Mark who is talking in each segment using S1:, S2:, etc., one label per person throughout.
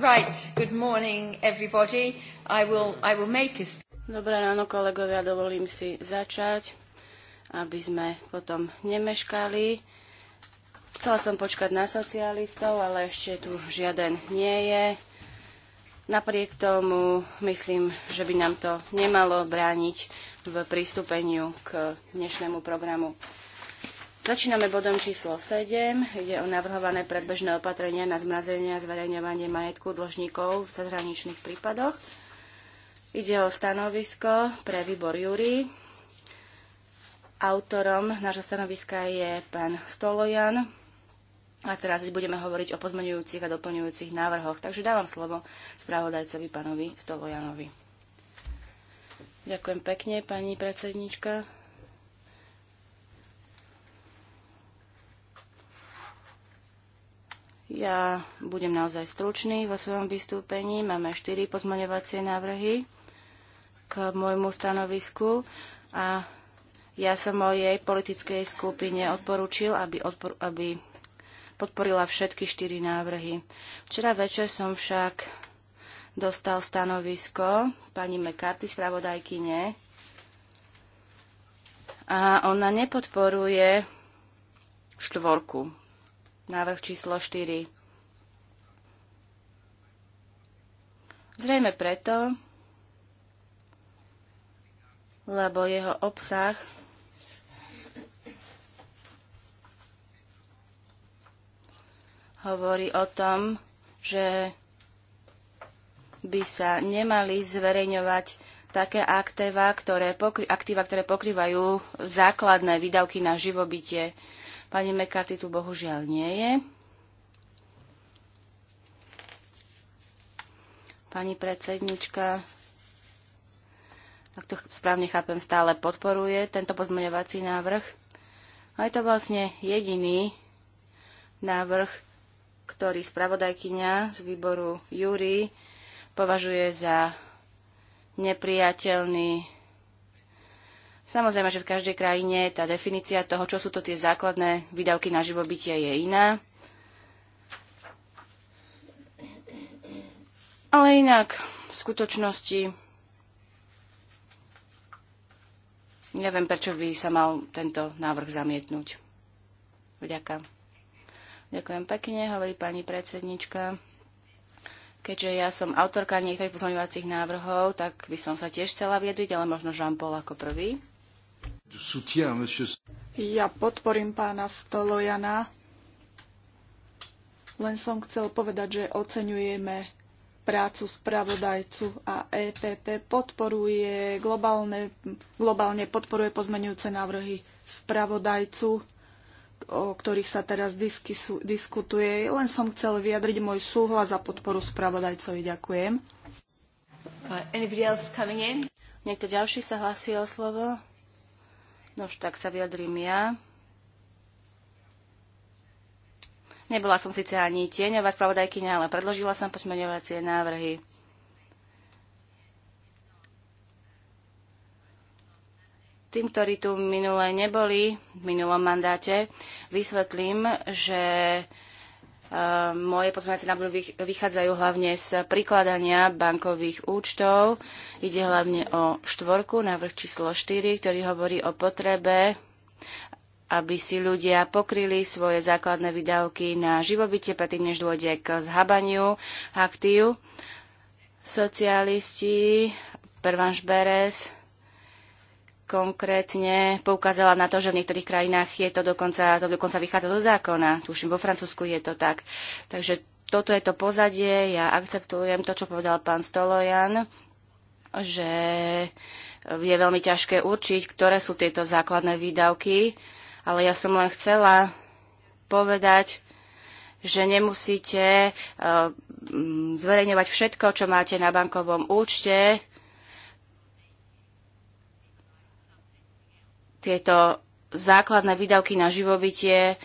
S1: Right, good morning everybody. I will, I will make a... Dobré ráno, kolegovia, dovolím si začať, aby sme potom nemeškali. Chcela som počkať na socialistov, ale ešte tu žiaden nie je. Napriek tomu myslím, že by nám to nemalo brániť v pristúpeniu k dnešnému programu. Začíname bodom číslo 7. Ide o navrhované predbežné opatrenia na zmrazenie a zverejňovanie majetku dlžníkov v cezhraničných prípadoch. Ide o stanovisko pre výbor Júri. Autorom nášho stanoviska je pán Stolojan. A teraz budeme hovoriť o pozmeňujúcich a doplňujúcich návrhoch. Takže dávam slovo spravodajcovi pánovi Stolojanovi. Ďakujem pekne, pani predsednička. Ja budem naozaj stručný vo svojom vystúpení. Máme štyri pozmaňovacie návrhy k môjmu stanovisku a ja som mojej politickej skupine odporúčil, aby, odpor- aby podporila všetky štyri návrhy. Včera večer som však dostal stanovisko pani McCarthy, spravodajkyne, a ona nepodporuje štvorku Návrh číslo 4. Zrejme preto, lebo jeho obsah hovorí o tom, že by sa nemali zverejňovať také aktíva, ktoré, pokry, aktíva, ktoré pokrývajú základné výdavky na živobytie. Pani Mekarty tu bohužiaľ nie je. Pani predsednička, ak to správne chápem, stále podporuje tento pozmeňovací návrh. A je to vlastne jediný návrh, ktorý spravodajkyňa z výboru Júri považuje za nepriateľný Samozrejme, že v každej krajine tá definícia toho, čo sú to tie základné výdavky na živobytie, je iná. Ale inak, v skutočnosti, neviem, prečo by sa mal tento návrh zamietnúť. Ďakujem. Ďakujem pekne, hovorí pani predsednička. Keďže ja som autorka niektorých pozmeňovacích návrhov, tak by som sa tiež chcela viedriť, ale možno Jean-Paul ako prvý.
S2: Ja podporím pána Stolojana. Len som chcel povedať, že oceňujeme prácu spravodajcu a EPP podporuje globálne, globálne podporuje pozmenujúce návrhy spravodajcu, o ktorých sa teraz diskysu, diskutuje. Len som chcel vyjadriť môj súhlas a podporu spravodajcovi. Ďakujem. Uh, Niekto ďalší sa hlasí o slovo? Nož tak
S1: sa vyjadrím ja. Nebola som síce ani tieňová spravodajkyňa, ale predložila som pozmeňovacie návrhy. Tým, ktorí tu minule neboli, v minulom mandáte, vysvetlím, že e, moje pozmeňovacie návrhy vychádzajú hlavne z prikladania bankových účtov Ide hlavne o štvorku, návrh číslo 4, ktorý hovorí o potrebe aby si ľudia pokryli svoje základné výdavky na živobytie, predtým než dôjde k zhabaniu aktív. Socialisti, Pervan Beres, konkrétne poukázala na to, že v niektorých krajinách je to dokonca, to dokonca vychádza do zákona. Tuším, vo Francúzsku je to tak. Takže toto je to pozadie, ja akceptujem to, čo povedal pán Stolojan že je veľmi ťažké určiť, ktoré sú tieto základné výdavky, ale ja som len chcela povedať, že nemusíte eh, zverejňovať všetko, čo máte na bankovom účte. Tieto základné výdavky na živobytie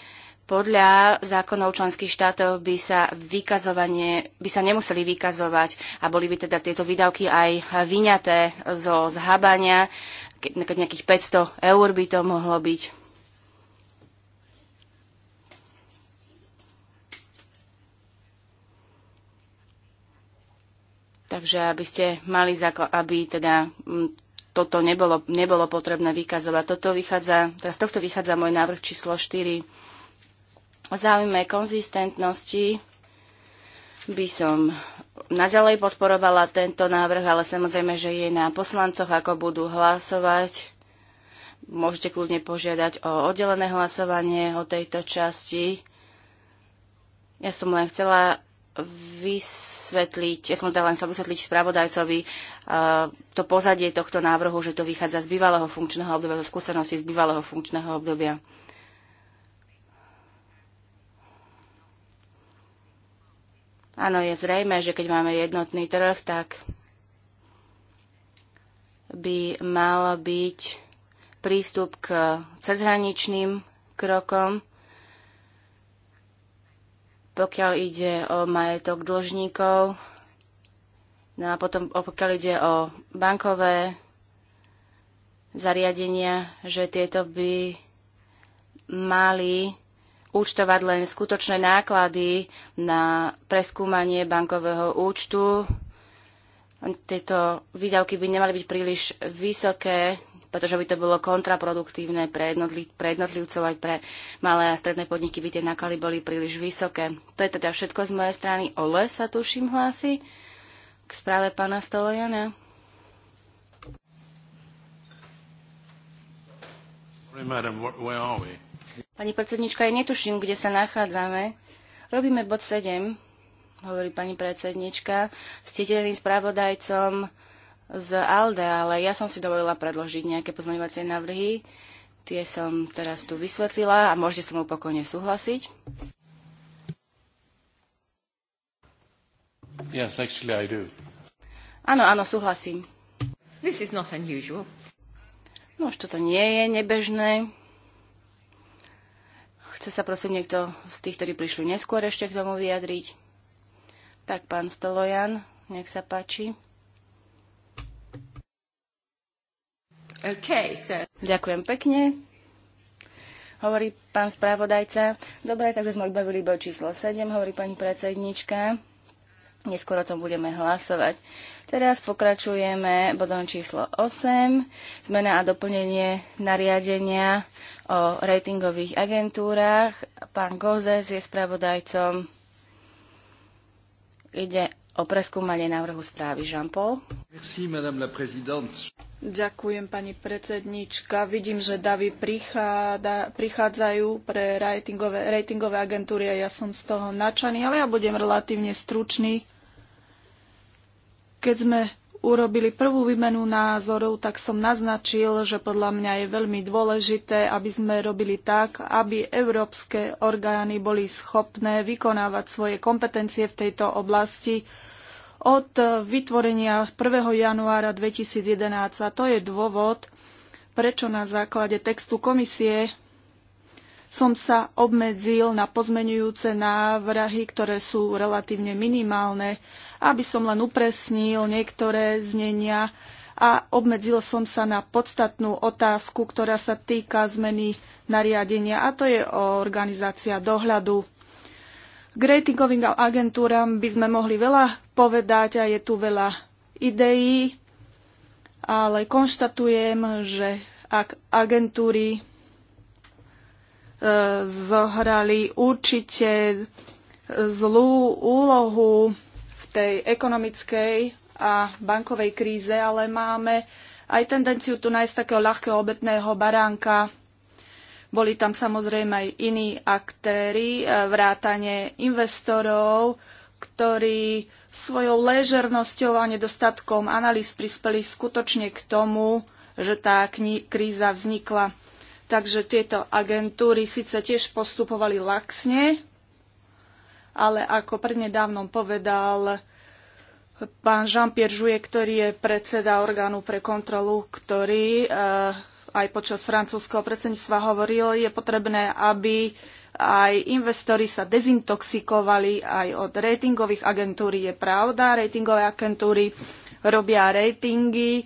S1: podľa zákonov členských štátov by sa, vykazovanie, by sa nemuseli vykazovať a boli by teda tieto výdavky aj vyňaté zo zhabania, keď nejakých 500 eur by to mohlo byť. Takže aby ste mali základ, aby teda mm, toto nebolo, nebolo potrebné vykazovať. Toto vychádza, teraz tohto vychádza môj návrh číslo 4 v záujme konzistentnosti by som naďalej podporovala tento návrh, ale samozrejme, že je na poslancoch, ako budú hlasovať. Môžete kľudne požiadať o oddelené hlasovanie o tejto časti. Ja som len chcela vysvetliť, ja som teda len chcela vysvetliť spravodajcovi uh, to pozadie tohto návrhu, že to vychádza z bývalého funkčného obdobia, zo skúsenosti z bývalého funkčného obdobia. Áno, je zrejme, že keď máme jednotný trh, tak by mal byť prístup k cezhraničným krokom, pokiaľ ide o majetok dlžníkov, no a potom pokiaľ ide o bankové zariadenia, že tieto by mali účtovať len skutočné náklady na preskúmanie bankového účtu. Tieto výdavky by nemali byť príliš vysoké, pretože by to bolo kontraproduktívne pre, pre jednotlivcov aj pre malé a stredné podniky by tie náklady boli príliš vysoké. To je teda všetko z mojej strany. Ole sa tuším hlási k správe pána Stolojana.
S2: Madam, where are we?
S1: Pani predsednička, ja netuším, kde sa nachádzame. Robíme bod 7, hovorí pani predsednička, s tiedeným správodajcom z ALDE, ale ja som si dovolila predložiť nejaké pozmeňovacie návrhy. Tie som teraz tu vysvetlila a môžete som mnou pokojne súhlasiť.
S2: Yes, actually I do.
S1: Áno, áno, súhlasím.
S2: This is not unusual.
S1: No už toto nie je nebežné. Chce sa prosím niekto z tých, ktorí prišli neskôr ešte k tomu vyjadriť? Tak pán Stolojan, nech sa páči. Okay, so... Ďakujem pekne. Hovorí pán správodajca. Dobre, takže sme odbavili bod číslo 7, hovorí pani predsednička. Neskôr o tom budeme hlasovať. Teraz pokračujeme bodom číslo 8, zmena a doplnenie nariadenia o ratingových agentúrach. Pán Gozes je spravodajcom.
S2: Ide o preskúmanie návrhu správy. Jean-Paul. Ďakujem, pani predsednička. Vidím, že davy prichádza, prichádzajú pre ratingové, ratingové agentúry a ja som z toho načaný, ale ja budem relatívne stručný. Keď sme urobili prvú výmenu názorov, tak som naznačil, že podľa mňa je veľmi dôležité, aby sme robili tak, aby európske orgány boli schopné vykonávať svoje kompetencie v tejto oblasti od vytvorenia 1. januára 2011. A to je dôvod, prečo na základe textu komisie som sa obmedzil na pozmenujúce návrhy, ktoré sú relatívne minimálne, aby som len upresnil niektoré znenia a obmedzil som sa na podstatnú otázku, ktorá sa týka zmeny nariadenia, a to je organizácia dohľadu. K ratingovým agentúram by sme mohli veľa povedať a je tu veľa ideí, ale konštatujem, že ak agentúry zohrali určite zlú úlohu v tej ekonomickej a bankovej kríze, ale máme aj tendenciu tu nájsť takého ľahkého obetného baránka. Boli tam samozrejme aj iní aktéry, e, vrátane investorov, ktorí svojou ležernosťou a nedostatkom analýz prispeli skutočne k tomu, že tá kríza vznikla. Takže tieto agentúry síce tiež postupovali laxne, ale ako prednedávnom povedal pán Jean-Pierre Jouet, ktorý je predseda orgánu pre kontrolu, ktorý eh, aj počas francúzského predsedníctva hovoril, je potrebné, aby aj investori sa dezintoxikovali aj od ratingových agentúry. Je pravda, ratingové agentúry robia ratingy,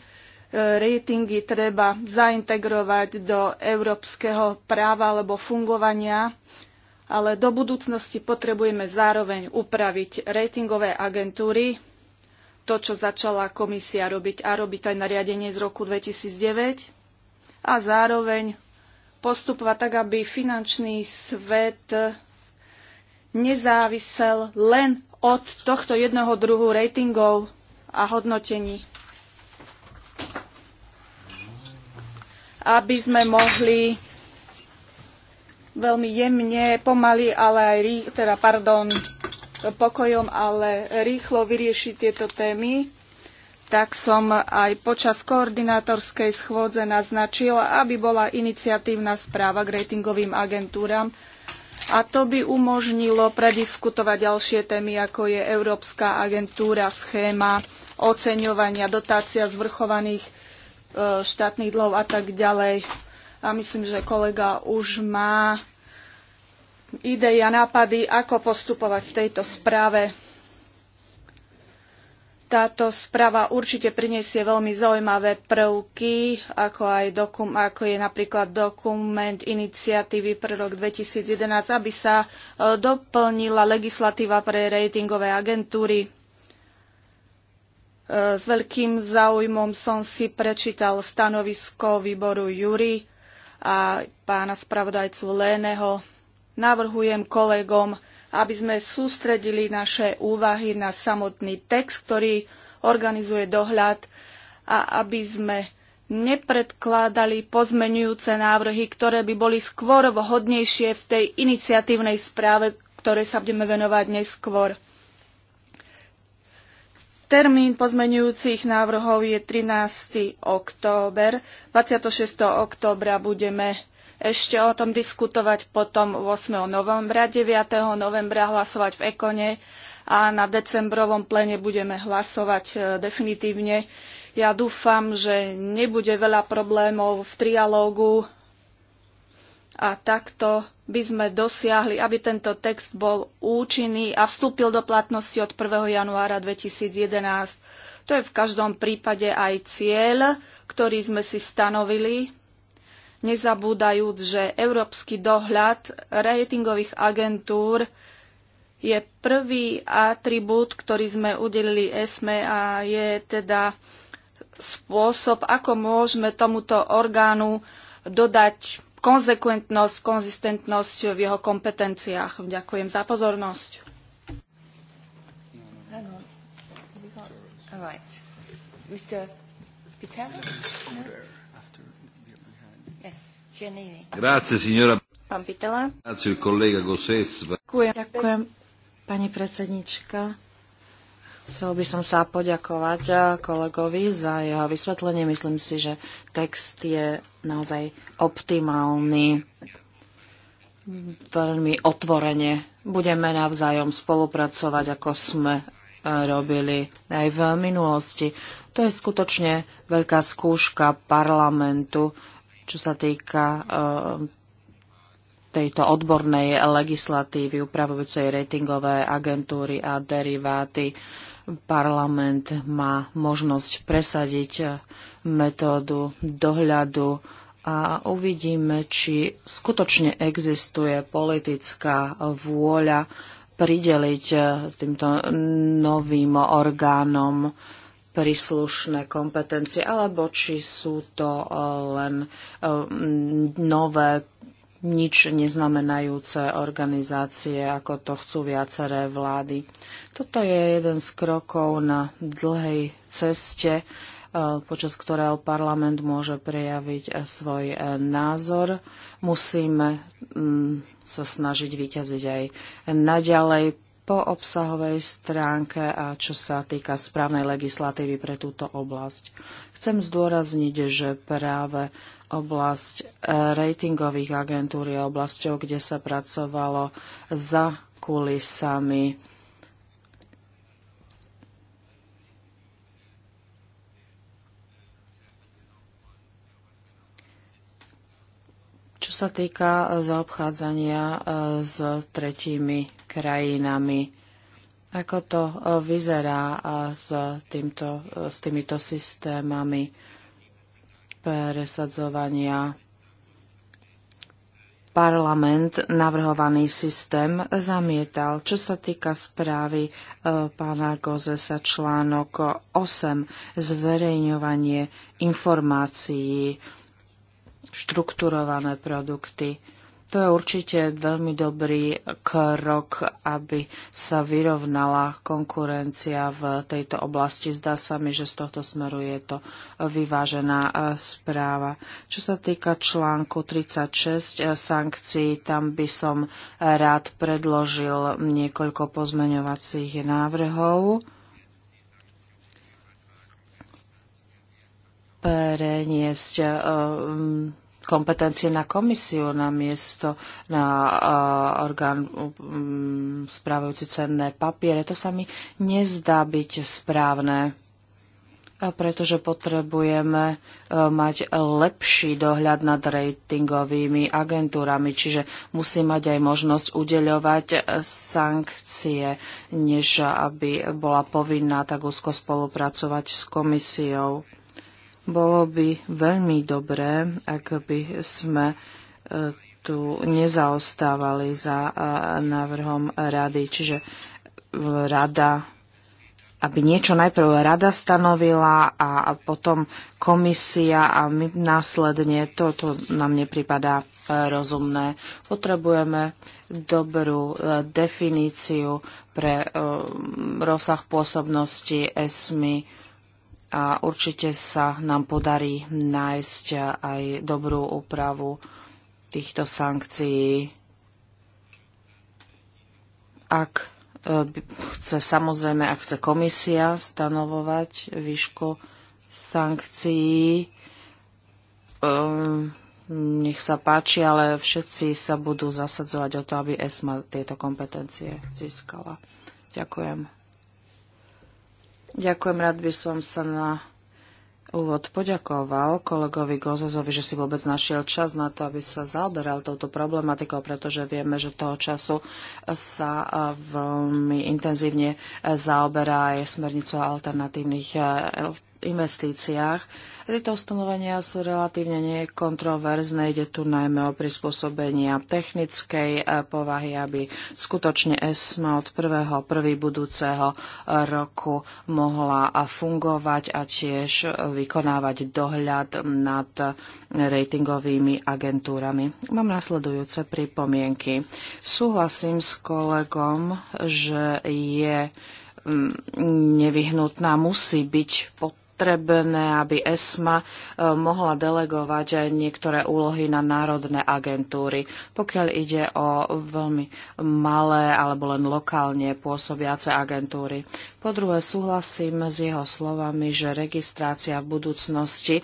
S2: ratingy treba zaintegrovať do európskeho práva alebo fungovania, ale do budúcnosti potrebujeme zároveň upraviť ratingové agentúry, to, čo začala komisia robiť a robí to aj nariadenie z roku 2009 a zároveň postupovať tak, aby finančný svet nezávisel len od tohto jednoho druhu ratingov a hodnotení. aby sme mohli veľmi jemne, pomaly, ale aj rý, teda, pardon, pokojom, ale rýchlo vyriešiť tieto témy, tak som aj počas koordinátorskej schôdze naznačila, aby bola iniciatívna správa k ratingovým agentúram a to by umožnilo prediskutovať ďalšie témy, ako je Európska agentúra, schéma oceňovania, dotácia zvrchovaných E, štátnych dlhov a tak ďalej. A myslím, že kolega už má ideje a nápady, ako postupovať v tejto správe. Táto správa určite priniesie veľmi zaujímavé prvky, ako, aj dokum, ako je napríklad dokument iniciatívy pre rok 2011, aby sa e, doplnila legislatíva pre ratingové agentúry. S veľkým záujmom som si prečítal stanovisko výboru Jury a pána spravodajcu Léneho. Navrhujem kolegom, aby sme sústredili naše úvahy na samotný text, ktorý organizuje dohľad a aby sme nepredkládali pozmenujúce návrhy, ktoré by boli skôr vhodnejšie v tej iniciatívnej správe, ktoré sa budeme venovať neskôr. Termín pozmenujúcich návrhov je 13. október. 26. októbra budeme ešte o tom diskutovať, potom 8. novembra, 9. novembra hlasovať v Ekone a na decembrovom plene budeme hlasovať e, definitívne. Ja dúfam, že nebude veľa problémov v trialógu a takto by sme dosiahli, aby tento text bol účinný a vstúpil do platnosti od 1. januára 2011. To je v každom prípade aj cieľ, ktorý sme si stanovili, nezabúdajúc, že európsky dohľad ratingových agentúr je prvý atribút, ktorý sme udelili ESME a je teda spôsob, ako môžeme tomuto orgánu dodať konzekventnosť, konzistentnosť v jeho kompetenciách. Ďakujem za pozornosť. Grazie, signora. Pán Pitela. Ďakujem,
S3: ďakujem, pani predsednička. Chcel by som sa poďakovať eh, kolegovi za jeho vysvetlenie. Myslím si, že text je naozaj optimálny. Veľmi otvorene budeme navzájom spolupracovať, ako sme e, robili aj v minulosti. To je skutočne veľká skúška parlamentu, čo sa týka e, tejto odbornej legislatívy upravujúcej ratingové agentúry a deriváty. Parlament má možnosť presadiť e, metódu dohľadu a uvidíme, či skutočne existuje politická vôľa prideliť e, týmto novým orgánom príslušné kompetencie, alebo či sú to e, len e, nové nič neznamenajúce organizácie, ako to chcú viaceré vlády. Toto je jeden z krokov na dlhej ceste, Eh, počas ktorého parlament môže prejaviť eh, svoj eh, názor. Musíme mm, sa snažiť vyťaziť aj naďalej po obsahovej stránke a čo sa týka správnej legislatívy pre túto oblasť. Chcem zdôrazniť, že práve oblasť ratingových agentúr je oblasťou, kde sa pracovalo za kulisami čo sa týka e, zaobchádzania e, s tretími krajinami. Ako to e, vyzerá s, týmto, s týmito systémami presadzovania? Parlament navrhovaný systém zamietal. Čo sa týka správy e, pána Gozesa článok 8, zverejňovanie informácií. E, štrukturované produkty. To je určite veľmi dobrý krok, aby sa vyrovnala konkurencia v tejto oblasti. Zdá sa mi, že z tohto smeru je to vyvážená e, správa. Čo sa týka článku 36 e, sankcií, tam by som rád predložil niekoľko pozmeňovacích návrhov. Preniesť um, kompetencie na komisiu na miesto na orgán mm, správajúci cenné papiere. To sa mi nezdá byť správne pretože potrebujeme e, mať lepší dohľad nad ratingovými agentúrami, čiže musí mať aj možnosť udeľovať e, sankcie, než aby bola povinná tak úzko spolupracovať s komisiou. Bolo by veľmi dobré, ak by sme e, tu nezaostávali za e, návrhom rady, čiže e, rada aby niečo najprv rada stanovila a potom komisia a my následne, toto nám nepripadá rozumné. Potrebujeme dobrú definíciu pre rozsah pôsobnosti ESMI a určite sa nám podarí nájsť aj dobrú úpravu týchto sankcií. Ak e, chce samozrejme, ak chce komisia stanovovať výšku sankcií, um, nech sa páči, ale všetci sa budú zasadzovať o to, aby ESMA tieto kompetencie získala. Ďakujem. Ďakujem, rád by som sa na úvod poďakoval kolegovi Gozazovi, že si vôbec našiel čas na to, aby sa zaoberal touto problematikou, pretože vieme, že toho času sa e, veľmi intenzívne e, zaoberá aj smernicou o alternatívnych e, investíciách tieto ustanovenia sú relatívne nekontroverzné. Ide tu najmä o prispôsobenia technickej e, povahy, aby skutočne ESMA od prvý budúceho e, roku mohla fungovať a tiež vykonávať dohľad nad ratingovými agentúrami. Mám nasledujúce pripomienky. Súhlasím s kolegom, že je mm, nevyhnutná, musí byť pod potrebné, aby ESMA e, mohla delegovať aj niektoré úlohy na národné agentúry. Pokiaľ ide o veľmi malé alebo len lokálne pôsobiace agentúry. Po druhé, súhlasím s jeho slovami, že registrácia v budúcnosti e,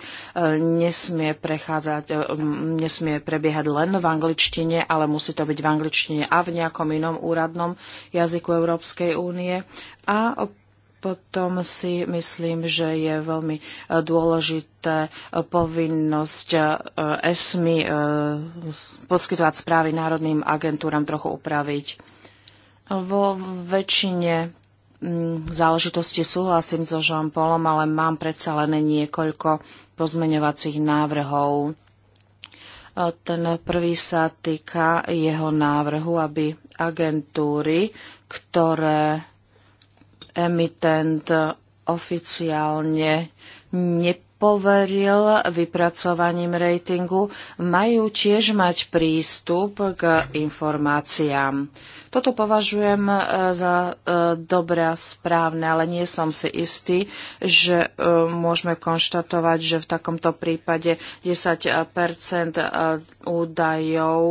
S3: nesmie, prechádzať, e, nesmie prebiehať len v angličtine, ale musí to byť v angličtine a v nejakom inom úradnom jazyku Európskej únie. A potom si myslím, že je veľmi e, dôležité e, povinnosť e, ESMI poskytovať správy národným agentúram trochu upraviť. Vo väčšine záležitosti súhlasím so Jean-Paulom, ale mám predsa len niekoľko pozmeňovacích návrhov. Ten prvý sa týka jeho návrhu, aby agentúry, ktoré emitent oficiálne nepoveril vypracovaním rejtingu, majú tiež mať prístup k informáciám. Toto považujem e, za e, dobré a správne, ale nie som si istý, že e, môžeme konštatovať, že v takomto prípade 10 údajov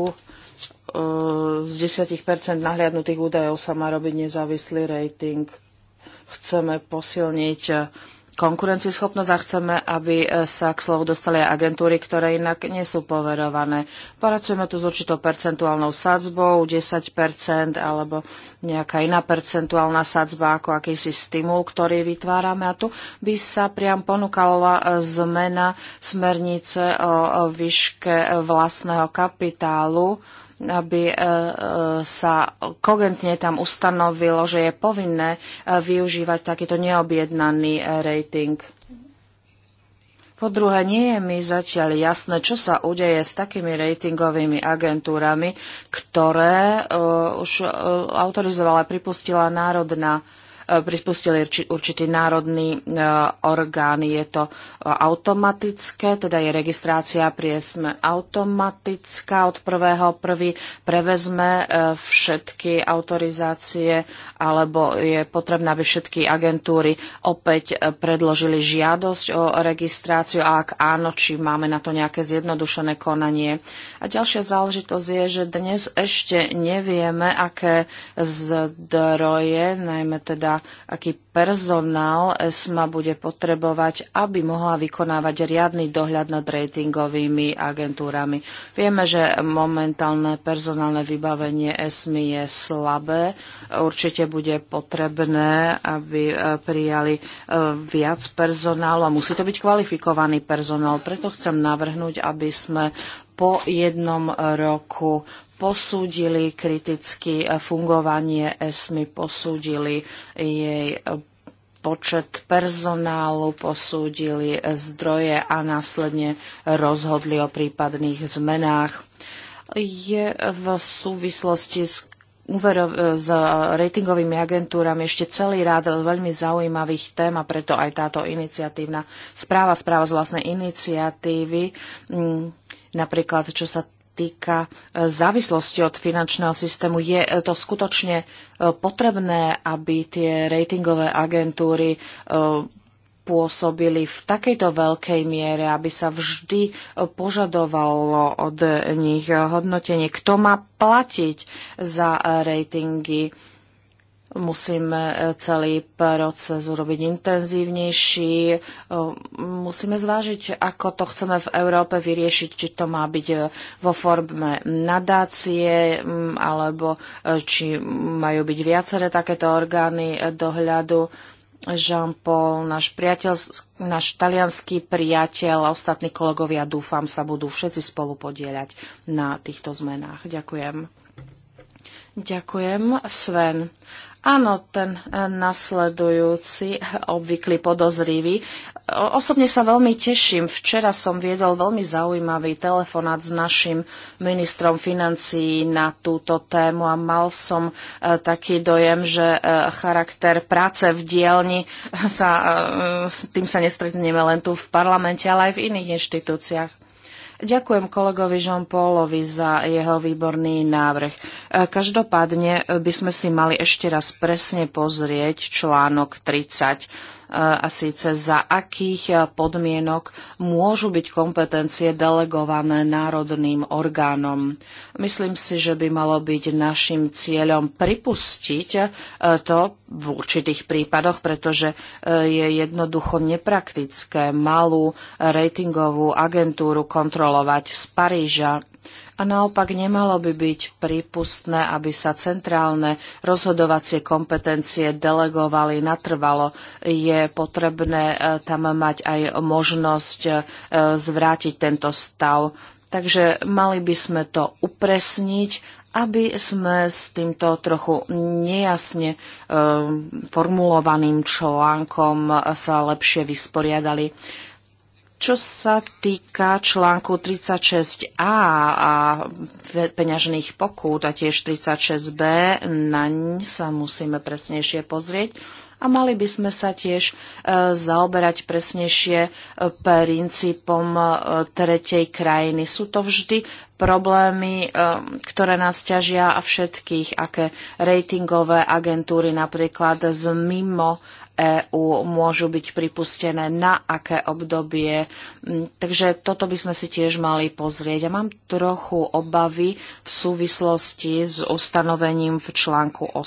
S3: z 10 nahliadnutých údajov sa má robiť nezávislý rating chceme posilniť e, konkurencieschopnosť a chceme, aby e, sa k slovu dostali aj agentúry, ktoré inak nie sú poverované. Pracujeme tu s určitou percentuálnou sadzbou, 10% alebo nejaká iná percentuálna sadzba ako akýsi stimul, ktorý vytvárame. A tu by sa priam ponúkala e, zmena smernice o výške vlastného kapitálu aby e, e, sa kogentne tam ustanovilo, že je povinné e, využívať takýto neobjednaný rating. Po druhé, nie je mi zatiaľ jasné, čo sa udeje s takými ratingovými agentúrami, ktoré uh, už uh, autorizovala, pripustila národná uh, E, prispustili určitý národný e, orgán. Je to e, automatické, teda je registrácia priesme automatická od prvého prvý prevezme všetky autorizácie alebo je potrebné, aby všetky agentúry opäť predložili žiadosť o registráciu a ak áno, či máme na to nejaké zjednodušené konanie. A ďalšia záležitosť je, že dnes ešte nevieme, aké zdroje, najmä teda aký personál ESMA bude potrebovať, aby mohla vykonávať riadny dohľad nad ratingovými agentúrami. Vieme, že momentálne personálne vybavenie ESMA je slabé. Určite bude potrebné, aby e, prijali e, viac personálu a musí to byť kvalifikovaný personál. Preto chcem navrhnúť, aby sme po jednom roku posúdili kriticky fungovanie ESMI, posúdili jej počet personálu, posúdili zdroje a následne rozhodli o prípadných zmenách. Je v súvislosti s s ratingovými agentúrami ešte celý rád veľmi zaujímavých tém a preto aj táto iniciatívna správa, správa z vlastnej iniciatívy, napríklad čo sa týka e, závislosti od finančného systému, je e, to skutočne e, potrebné, aby tie ratingové agentúry pôsobili v takejto veľkej miere, aby sa vždy požadovalo od nich hodnotenie, kto má platiť za ratingy Musíme e, celý proces urobiť intenzívnejší. E, musíme zvážiť, ako to chceme v Európe vyriešiť, či to má byť e, vo forme nadácie, alebo či majú byť viaceré takéto orgány dohľadu. Jean-Paul, náš priateľ, náš talianský priateľ a ostatní kolegovia, dúfam, sa budú všetci spolu podieľať na týchto zmenách. Ďakujem. Ďakujem, Sven. Áno, ten e, nasledujúci, e, obvyklý podozrivý. E, osobne sa veľmi teším. Včera som viedol veľmi zaujímavý telefonát s našim ministrom financií na túto tému a mal som taký dojem, že charakter práce v dielni sa, s tým sa nestretneme len tu v parlamente, ale aj v iných inštitúciách. Ďakujem kolegovi Jean-Paulovi za jeho výborný návrh. E, každopádne by sme si mali ešte raz presne pozrieť článok 30 a síce za akých podmienok môžu byť kompetencie delegované národným orgánom. Myslím si, že by malo byť našim cieľom pripustiť to v určitých prípadoch, pretože e, je jednoducho nepraktické malú ratingovú agentúru kontrolovať z Paríža a naopak nemalo by byť prípustné, aby sa centrálne rozhodovacie kompetencie delegovali natrvalo. Je potrebné e, tam mať aj možnosť e, zvrátiť tento stav. Takže mali by sme to upresniť aby sme s týmto trochu nejasne e, formulovaným článkom sa lepšie vysporiadali. Čo sa týka článku 36a a peňažných pokút a tiež 36b, naň sa musíme presnejšie pozrieť a mali by sme sa tiež e, zaoberať presnejšie e, princípom e, tretej krajiny. Sú to vždy problémy, ktoré nás ťažia a všetkých, aké ratingové agentúry napríklad z mimo EÚ môžu byť pripustené, na aké obdobie. Mm, takže toto by sme si tiež mali pozrieť. A ja mám trochu obavy v súvislosti s ustanovením v článku 8 e,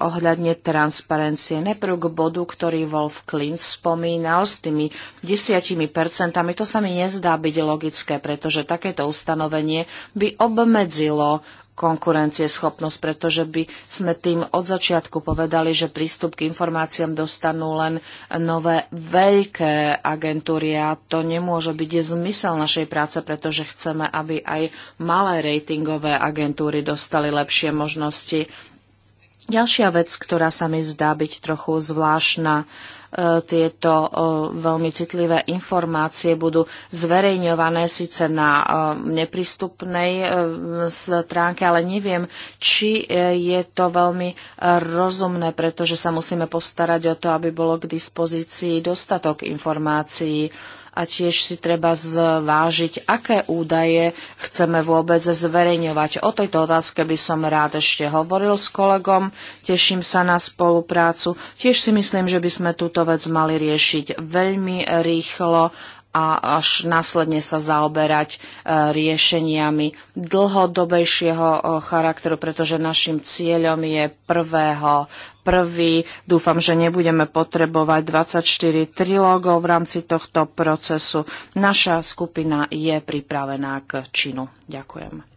S3: ohľadne transparencie. Neprv k bodu, ktorý Wolf Klint spomínal s tými desiatimi percentami. to sa mi nezdá byť logické, pretože takéto ustanovenie by obmedzilo konkurencieschopnosť, pretože by sme tým od začiatku povedali, že prístup k informáciám dostanú len nové veľké agentúry a to nemôže byť zmysel našej práce, pretože chceme, aby aj malé ratingové agentúry dostali lepšie možnosti. Ďalšia vec, ktorá sa mi zdá byť trochu zvláštna, tieto veľmi citlivé informácie budú zverejňované síce na neprístupnej e, stránke, ale neviem, či e, je to veľmi rozumné, pretože sa musíme postarať o to, aby bolo k dispozícii dostatok informácií a tiež si treba zvážiť, aké údaje chceme vôbec zverejňovať. O tejto otázke by som rád ešte hovoril s kolegom, teším sa na spoluprácu. Tiež si myslím, že by sme túto vec mali riešiť veľmi rýchlo a až následne sa zaoberať e, riešeniami dlhodobejšieho e, charakteru, pretože našim cieľom je prvého prvý. Dúfam, že nebudeme potrebovať 24 trilógov v rámci tohto procesu. Naša skupina je pripravená k činu. Ďakujem.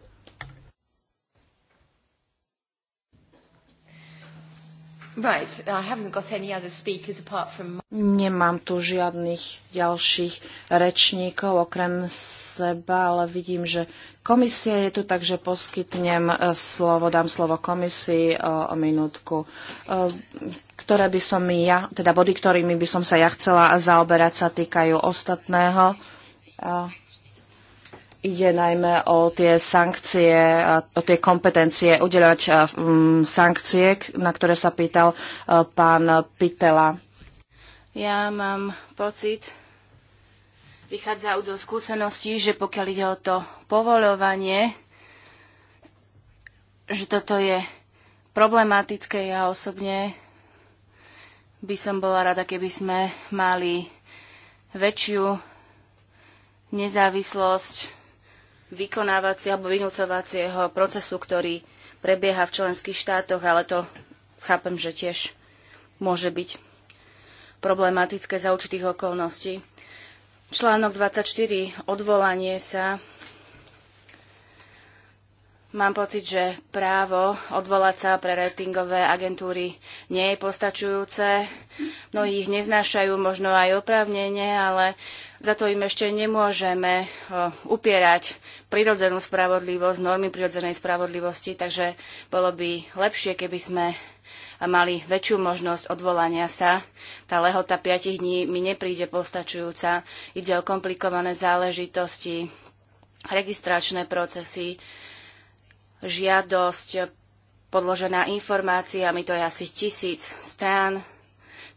S1: Right. I haven't got any other speakers apart from...
S3: Nemám tu žiadnych ďalších rečníkov okrem seba, ale vidím, že komisia je tu, takže poskytnem e, slovo, dám slovo komisii o, e, o minútku. E, ktoré by som ja, teda body, ktorými by som sa ja chcela zaoberať, sa týkajú ostatného. Ide najmä o tie sankcie, o tie kompetencie, udelať sankcie, na ktoré sa pýtal pán Pitela.
S1: Ja mám pocit, vychádza do skúseností, že pokiaľ ide o to povoľovanie, že toto je problematické. Ja osobne by som bola rada, keby sme mali väčšiu nezávislosť vykonávacieho alebo vynúcovacieho procesu, ktorý prebieha v členských štátoch, ale to chápem, že tiež môže byť problematické za určitých okolností. Článok 24. Odvolanie sa Mám pocit, že právo odvolať sa pre ratingové agentúry nie je postačujúce. Mnohí ich neznášajú, možno aj oprávnenie, ale za to im ešte nemôžeme upierať prirodzenú spravodlivosť, normy prirodzenej spravodlivosti, takže bolo by lepšie, keby sme mali väčšiu možnosť odvolania sa. Tá lehota 5 dní mi nepríde postačujúca. Ide o komplikované záležitosti, registračné procesy, žiadosť podložená informáciami, to je asi tisíc strán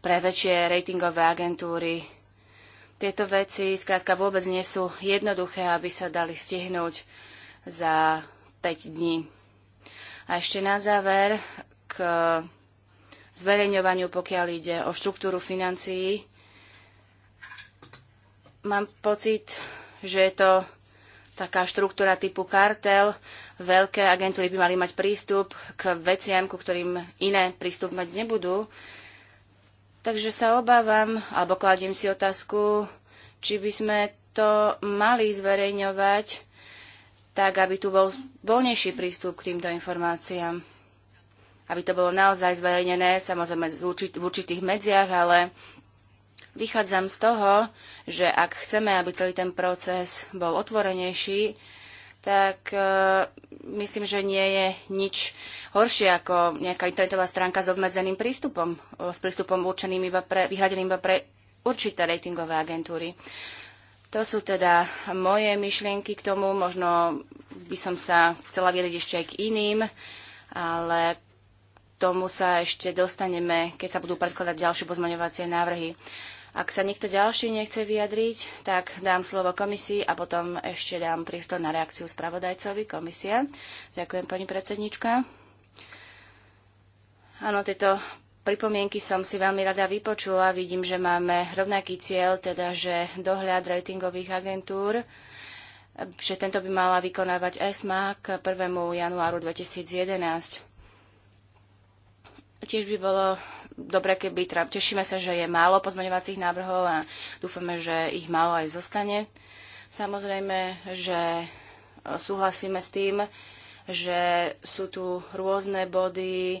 S1: pre väčšie ratingové agentúry. Tieto veci skrátka vôbec nie sú jednoduché, aby sa dali stihnúť za 5 dní. A ešte na záver k zverejňovaniu, pokiaľ ide o štruktúru financií. Mám pocit, že je to taká štruktúra typu kartel Veľké agentúry by mali mať prístup k veciam, ku ktorým iné prístup mať nebudú. Takže sa obávam, alebo kladím si otázku, či by sme to mali zverejňovať tak, aby tu bol voľnejší prístup k týmto informáciám. Aby to bolo naozaj zverejnené, samozrejme v určitých medziach, ale vychádzam z toho, že ak chceme, aby celý ten proces bol otvorenejší, tak e, myslím, že nie je nič horšie ako nejaká internetová stránka s obmedzeným prístupom, e, s prístupom určeným iba pre, vyhradeným iba pre určité ratingové agentúry. To sú teda moje myšlienky k tomu, možno by som sa chcela viedeť ešte aj k iným, ale k tomu sa ešte dostaneme, keď sa budú predkladať ďalšie pozmaňovacie návrhy. Ak sa nikto ďalší nechce vyjadriť, tak dám slovo komisii a potom ešte dám priestor na reakciu spravodajcovi komisia. Ďakujem, pani predsednička. Áno, tieto pripomienky som si veľmi rada vypočula. Vidím, že máme rovnaký cieľ, teda že dohľad ratingových agentúr že tento by mala vykonávať ESMA k 1. januáru 2011. Tiež by bolo dobre, keby, teda tešíme sa, že je málo pozmeňovacích návrhov a dúfame, že ich málo aj zostane. Samozrejme, že e, súhlasíme s tým, že sú tu rôzne body, e,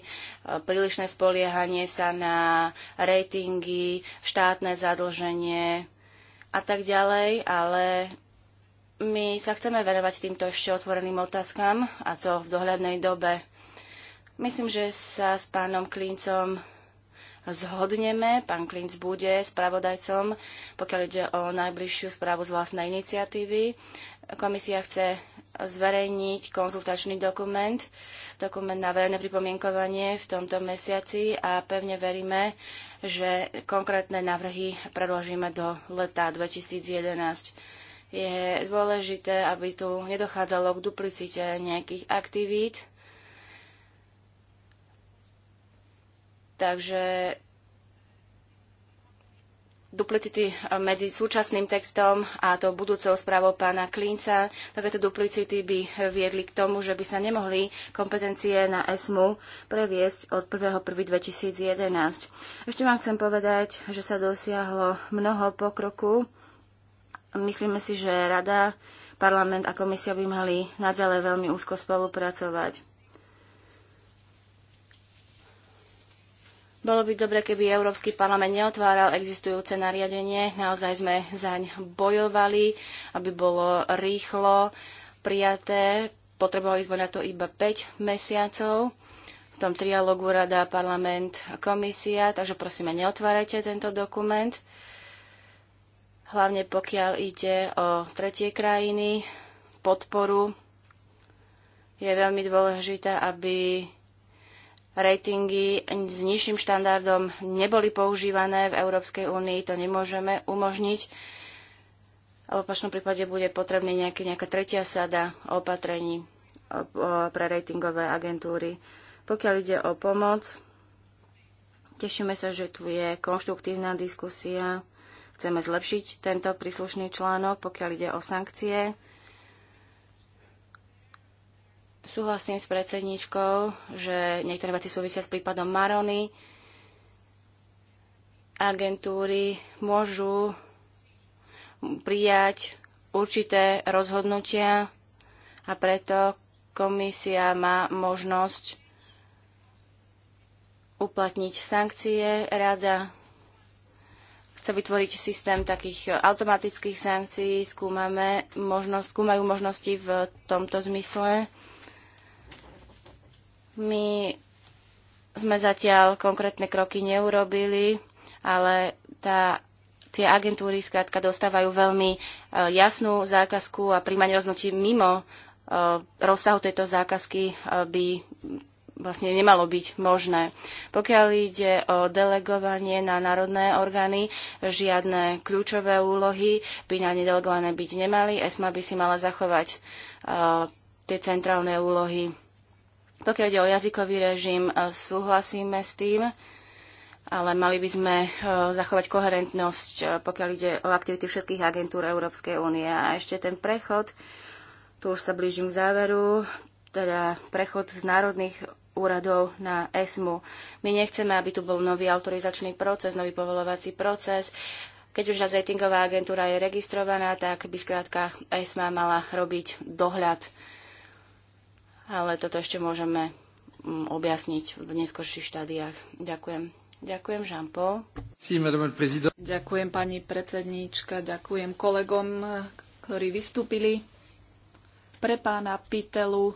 S1: prílišné spoliehanie sa na ratingy, štátne zadlženie a tak ďalej, ale my sa chceme verovať týmto ešte otvoreným otázkam, a to v dohľadnej dobe. Myslím, že sa s pánom Klincom zhodneme. Pán Klinc bude spravodajcom, pokiaľ ide o najbližšiu správu z vlastnej iniciatívy. Komisia chce zverejniť konzultačný dokument, dokument na verejné pripomienkovanie v tomto mesiaci a pevne veríme, že konkrétne návrhy predložíme do leta 2011 je dôležité, aby tu nedochádzalo k duplicite nejakých aktivít Takže duplicity medzi súčasným textom a to budúcou správou pána Klinca. Takéto duplicity by viedli k tomu, že by sa nemohli kompetencie na ESMU previesť od 1.1.2011. Ešte vám chcem povedať, že sa dosiahlo mnoho pokroku. Myslíme si, že Rada, Parlament a Komisia by mali naďalej veľmi úzko spolupracovať. Bolo by dobre, keby Európsky parlament neotváral existujúce nariadenie. Naozaj sme zaň bojovali, aby bolo rýchlo prijaté. Potrebovali sme na to iba 5 mesiacov v tom trialogu Rada, Parlament a Komisia, takže prosíme, neotvárajte tento dokument. Hlavne pokiaľ ide o tretie krajiny, podporu je veľmi dôležité, aby ratingy s nižším štandardom neboli používané v Európskej únii, to nemôžeme umožniť. V opačnom prípade bude potrebný nejaký, nejaká tretia sada opatrení pre ratingové agentúry. Pokiaľ ide o pomoc, tešíme sa, že tu je konštruktívna diskusia. Chceme zlepšiť tento príslušný článok, pokiaľ ide o sankcie. Súhlasím s predsedničkou, že niektoré veci súvisia s prípadom Marony. Agentúry môžu prijať určité rozhodnutia a preto komisia má možnosť uplatniť sankcie. Rada chce vytvoriť systém takých automatických sankcií. Skúmame možnosť, skúmajú možnosti v tomto zmysle. My sme zatiaľ konkrétne kroky neurobili, ale tá, tie agentúry skrátka dostávajú veľmi e, jasnú zákazku a príjmanie rozhodnutí mimo e, rozsahu tejto zákazky e, by vlastne nemalo byť možné. Pokiaľ ide o delegovanie na národné orgány, žiadne kľúčové úlohy by na nedelegované byť nemali. ESMA by si mala zachovať tie centrálne úlohy pokiaľ ide o jazykový režim, e, súhlasíme s tým, ale mali by sme e, zachovať koherentnosť, e, pokiaľ ide o aktivity všetkých agentúr Európskej únie. A ešte ten prechod, tu už sa blížim k záveru, teda prechod z národných úradov na ESMU. My nechceme, aby tu bol nový autorizačný proces, nový povolovací proces. Keď už raz ratingová agentúra je registrovaná, tak by skrátka ESMA mala robiť dohľad ale toto ešte môžeme mm, objasniť v neskorších štádiách. Ďakujem.
S2: Ďakujem, jean -Paul. Ďakujem, pani predsedníčka, ďakujem kolegom, ktorí vystúpili. Pre pána Pitelu,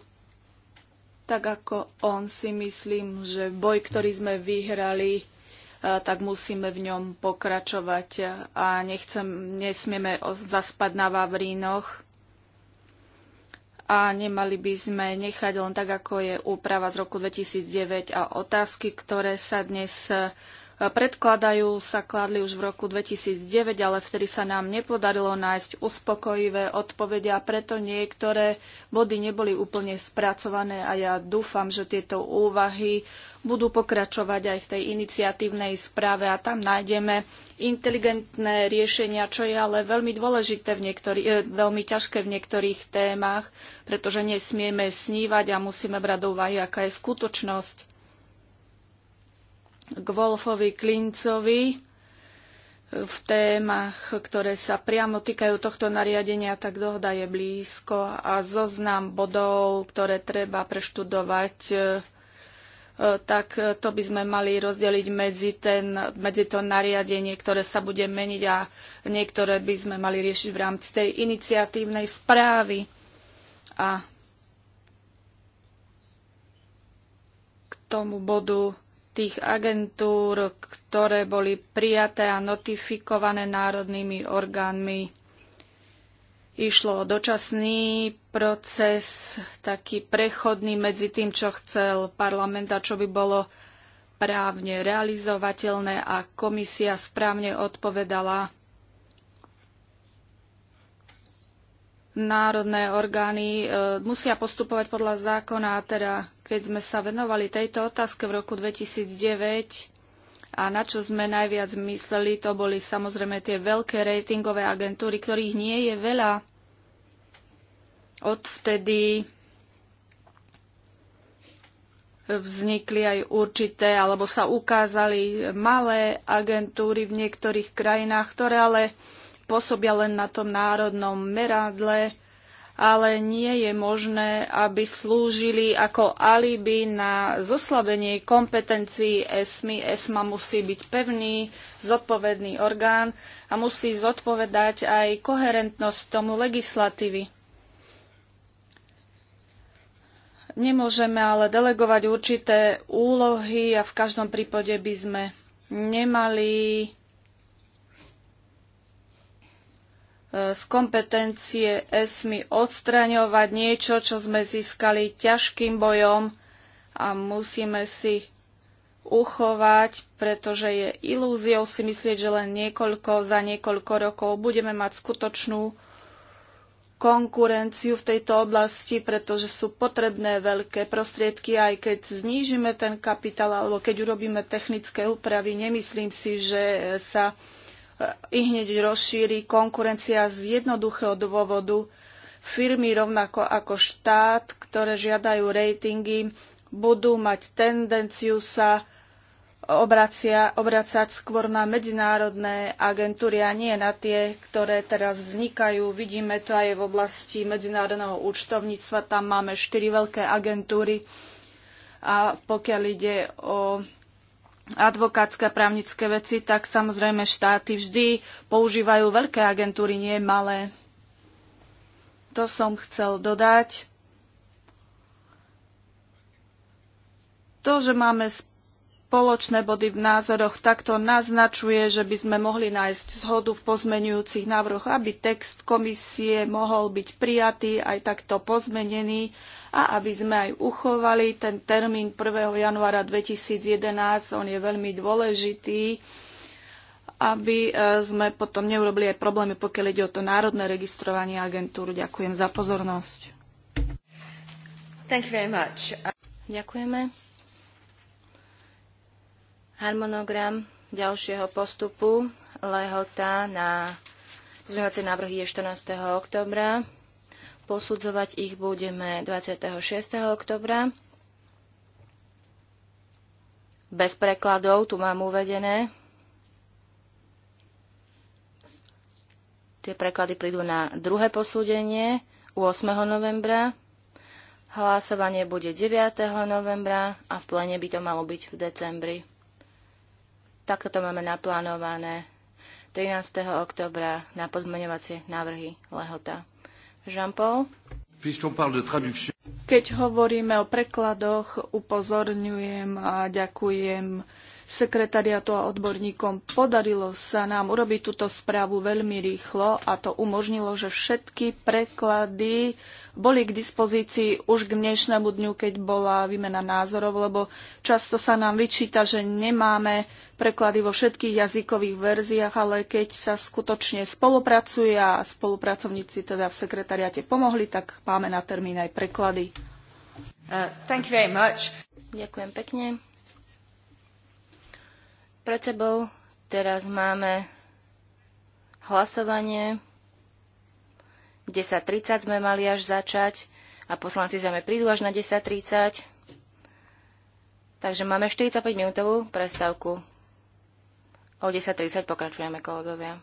S2: tak ako on si myslím, že boj, ktorý sme vyhrali, tak musíme v ňom pokračovať a nechcem, nesmieme zaspať na Vavrínoch a nemali by sme nechať len tak, ako je úprava z roku 2009 a otázky, ktoré sa dnes predkladajú, sa kladli už v roku 2009, ale vtedy sa nám nepodarilo nájsť uspokojivé odpovede a preto niektoré body neboli úplne spracované a ja dúfam, že tieto úvahy budú pokračovať aj v tej iniciatívnej správe a tam nájdeme inteligentné riešenia, čo je ale veľmi dôležité v niektorý, e, veľmi ťažké v niektorých témach, pretože nesmieme snívať a musíme brať do úvahy, aká je skutočnosť k Wolfovi Klincovi v témach, ktoré sa priamo týkajú tohto nariadenia, tak dohoda je blízko a zoznam bodov, ktoré treba preštudovať, e, tak to by sme mali rozdeliť medzi, ten, medzi to nariadenie, ktoré sa bude meniť a niektoré by sme mali riešiť v rámci tej iniciatívnej správy. A k tomu bodu tých agentúr, ktoré boli prijaté a notifikované národnými orgánmi. Išlo o dočasný proces, taký prechodný medzi tým, čo chcel parlament a čo by bolo právne realizovateľné a komisia správne odpovedala národné orgány e, musia postupovať podľa zákona. Teda, keď sme sa venovali tejto otázke v roku 2009 a na čo sme najviac mysleli, to boli samozrejme tie veľké ratingové agentúry, ktorých nie je veľa. Odvtedy vznikli aj určité, alebo sa ukázali malé agentúry v niektorých krajinách, ktoré ale pôsobia len na tom národnom meradle, ale nie je možné, aby slúžili ako alibi na zoslabenie kompetencií ESMI. ESMA musí byť pevný, zodpovedný orgán a musí zodpovedať aj koherentnosť tomu legislatívy. Nemôžeme ale delegovať určité úlohy a v každom prípade by sme nemali E, z kompetencie ESMI odstraňovať niečo, čo sme získali ťažkým bojom a musíme si uchovať, pretože je ilúziou si myslieť, že len niekoľko, za niekoľko rokov budeme mať skutočnú konkurenciu v tejto oblasti, pretože sú potrebné veľké prostriedky, aj keď znížime ten kapitál alebo keď urobíme technické úpravy, nemyslím si, že sa i hneď rozšíri konkurencia z jednoduchého dôvodu. Firmy rovnako ako štát, ktoré žiadajú ratingy, budú mať tendenciu sa obracia, obracať skôr na medzinárodné agentúry a nie na tie, ktoré teraz vznikajú. Vidíme to aj v oblasti medzinárodného účtovníctva. Tam máme štyri veľké agentúry a pokiaľ ide o advokátske a právnické veci, tak samozrejme štáty vždy používajú veľké agentúry, nie malé. To som chcel dodať. To, že máme spoločné body v názoroch, tak to naznačuje, že by sme mohli nájsť zhodu v pozmenujúcich návrhoch, aby text komisie mohol byť prijatý aj takto pozmenený a aby sme aj uchovali ten termín 1. januára 2011. On je veľmi dôležitý aby e, sme potom neurobili aj problémy, pokiaľ ide o to národné registrovanie agentúr. Ďakujem za pozornosť. Thank you very much. Ďakujeme.
S1: Harmonogram ďalšieho postupu lehota na pozmeňovacie návrhy je 14. oktobra. Posudzovať ich budeme 26. oktobra. Bez prekladov, tu mám uvedené. Tie preklady prídu na druhé posúdenie 8. novembra. Hlasovanie bude 9. novembra a v plene by to malo byť v decembri. Takto to máme naplánované. 13. oktobra na pozmeňovacie
S2: návrhy Lehota. Jean-Paul? Keď hovoríme o prekladoch, upozorňujem a ďakujem sekretariatu a odborníkom. Podarilo sa nám urobiť túto správu veľmi rýchlo a to umožnilo, že všetky preklady boli k dispozícii už k dnešnému dňu, keď bola výmena názorov, lebo často sa nám vyčíta, že nemáme preklady vo všetkých jazykových verziách, ale keď sa skutočne spolupracuje a spolupracovníci teda v sekretariate pomohli, tak máme na termín aj preklady. Uh, thank you very much. Ďakujem pekne
S1: pred sebou. Teraz máme hlasovanie. 10.30 sme mali až začať a poslanci zame prídu až na 10.30. Takže máme 45 minútovú prestávku. O 10.30 pokračujeme, kolegovia.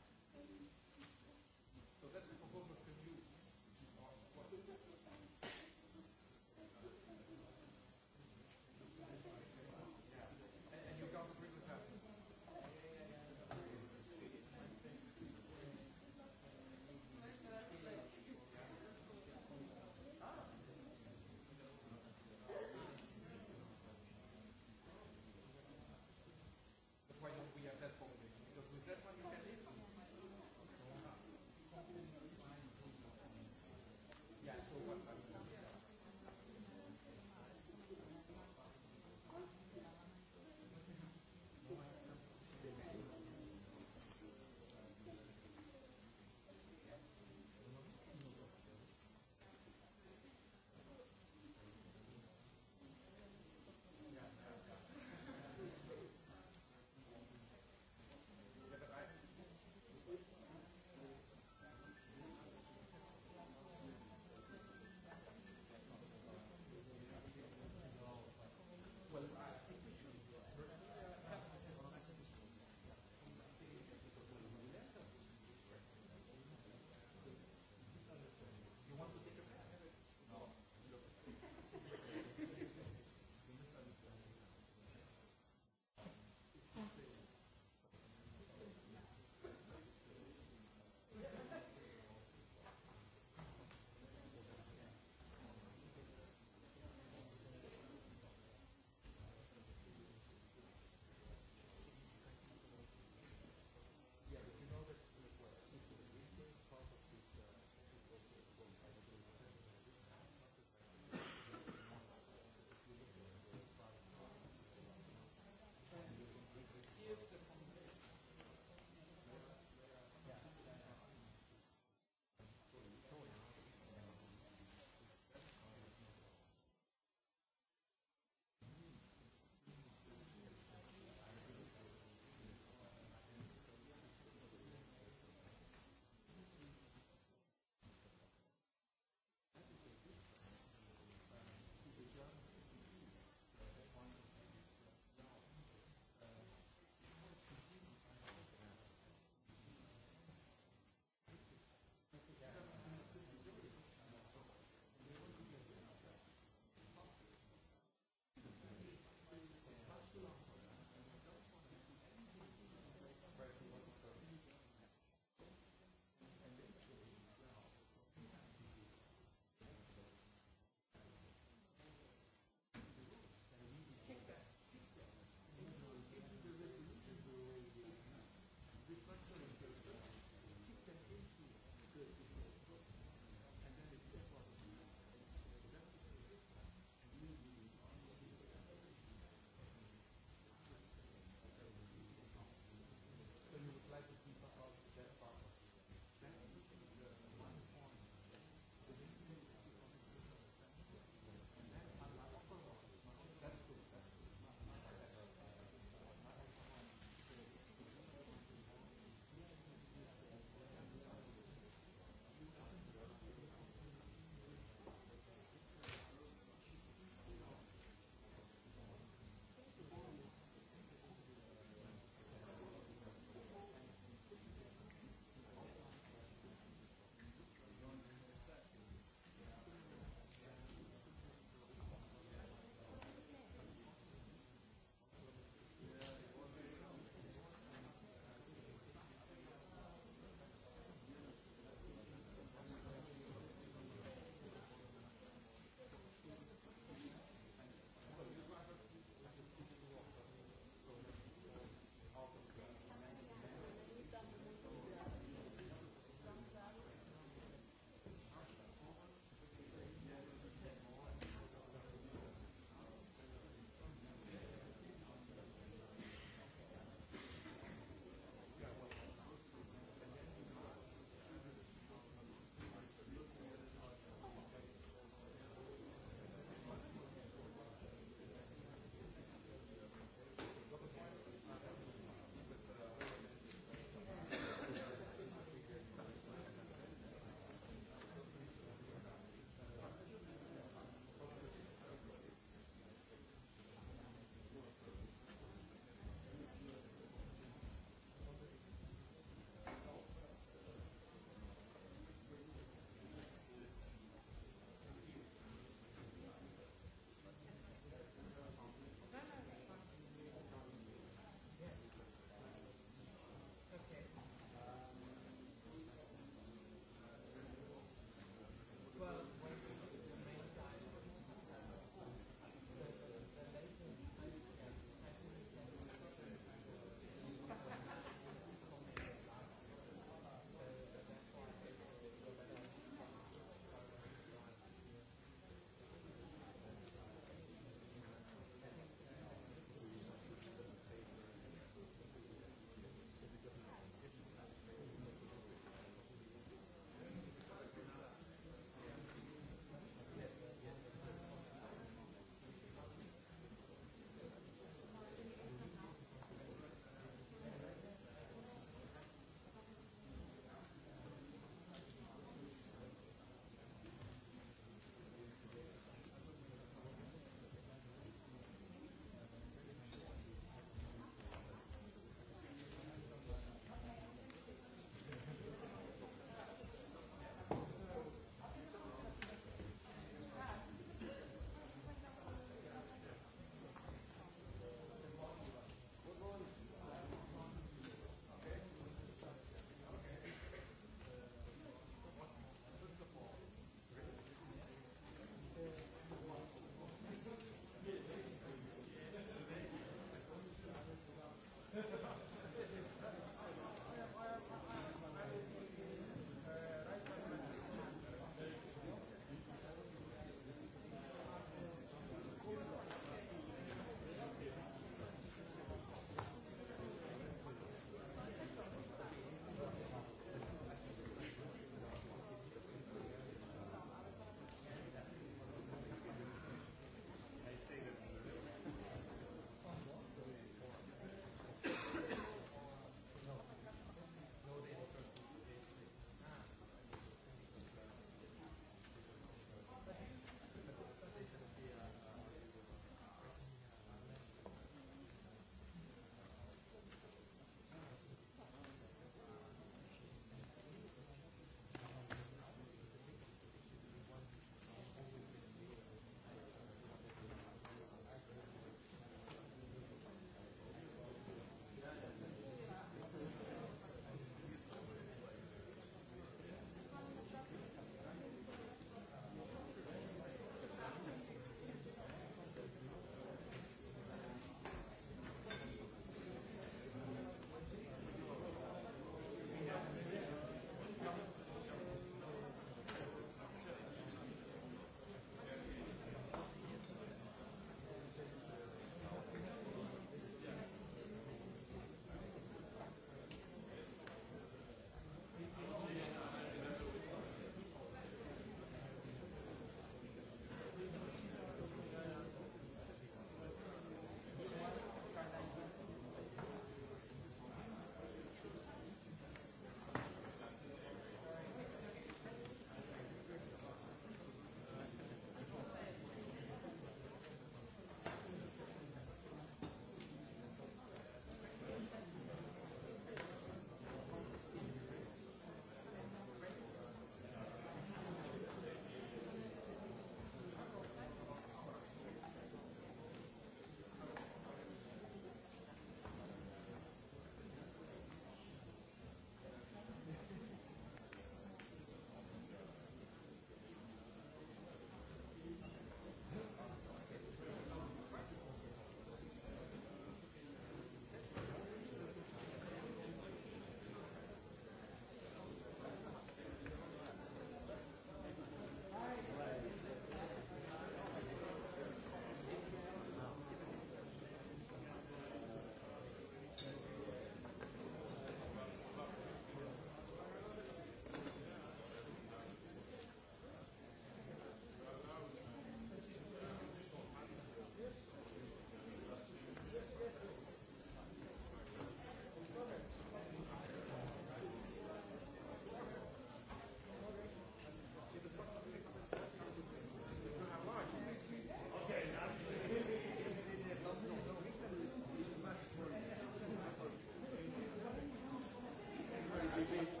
S2: Ďakujem.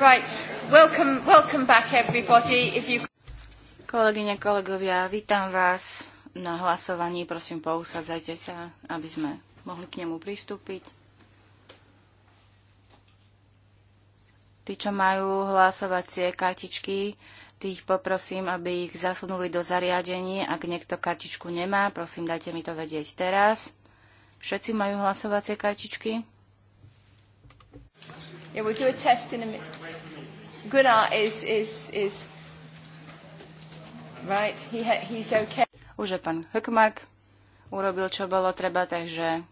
S2: Right.
S1: Welcome, welcome back everybody. If you... Kolegyne, kolegovia, vítam vás na hlasovaní. Prosím, pousadzajte sa, aby sme mohli k nemu pristúpiť. Tí, čo majú hlasovacie kartičky, tých poprosím, aby ich zasunuli do zariadení. Ak niekto kartičku nemá, prosím, dajte mi to vedieť teraz. Všetci majú hlasovacie
S2: kartičky? Yeah, we'll do a test in a minute. Gunnar is, is, is right. He, he's
S1: okay. Už je pán Hökmark urobil, čo bolo treba, takže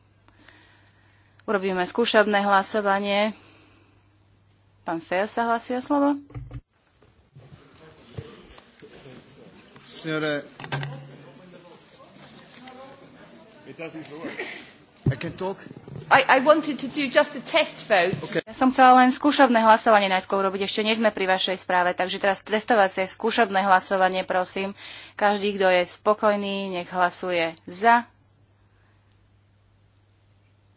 S1: urobíme skúšobné hlasovanie. Pán Feo sa hlasí o slovo.
S3: Signore, It doesn't work. I can talk.
S1: Ja som chcela len skúšobné hlasovanie najskôr urobiť. Ešte nie sme pri vašej správe, takže teraz testovacie skúšobné hlasovanie, prosím. Každý, kto je spokojný, nech hlasuje za.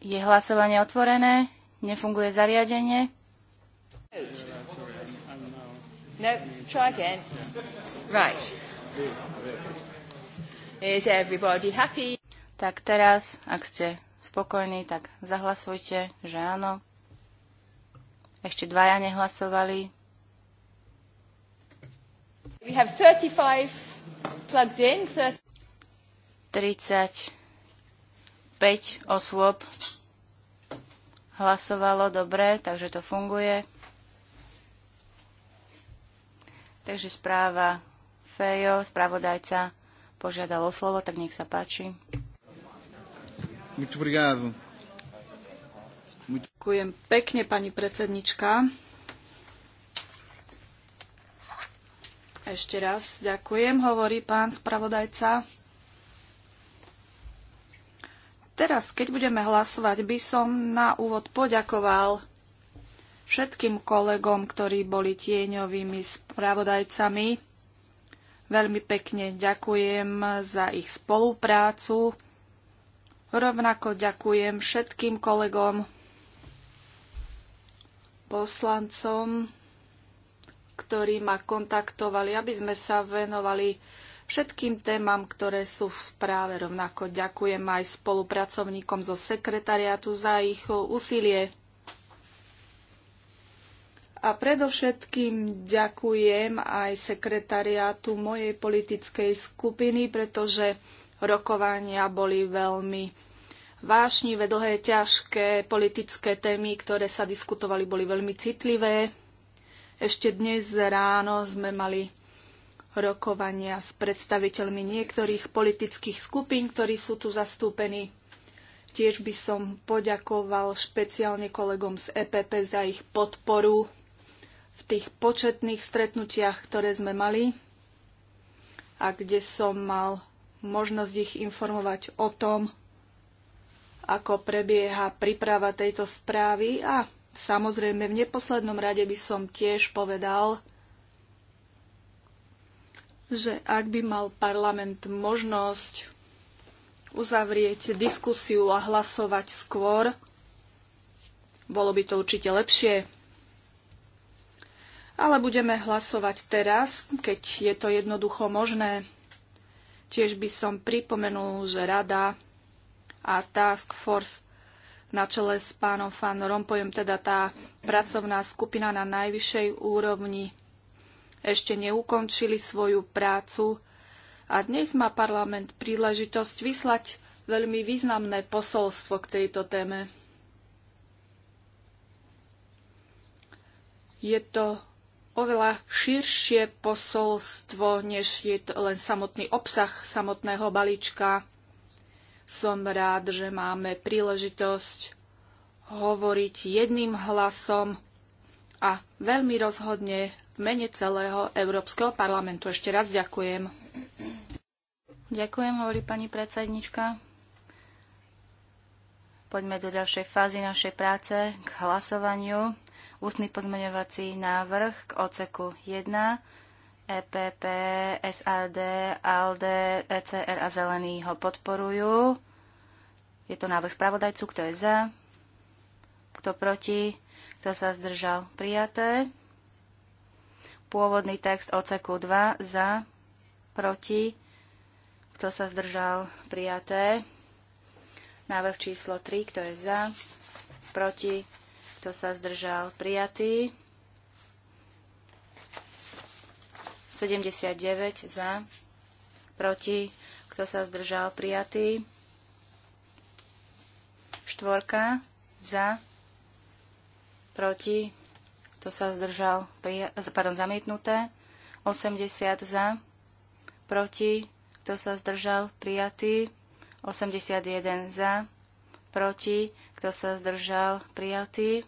S1: Je hlasovanie otvorené? Nefunguje zariadenie? No, try again. Right. Is everybody happy? Tak teraz, ak ste spokojní, tak zahlasujte, že áno. Ešte dvaja nehlasovali. We have 35 35 osôb hlasovalo dobre, takže to funguje. Takže správa Fejo, spravodajca,
S2: požiadalo slovo, tak nech sa páči.
S3: Muito obrigado.
S2: Ďakujem pekne, pani predsednička. Ešte raz ďakujem, hovorí pán spravodajca. Teraz, keď budeme hlasovať, by som na úvod poďakoval všetkým kolegom, ktorí boli tieňovými spravodajcami. Veľmi pekne ďakujem za ich spoluprácu Rovnako ďakujem všetkým kolegom, poslancom, ktorí ma kontaktovali, aby sme sa venovali všetkým témam, ktoré sú v správe. Rovnako ďakujem aj spolupracovníkom zo sekretariátu za ich úsilie. A predovšetkým ďakujem aj sekretariátu mojej politickej skupiny, pretože rokovania boli veľmi vášnivé, dlhé, ťažké politické témy, ktoré sa diskutovali, boli veľmi citlivé. Ešte dnes ráno sme mali rokovania s predstaviteľmi niektorých politických skupín, ktorí sú tu zastúpení. Tiež by som poďakoval špeciálne kolegom z EPP za ich podporu v tých početných stretnutiach, ktoré sme mali a kde som mal možnosť ich informovať o tom, ako prebieha príprava tejto správy a samozrejme v neposlednom rade by som tiež povedal, že ak by mal parlament možnosť uzavrieť diskusiu a hlasovať skôr, bolo by to určite lepšie. Ale budeme hlasovať teraz, keď je to jednoducho možné. Tiež by som pripomenul, že rada a task force na čele s pánom Fan Rompojom, teda tá pracovná skupina na najvyššej úrovni ešte neukončili svoju prácu a dnes má parlament príležitosť vyslať veľmi významné posolstvo k tejto téme. Je to oveľa širšie posolstvo, než je to len samotný obsah samotného balíčka. Som rád, že máme príležitosť hovoriť jedným hlasom a veľmi rozhodne v mene celého Európskeho parlamentu. Ešte raz ďakujem. Ďakujem, hovorí pani predsednička. Poďme do ďalšej
S1: fázy našej práce k hlasovaniu ústny pozmeňovací návrh k oceku 1. EPP, SAD, ALDE, ECR a Zelení ho podporujú. Je to návrh spravodajcu, kto je za, kto proti, kto sa zdržal, prijaté. Pôvodný text oceku 2 za, proti, kto sa zdržal, prijaté. Návrh číslo 3, kto je za, proti, kto sa zdržal? Prijatý. 79 za. Proti. Kto sa zdržal? Prijatý. Štvorka za. Proti. Kto sa zdržal? Prija- pardon, zamietnuté. 80 za. Proti. Kto sa zdržal? Prijatý. 81 za proti, kto sa zdržal, prijatý.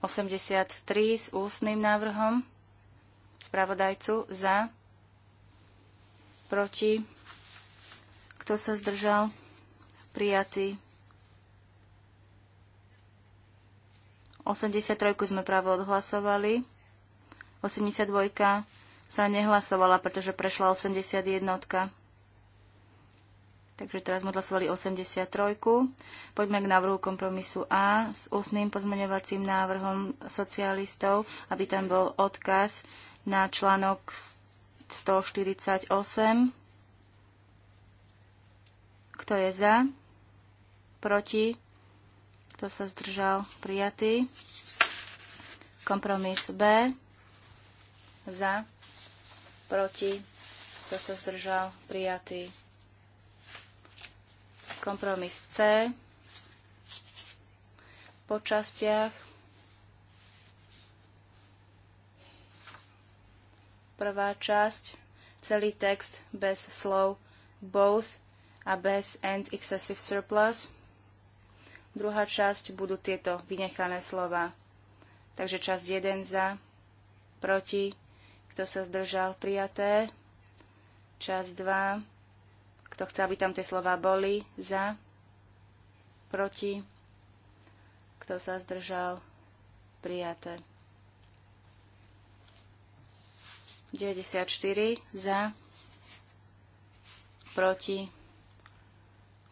S1: 83 s ústnym návrhom spravodajcu za, proti, kto sa zdržal, prijatý. 83 sme práve odhlasovali. 82 sa nehlasovala, pretože prešla 81. Takže teraz sme odhlasovali 83. Poďme k návrhu kompromisu A s ústnym pozmeňovacím návrhom socialistov, aby tam bol odkaz na článok 148. Kto je za? Proti? Kto sa zdržal? Prijatý. Kompromis B. Za. Proti. Kto sa zdržal? Prijatý Kompromis C po častiach. Prvá časť, celý text bez slov both a bez and excessive surplus. Druhá časť budú tieto vynechané slova. Takže časť 1 za, proti, kto sa zdržal, prijaté. Časť 2 kto chce, aby tam tie slova boli? Za? Proti? Kto sa zdržal? Prijaté. 94 za, proti,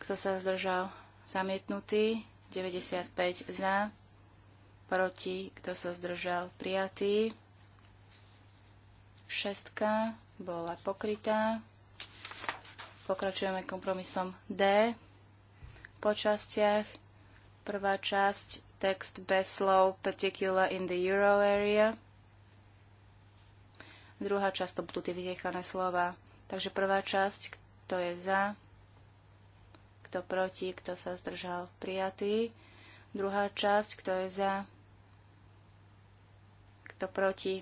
S1: kto sa zdržal, zamietnutý, 95 za, proti, kto sa zdržal, prijatý, šestka bola pokrytá, pokračujeme kompromisom D po častiach. Prvá časť, text bez slov particular in the euro area. Druhá časť, to budú tie vynechané slova. Takže prvá časť, kto je za, kto proti, kto sa zdržal, prijatý. Druhá časť, kto je za, kto proti.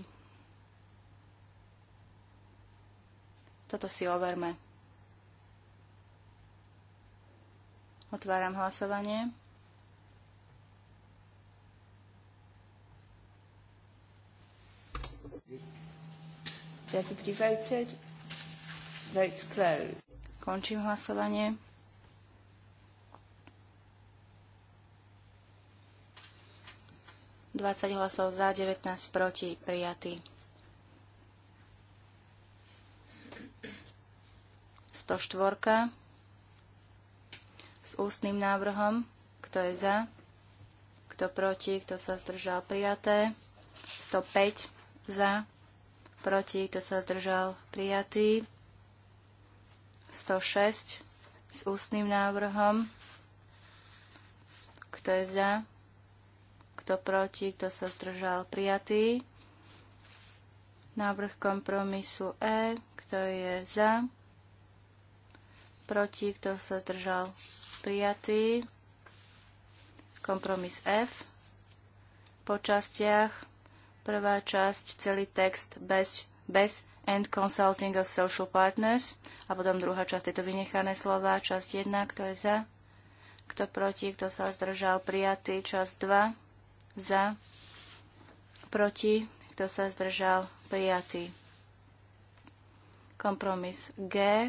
S1: Toto si overme. Otváram hlasovanie. Končím hlasovanie. Dvadsať hlasov za, 19 proti, prijatý. 104 s ústnym návrhom. Kto je za? Kto proti? Kto sa zdržal? Prijaté. 105 za. Proti? Kto sa zdržal? Prijatý. 106 s ústnym návrhom. Kto je za? Kto proti? Kto sa zdržal? Prijatý. Návrh kompromisu E. Kto je za? Proti? Kto sa zdržal? prijatý. Kompromis F po častiach. Prvá časť, celý text bez, bez and consulting of social partners. A potom druhá časť, tieto vynechané slova. Časť 1, kto je za, kto proti, kto sa zdržal, prijatý. Časť 2, za, proti, kto sa zdržal, prijatý. Kompromis G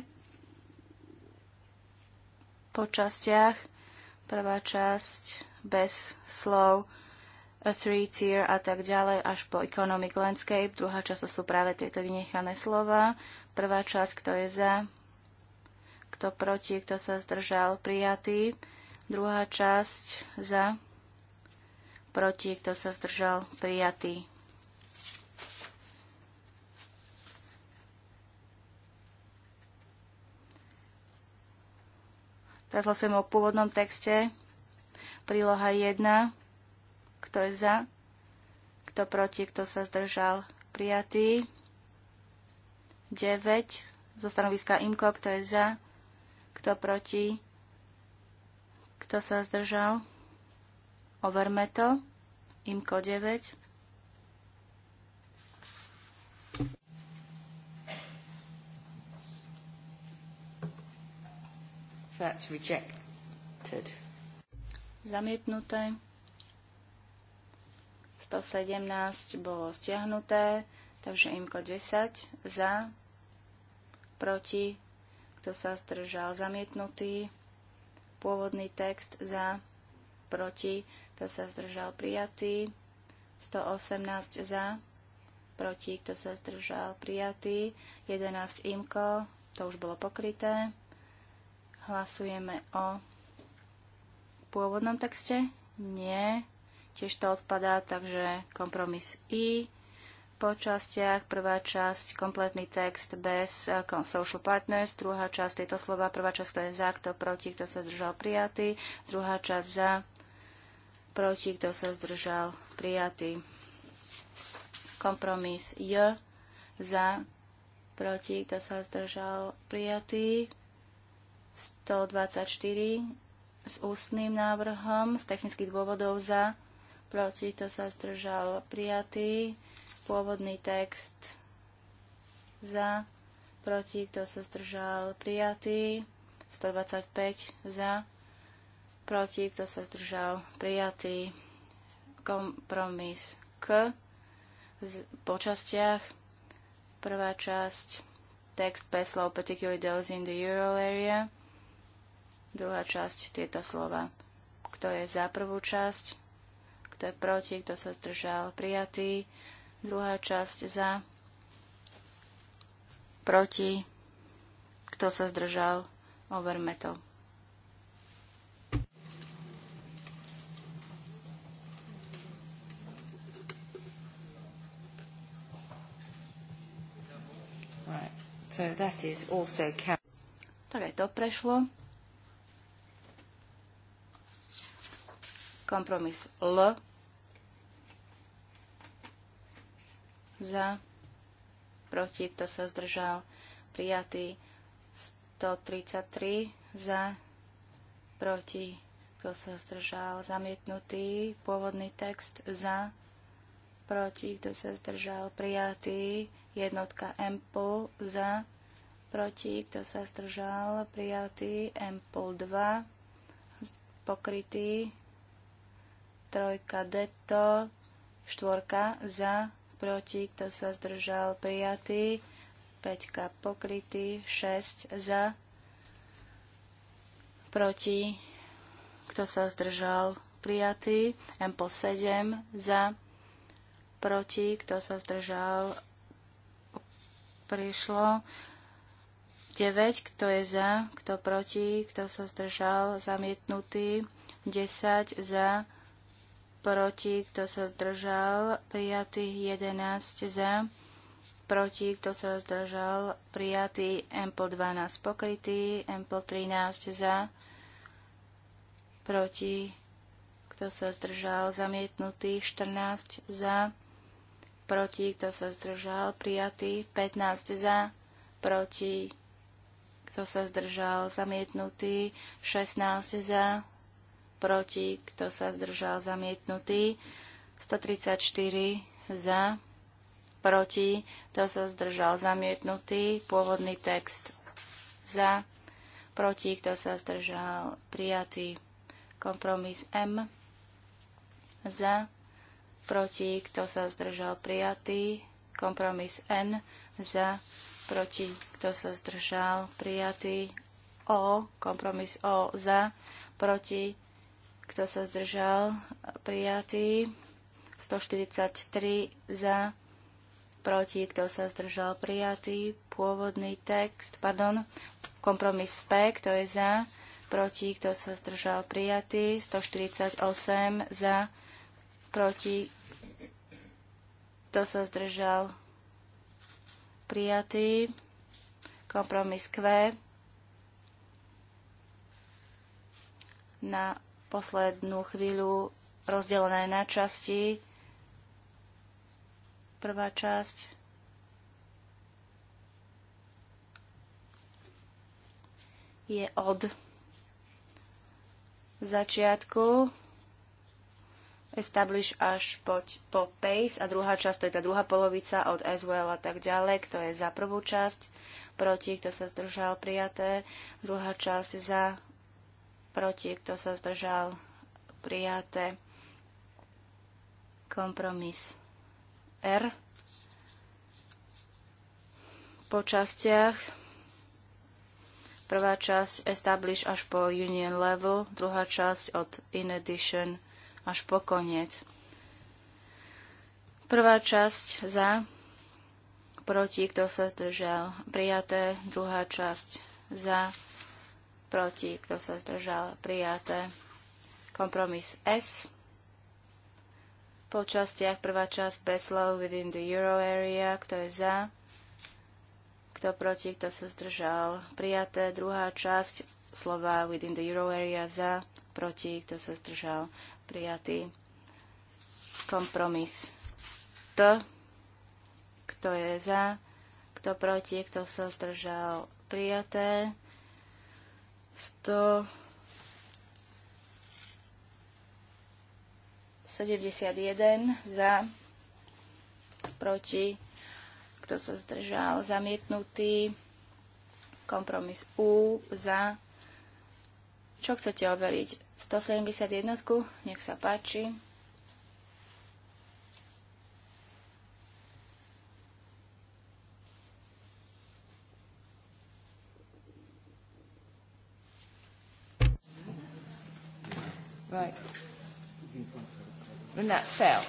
S1: po častiach. Prvá časť bez slov, a three tier a tak ďalej až po economic landscape. Druhá časť to sú práve tieto vynechané slova. Prvá časť, kto je za, kto proti, kto sa zdržal, prijatý. Druhá časť za, proti, kto sa zdržal, prijatý. Teraz hlasujeme o pôvodnom texte. Príloha 1. Kto je za? Kto proti? Kto sa zdržal? Prijatý. 9. Zo stanoviska IMKO. Kto je za? Kto proti? Kto sa zdržal? Overme to. IMKO 9. That's rejected. Zamietnuté. 117 bolo stiahnuté, takže imko 10 za, proti, kto sa zdržal zamietnutý, pôvodný text za, proti, kto sa zdržal prijatý, 118 za, proti, kto sa zdržal prijatý, 11 imko, to už bolo pokryté, Hlasujeme o pôvodnom texte? Nie. Tiež to odpadá, takže kompromis I po častiach. Prvá časť, kompletný text bez eh, social partners. Druhá časť tejto slova, prvá časť, kto je za, kto proti, kto sa zdržal prijatý. Druhá časť za, proti, kto sa zdržal prijatý. Kompromis J za, proti, kto sa zdržal prijatý. 124 s ústnym návrhom z technických dôvodov za, proti to sa zdržal prijatý, pôvodný text za, proti kto sa zdržal prijatý, 125 za, proti kto sa zdržal prijatý, kompromis k z, po častiach, prvá časť, text bez slov particularly those in the euro area, Druhá časť, tieto slova. Kto je za prvú časť? Kto je proti? Kto sa zdržal? Prijatý. Druhá časť za. Proti. Kto sa zdržal? Overme to.
S2: Right. So that
S1: is also... Tak aj to prešlo. Kompromis L za, proti, kto sa zdržal, prijatý 133 za, proti, kto sa zdržal, zamietnutý pôvodný text za, proti, kto sa zdržal, prijatý jednotka MPL za, proti, kto sa zdržal, prijatý MPL 2, pokrytý trojka Deto, štvorka za, proti, kto sa zdržal, prijatý, peťka pokrytý, šesť za, proti, kto sa zdržal, prijatý, M po 7 za, proti, kto sa zdržal, prišlo, 9, kto je za, kto proti, kto sa zdržal, zamietnutý, 10 za, proti, kto sa zdržal, prijatý 11 za, proti, kto sa zdržal, prijatý MPO 12 pokrytý, MPO 13 za, proti, kto sa zdržal, zamietnutý 14 za, proti, kto sa zdržal, prijatý 15 za, proti, kto sa zdržal, zamietnutý 16 za, proti, kto sa zdržal zamietnutý, 134 za, proti, kto sa zdržal zamietnutý, pôvodný text za, proti, kto sa zdržal prijatý, kompromis M za, proti, kto sa zdržal prijatý, kompromis N za, proti, kto sa zdržal prijatý, O, kompromis O za, proti, kto sa zdržal? Prijatý. 143 za. Proti. Kto sa zdržal? Prijatý. Pôvodný text. Pardon. Kompromis P. Kto je za? Proti. Kto sa zdržal? Prijatý. 148 za. Proti. Kto sa zdržal? Prijatý. Kompromis Q. na poslednú chvíľu rozdelené na časti. Prvá časť. je od začiatku establish až poď po pace a druhá časť, to je tá druhá polovica od as well a tak ďalej, kto je za prvú časť, proti, kto sa zdržal prijaté, druhá časť za proti, kto sa zdržal, prijaté. Kompromis R po častiach. Prvá časť establish až po union level, druhá časť od in addition až po koniec. Prvá časť za, proti, kto sa zdržal, prijaté, druhá časť za, proti, kto sa zdržal, prijaté. Kompromis S. Po častiach prvá časť bez slov within the euro area, kto je za, kto proti, kto sa zdržal, prijaté. Druhá časť slova within the euro area za, proti, kto sa zdržal, prijatý. Kompromis T. Kto je za, kto proti, kto sa zdržal, prijaté. 171 za, proti, kto sa zdržal, zamietnutý, kompromis U za, čo chcete overiť? 171, nech sa páči.
S2: Right. And that fell.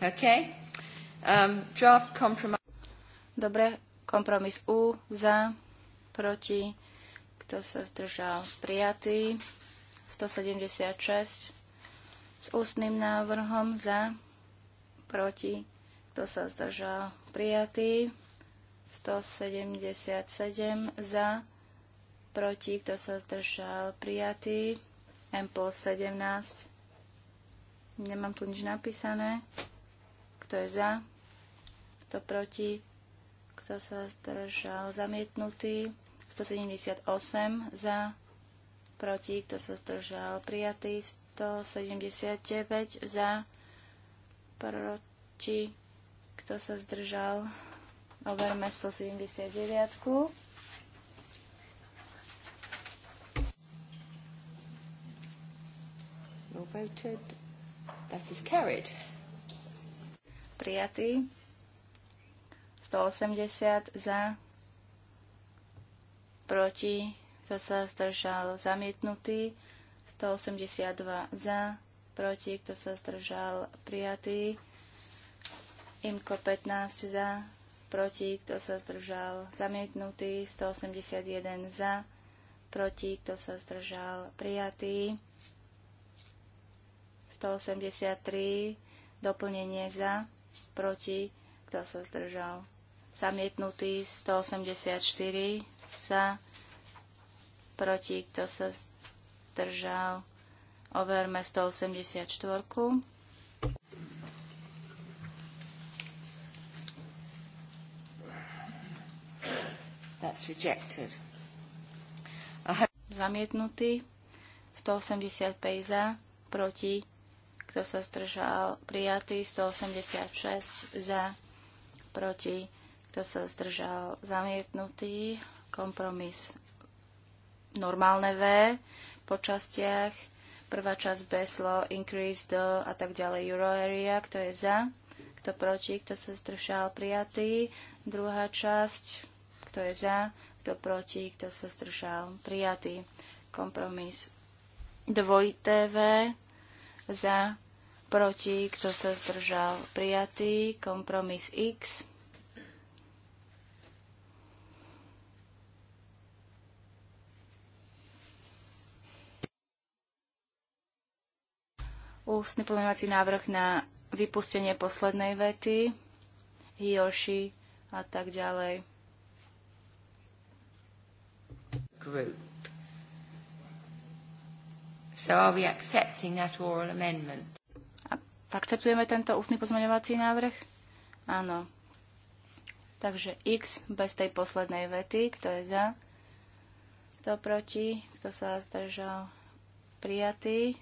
S1: Okay. Um, draft compromise. Dobre, kompromis U za, proti, kto sa zdržal, prijatý. 176 s ústnym návrhom za, proti, kto sa zdržal, prijatý. 177 za, proti, kto sa zdržal, prijatý plus 17. Nemám tu nič napísané. Kto je za? Kto proti? Kto sa zdržal? Zamietnutý. 178 za. Proti. Kto sa zdržal? Prijatý. 179 za. Proti. Kto sa zdržal? Overme 179. voted. That is carried. Prijatý. 180 za. Proti. Kto sa zdržal? Zamietnutý. 182 za. Proti. Kto sa zdržal? Prijatý. Imko 15 za. Proti. Kto sa zdržal? Zamietnutý. 181 za. Proti. Kto sa zdržal? Prijatý. 183, doplnenie za, proti, kto sa zdržal. Zamietnutý 184, za, proti, kto sa zdržal. Overme 184. That's rejected. Zamietnutý 185 za, proti, kto sa zdržal? Prijatý 186 za, proti. Kto sa zdržal? Zamietnutý. Kompromis normálne V po častiach. Prvá časť beslo increase do a tak ďalej euro area. Kto je za? Kto proti? Kto sa zdržal? Prijatý. Druhá časť. Kto je za? Kto proti? Kto sa zdržal? Prijatý. Kompromis dvojité V za, proti, kto sa zdržal, prijatý, kompromis X. Ústny pomenovací návrh na vypustenie poslednej vety, Hiyoshi a tak ďalej. Group. So are we accepting that oral amendment? Akceptujeme tento ústny pozmeňovací návrh? Áno. Takže x bez tej poslednej vety, kto je za, kto proti, kto sa zdržal, prijatý.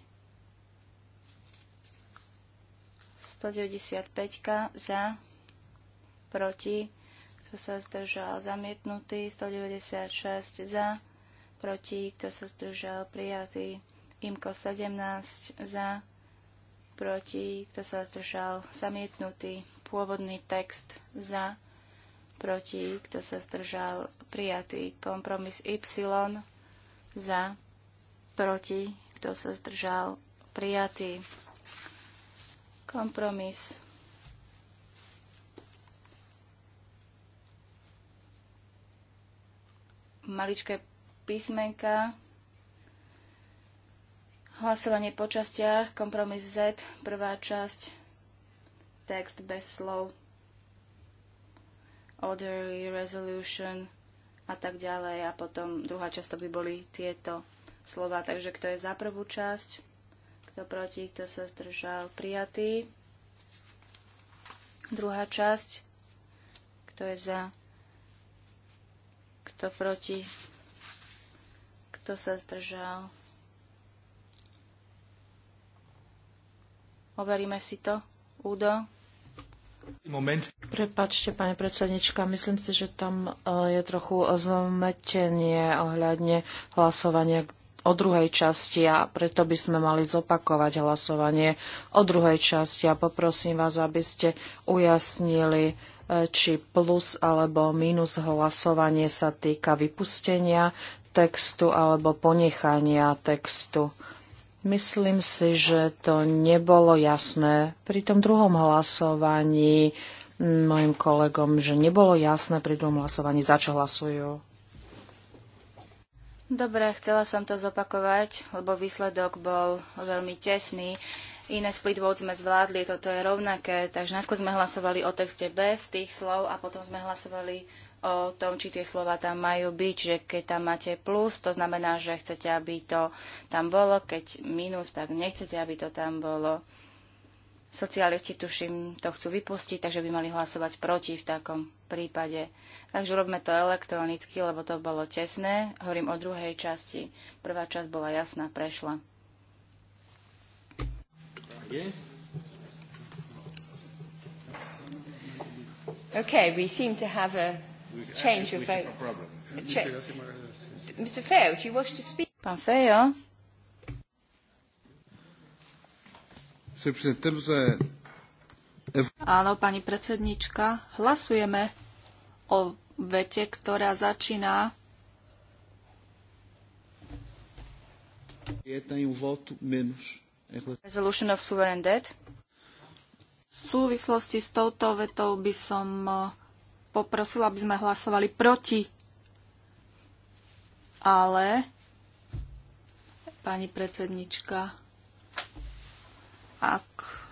S1: 195 za, proti, kto sa zdržal, zamietnutý. 196 za, proti, kto sa zdržal, prijatý. Imko 17 za, proti, kto sa zdržal, zamietnutý. Pôvodný text za, proti, kto sa zdržal, prijatý. Kompromis Y za, proti, kto sa zdržal, prijatý. Kompromis maličké písmenka Hlasovanie po častiach, kompromis Z, prvá časť, text bez slov, orderly resolution a tak ďalej. A potom druhá časť to by boli tieto slova. Takže kto je za prvú časť, kto proti, kto sa zdržal, prijatý. Druhá časť, kto je za, kto proti, kto sa zdržal,
S3: Overíme si to. Udo. Moment. Prepačte, pani predsednička, myslím si, že tam e, je trochu zmetenie ohľadne hlasovania o druhej časti a preto by sme mali zopakovať hlasovanie o druhej časti a poprosím vás, aby ste ujasnili, e, či plus alebo minus hlasovanie sa týka vypustenia textu alebo ponechania textu. Myslím si, že to nebolo jasné pri tom druhom hlasovaní mojim kolegom, že nebolo jasné pri druhom hlasovaní, za čo hlasujú.
S1: Dobre, chcela som to zopakovať, lebo výsledok bol veľmi tesný. Iné split vote sme zvládli, toto je rovnaké, takže najskôr sme hlasovali o texte bez tých slov a potom sme hlasovali o tom, či tie slova tam majú byť, že keď tam máte plus, to znamená, že chcete, aby to tam bolo, keď minus, tak nechcete, aby to tam bolo. Socialisti, tuším, to chcú vypustiť, takže by mali hlasovať proti v takom prípade. Takže robme to elektronicky, lebo to bolo tesné. Hovorím o druhej časti. Prvá časť bola jasná, prešla.
S2: Okay, we seem to have a change your vote.
S1: Mr. Feo, do you wish to speak? Pán Feo.
S3: Uh,
S2: Áno, pani predsednička, hlasujeme o vete, ktorá začína Resolution of Sovereign Debt. V súvislosti s touto vetou by som uh, poprosila, aby sme hlasovali proti. Ale pani predsednička, ak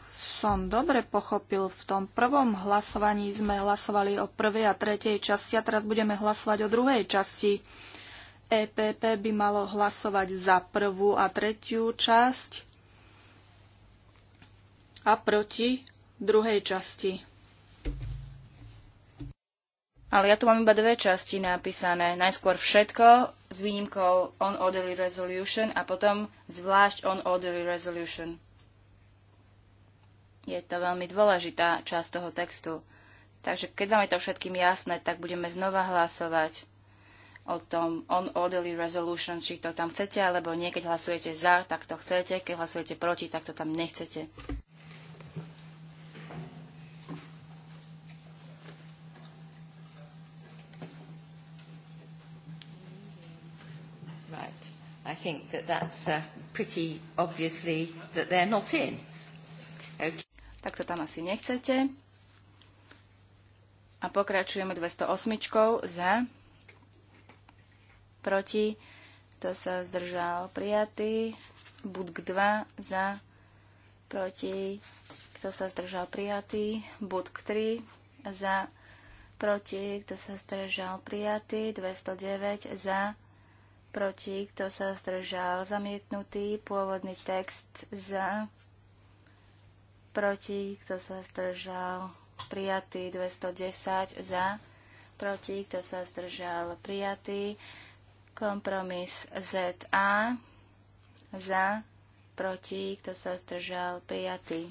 S2: som dobre pochopil, v tom prvom hlasovaní sme hlasovali o prvej a tretej časti a teraz budeme hlasovať o druhej časti. EPP by malo hlasovať za prvú a tretiu časť a proti druhej časti. Ale ja tu mám iba dve časti napísané.
S1: Najskôr všetko s výnimkou on orderly resolution a potom zvlášť on orderly resolution. Je to veľmi dôležitá časť toho textu. Takže keď máme to všetkým jasné, tak budeme znova hlasovať o tom on orderly resolution, či to tam chcete, alebo nie, keď hlasujete za, tak to chcete, keď hlasujete proti, tak to tam nechcete. I think that that's uh, pretty obviously that they're not in. Okay. Tak to tam asi nechcete. A pokračujeme 208 za, proti, to sa zdržal prijatý, budk 2 za, proti, kto sa zdržal prijatý, budk 3 za, proti, kto sa zdržal prijatý, 209 za, proti, kto sa zdržal, zamietnutý, pôvodný text za, proti, kto sa zdržal, prijatý, 210 za, proti, kto sa zdržal, prijatý, kompromis ZA, za, proti, kto sa zdržal, prijatý.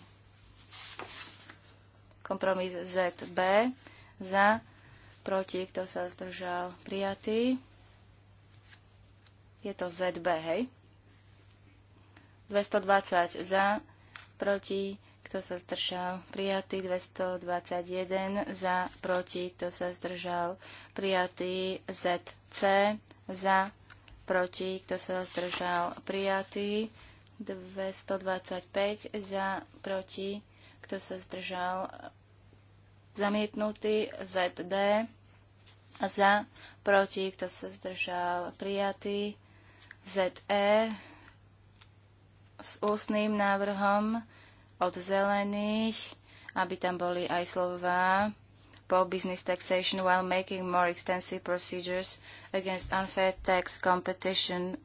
S1: Kompromis ZB, za, proti, kto sa zdržal, prijatý je to ZB, hej? 220 za, proti, kto sa zdržal, prijatý 221 za, proti, kto sa zdržal, prijatý ZC za, proti, kto sa zdržal, prijatý 225 za, proti, kto sa zdržal, zamietnutý ZD za, proti, kto sa zdržal, prijatý ZE s ústnym návrhom od zelených, aby tam boli aj slova po business taxation while making more extensive procedures against unfair tax competition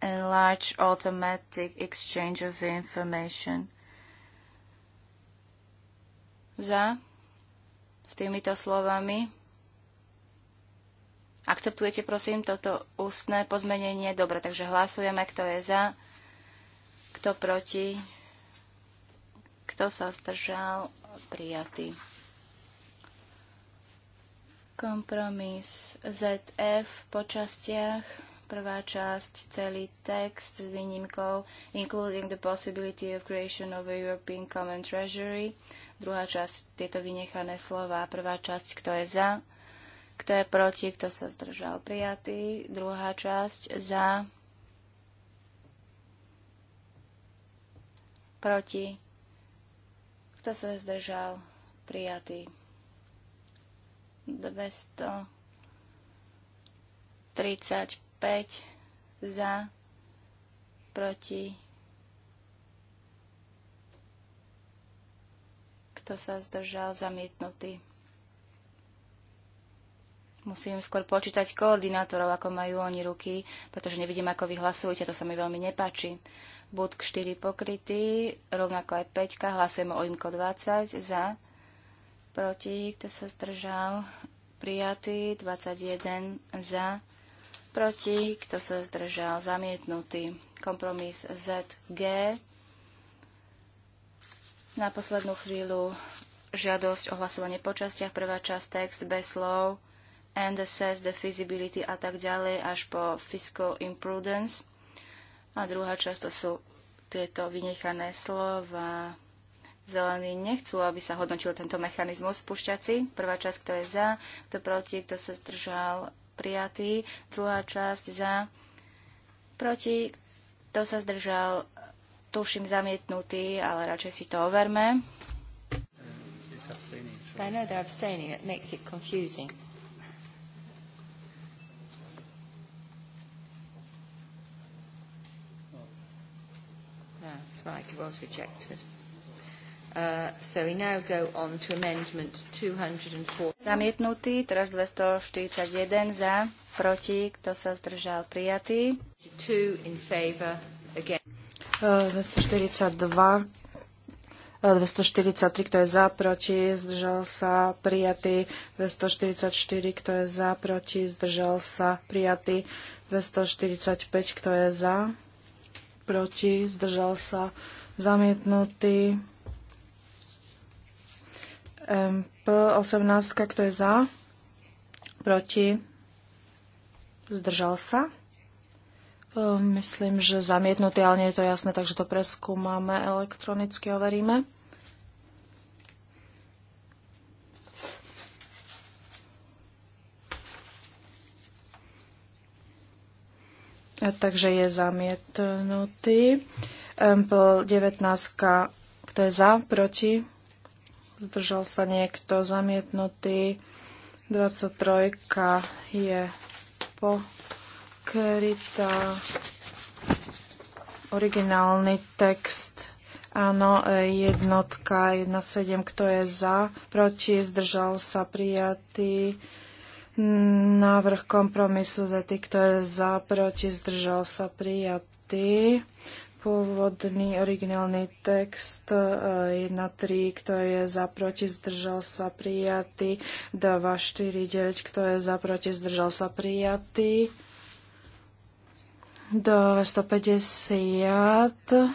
S1: and large automatic exchange of information. Za s týmito slovami Akceptujete, prosím, toto ústne pozmenenie? Dobre, takže hlasujeme, kto je za, kto proti, kto sa zdržal, prijatý. Kompromis ZF po častiach. Prvá časť, celý text s výnimkou Including the possibility of creation of a European Common Treasury. Druhá časť, tieto vynechané slova. Prvá časť, kto je za, kto je proti, kto sa zdržal prijatý. Druhá časť za, proti, kto sa zdržal prijatý. 235 za, proti, kto sa zdržal zamietnutý. Musím skôr počítať koordinátorov, ako majú oni ruky, pretože nevidím, ako vy hlasujete, to sa mi veľmi nepáči. Budk 4 pokrytý, rovnako aj 5, hlasujeme o imko 20, za, proti, kto sa zdržal, prijatý, 21, za, proti, kto sa zdržal, zamietnutý, kompromis ZG, na poslednú chvíľu žiadosť o hlasovanie po častiach, prvá časť text bez slov, and assess the feasibility a tak ďalej až po fiscal imprudence. A druhá časť to sú tieto vynechané slova. Zelení nechcú, aby sa hodnotil tento mechanizmus spúšťací. Prvá časť, kto je za, kto proti, kto sa zdržal, prijatý. Druhá časť za, proti, kto sa zdržal, tuším zamietnutý, ale radšej si to overme. I know they're abstaining. It makes it confusing.
S2: right, it was rejected. Uh, so we now go on to
S1: amendment 204. Zamietnutý, teraz 241 za, proti, kto sa zdržal, prijatý. Two in favor, again.
S3: Uh, 242, uh, 243, kto je za, proti, zdržal sa, prijatý. 244, kto je za, proti, zdržal sa, prijatý. 245, kto je za, proti, zdržal sa, zamietnutý. MP. 18 kto je za, proti, zdržal sa. Myslím, že zamietnutý, ale nie je to jasné, takže to preskúmame, elektronicky overíme. takže je zamietnutý. Ample 19, kto je za, proti, zdržal sa niekto, zamietnutý. 23 je pokrytá. Originálny text. Áno, jednotka, 1,7, kto je za, proti, zdržal sa, prijatý. Návrh kompromisu za tých, kto je za, proti, zdržal sa, prijatý. Pôvodný originálny text 1, e, 3, kto je za, proti, zdržal sa, prijatý. 2, 4, 9, kto je za, proti, zdržal sa, prijatý. 250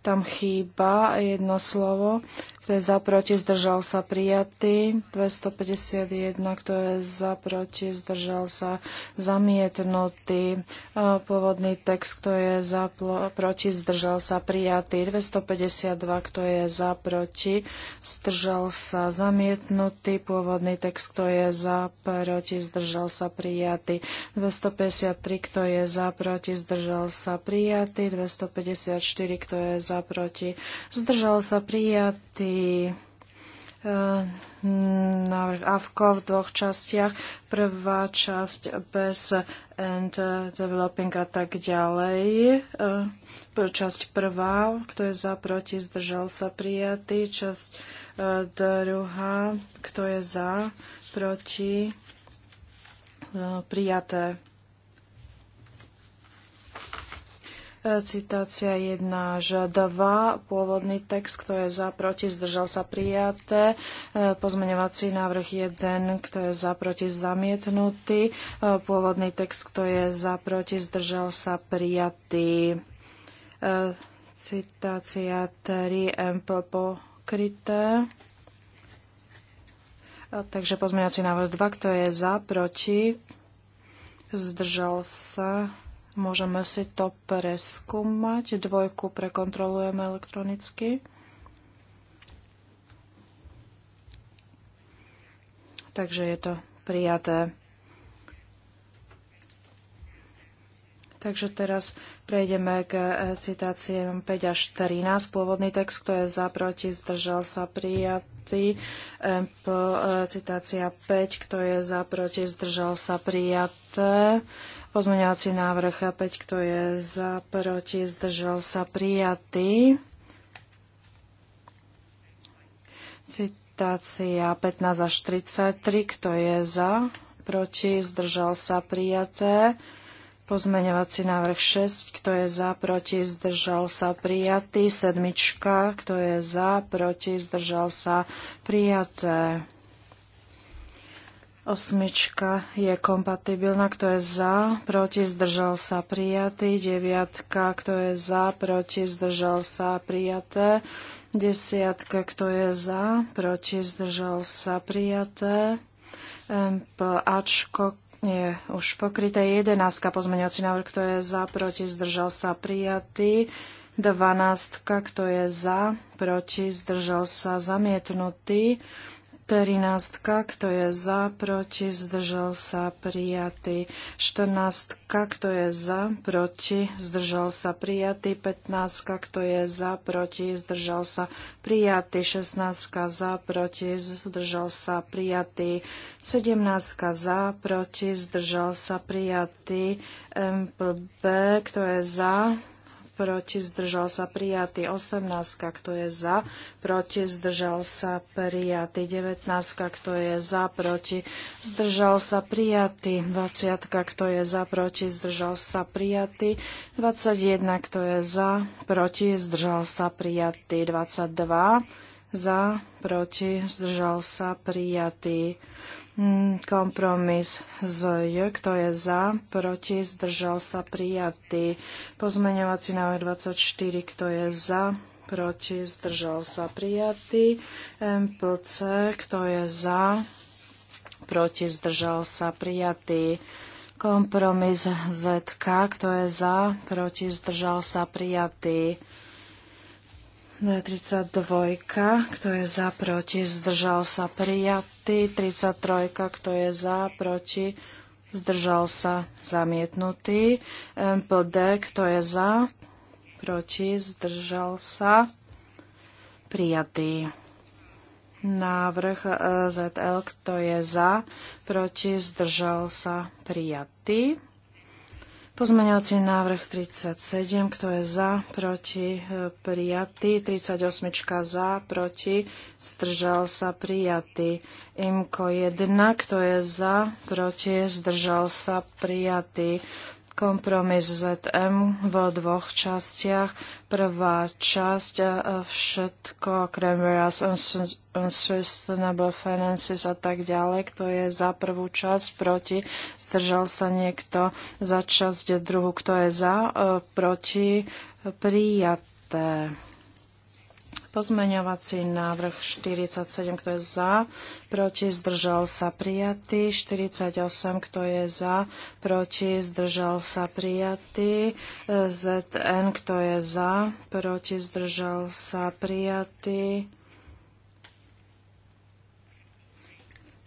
S3: tam chýba jedno slovo. Kto je za, proti, zdržal sa, prijatý. 251, kto je za, proti, zdržal sa, zamietnutý. Pôvodný text, kto je zaproti zdržal sa, prijatý. 252, kto je za, proti, zdržal sa, zamietnutý. Pôvodný text, kto je za, proti, zdržal sa, prijatý. 253, kto je za, proti, zdržal sa, prijatý. 254, kto je za, proti, zdržal sa prijatý e, návrh AVKO v dvoch častiach. Prvá časť bez and developing a tak ďalej. E, časť prvá, kto je za, proti, zdržal sa prijatý. Časť e, druhá, kto je za, proti, prijaté. Citácia 1 až 2, pôvodný text, kto je za, proti, zdržal sa prijaté. E, pozmeňovací návrh 1, kto je za, proti, zamietnutý. E, pôvodný text, kto je za, proti, zdržal sa prijatý. E, citácia 3, MP pokryté. Takže pozmeňovací návrh 2, kto je za, proti, zdržal sa Môžeme si to preskúmať. Dvojku prekontrolujeme elektronicky. Takže je to prijaté. Takže teraz prejdeme k e, citáciám 5 až 13. Pôvodný text, kto je za, proti, zdržal sa, prijatý. E, e, citácia 5, kto je za, proti, zdržal sa, prijaté. Pozmeňovací návrh 5, kto je za, proti, zdržal sa, prijatý. Citácia 15 až 33, kto je za, proti, zdržal sa, prijaté. Pozmeňovací návrh 6, kto je za, proti, zdržal sa, prijatý. Sedmička, kto je za, proti, zdržal sa, prijaté. Osmička je kompatibilná, kto je za, proti, zdržal sa, prijatý. Deviatka, kto je za, proti, zdržal sa, prijaté. Desiatka, kto je za, proti, zdržal sa, prijaté. Ačko je už pokryté. Jedenáctka, pozmeňovací návrh, kto je za, proti, zdržal sa, prijatý. Dvanáctka, kto je za, proti, zdržal sa, zamietnutý. 13, kto je za, proti, zdržal sa, prijatý. 14, kto je za, proti, zdržal sa, prijatý. 15, kto je za, proti, zdržal sa, prijatý. 16, za, proti, zdržal sa, prijatý. 17, za, proti, zdržal sa, prijatý. MPB, kto je za, proti, zdržal sa prijatý. 18, kto je za, proti, zdržal sa prijatý. 19, kto je za, proti, zdržal sa prijatý. 20, kto je za, proti, zdržal sa prijatý. 21, kto je za, proti, zdržal sa prijatý. 22, za, proti, zdržal sa prijatý. Mm, kompromis z J, kto je za, proti, zdržal sa prijatý. Pozmeňovací návrh 24, kto je za, proti, zdržal sa prijatý. MPC, kto je za, proti, zdržal sa prijatý. Kompromis ZK, kto je za, proti, zdržal sa prijatý. 32, no kto je za, proti, zdržal sa, prijatý. 33, kto je za, proti, zdržal sa, zamietnutý. MPD, kto je za, proti, zdržal sa, prijatý. Návrh eh, ZL, kto je za, proti, zdržal sa, prijatý. Pozmeňovací návrh 37, kto je za, proti, e, prijatý. 38 za, proti, zdržal sa, prijatý. Imko 1, kto je za, proti, zdržal sa, prijatý kompromis ZM v dvoch častiach. Prvá časť e, všetko okrem Veras Unsustainable Finances a tak ďalej, kto je za prvú časť, proti, zdržal sa niekto, za časť druhú, kto je za, e, proti, prijaté. Pozmeňovací návrh 47, kto je za, proti, zdržal sa prijatý. 48, kto je za, proti, zdržal sa prijatý. ZN, kto je za, proti, zdržal sa prijatý. 53,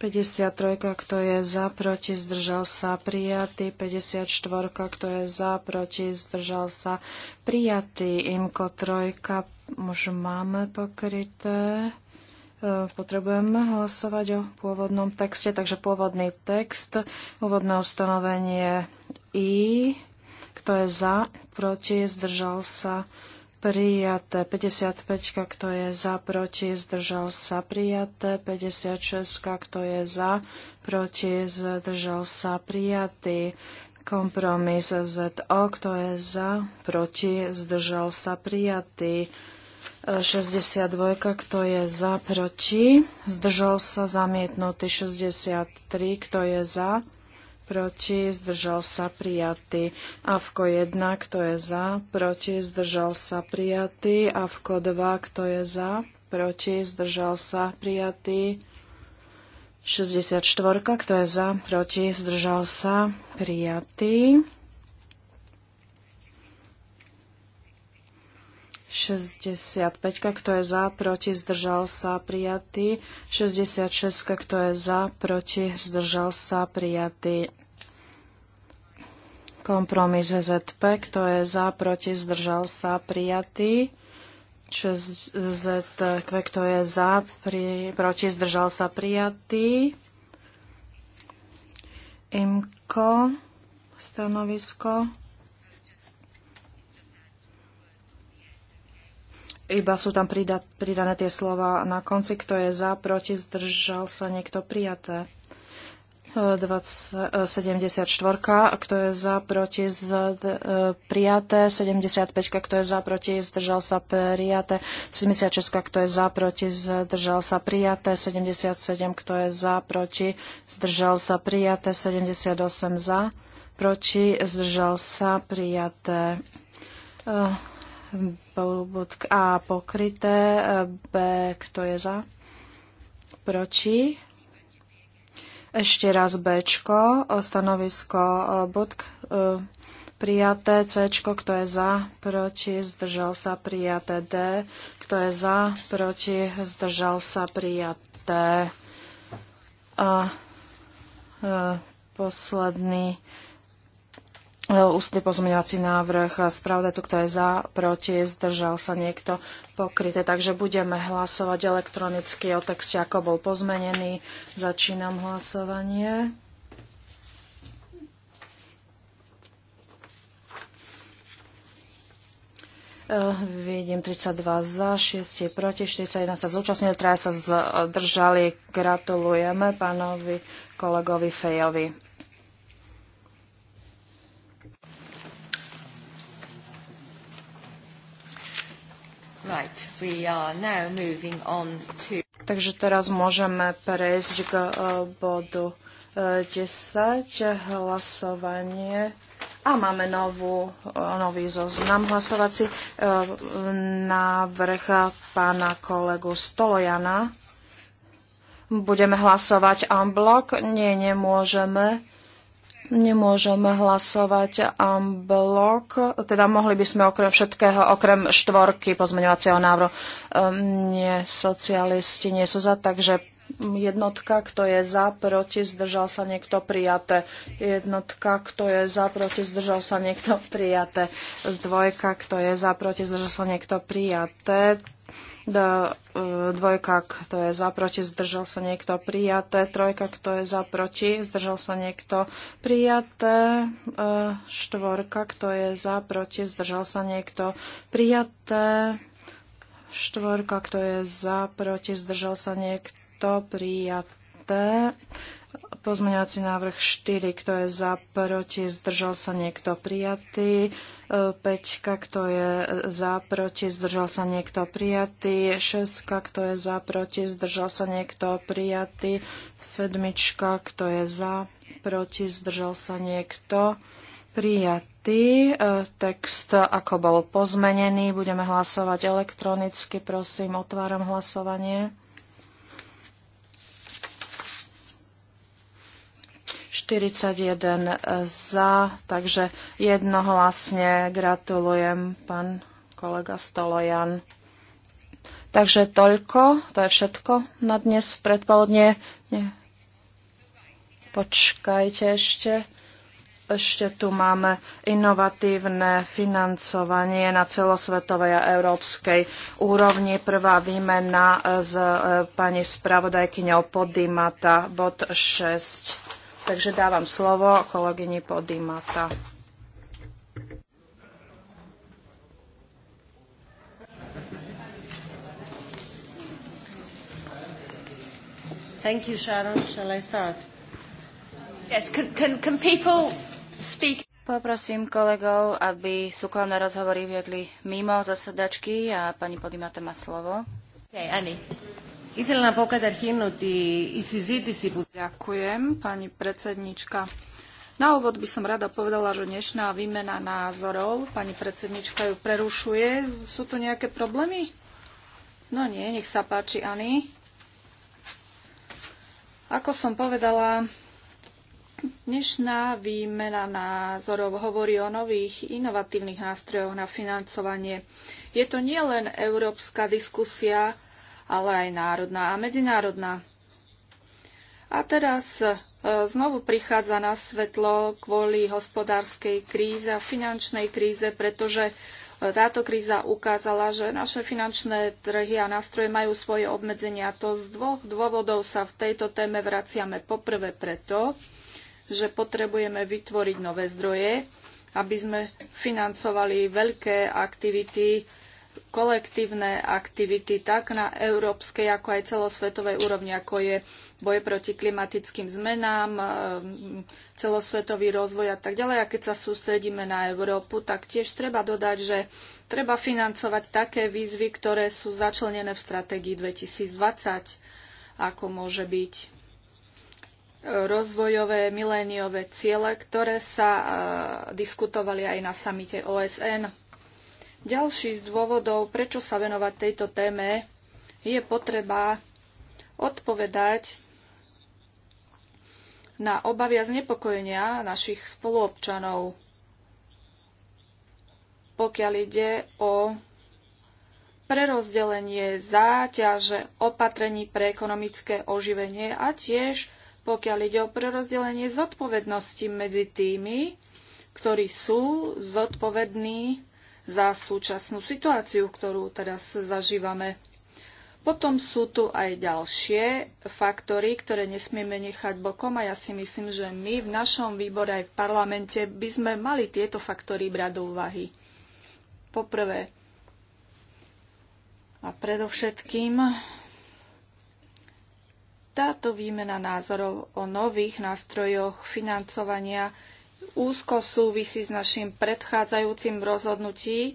S3: kto je za, proti, zdržal sa, prijatý. 54, kto je za, proti, zdržal sa, prijatý. Imko 3, už máme pokryté. E, Potrebujeme hlasovať o pôvodnom texte, takže pôvodný text, úvodné ustanovenie I, kto je za, proti, zdržal sa, prijaté 55, kto je za, proti, zdržal sa, prijaté 56, kto je za, proti, zdržal sa, prijatý Kompromis ZO, kto je za, proti, zdržal sa prijatý. 62, e, kto je za, proti, zdržal sa zamietnutý. 63, kto je za, proti, zdržal sa prijatý. Avko 1, kto je za, proti, zdržal sa prijatý. Avko 2, kto je za, proti, zdržal sa prijatý. 64, kto je za, proti, zdržal sa, prijatý. 65, kto je za, proti, zdržal sa, prijatý. 66, kto je za, proti, zdržal sa, prijatý. Kompromis ZP, kto je za, proti, zdržal sa, prijatý. 6 kto je za, pri, proti, zdržal sa prijatý. IMKO, stanovisko. Iba sú tam prida, pridané tie slova na konci, kto je za, proti, zdržal sa niekto prijaté. 74, eh, kto je za, proti, z, eh, prijaté. 75, kto je za, proti, zdržal sa, prijaté. 76, kto je za, proti, zdržal sa, prijaté. 77, kto je za, proti, zdržal sa, prijaté. 78 za, proti, zdržal sa, prijaté. Eh, A pokryté, B, kto je za, proti, ešte raz B, stanovisko e, bod e, prijaté, C, kto je za, proti, zdržal sa prijaté, D, kto je za, proti, zdržal sa prijaté. A, a e, posledný E, ústny pozmeňovací návrh spravodajcu, kto je za, proti, zdržal sa niekto pokryté. Takže budeme hlasovať elektronicky o texte, ako bol pozmenený. Začínam hlasovanie. E, vidím 32 za, 6 proti, 41 sa zúčastnili, 3 sa zdržali. Gratulujeme pánovi kolegovi Fejovi. Right, we are now moving on to... Takže teraz môžeme prejsť k eh, bodu 10, eh, hlasovanie. A máme novú, eh, nový zoznam hlasovací vrcha pána kolegu Stolojana. Budeme hlasovať en blok? Nie, nemôžeme nemôžeme hlasovať en blok, teda mohli by sme okrem všetkého, okrem štvorky pozmeňovacieho návrhu. Ehm, nie, socialisti nie sú za, takže jednotka, kto je za, proti, zdržal sa niekto prijaté. Jednotka, kto je za, proti, zdržal sa niekto prijaté. Dvojka, kto je za, proti, zdržal sa niekto prijaté. Da, e, dvojka, kto je za, proti, zdržal sa niekto prijaté. Trojka, kto je za, proti, zdržal sa niekto prijaté. E, štvorka, kto je za, proti, zdržal sa niekto prijaté. Štvorka, kto je za, proti, zdržal sa niekto prijaté. Pozmeňovací návrh 4, kto je za, proti, zdržal sa niekto prijatý. E, Peťka, kto je za, proti, zdržal sa niekto prijatý. Šestka, kto je za, proti, zdržal sa niekto prijatý. sedmička, kto je za, proti, zdržal sa niekto prijatý. E, Text, ako bol pozmenený, budeme hlasovať elektronicky, prosím, otváram hlasovanie. 41 e, za, takže jednohlasne gratulujem pán kolega Stolojan. Takže toľko, to je všetko na dnes predpoludne. Nie. Počkajte ešte. Ešte tu máme inovatívne financovanie na celosvetovej a európskej úrovni. Prvá výmena s e, pani spravodajkyňou Podimata, bod 6. Takže dávam slovo kolegyni Podimata. Thank you, Sharon. Shall I start? Yes, can, can, can people speak?
S1: Poprosím kolegov, aby súkromné rozhovory viedli mimo zasedačky
S2: a pani Podimata má slovo. Okay, Annie. Ďakujem, pani predsednička. Na úvod by som rada povedala, že dnešná výmena názorov, pani predsednička ju prerušuje. Sú tu nejaké problémy? No nie, nech sa páči, Ani. Ako som povedala, dnešná výmena názorov hovorí o nových inovatívnych nástrojoch na financovanie. Je to nielen európska diskusia, ale aj národná a medzinárodná. A teraz e, znovu prichádza na svetlo kvôli hospodárskej kríze a finančnej kríze, pretože e, táto kríza ukázala, že naše finančné trhy a nástroje majú svoje obmedzenia. To z dvoch dôvodov sa v tejto téme vraciame. Poprvé preto, že potrebujeme vytvoriť nové zdroje, aby sme financovali veľké aktivity kolektívne aktivity tak na európskej, ako aj celosvetovej úrovni, ako je boj proti klimatickým zmenám, e, celosvetový rozvoj a tak ďalej. A keď sa sústredíme na Európu, tak tiež treba dodať, že treba financovať také výzvy, ktoré sú začlenené v stratégii 2020, ako môže byť e, rozvojové miléniové ciele, ktoré sa e, diskutovali aj na samite OSN ďalší z dôvodov, prečo sa venovať tejto téme, je potreba odpovedať na obavy a znepokojenia našich spoluobčanov, pokiaľ ide o prerozdelenie záťaže opatrení pre ekonomické oživenie a tiež pokiaľ ide o prerozdelenie zodpovednosti medzi tými, ktorí sú zodpovední za súčasnú situáciu, ktorú teraz zažívame. Potom sú tu aj ďalšie faktory, ktoré nesmieme nechať bokom a ja si myslím, že my v našom výbore aj v parlamente by sme mali tieto faktory brať do úvahy. Poprvé a predovšetkým táto výmena názorov o nových nástrojoch financovania úzko súvisí s našim predchádzajúcim rozhodnutí, e,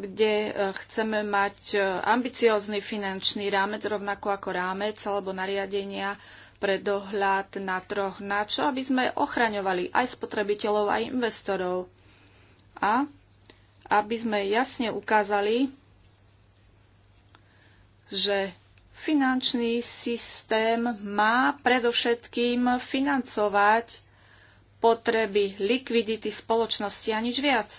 S2: kde e, chceme mať e, ambiciózny finančný rámec, rovnako ako rámec alebo nariadenia pre dohľad na troch, na čo aby sme ochraňovali aj spotrebiteľov, aj investorov. A aby sme jasne ukázali, že finančný systém má predovšetkým financovať potreby likvidity spoločnosti a nič viac.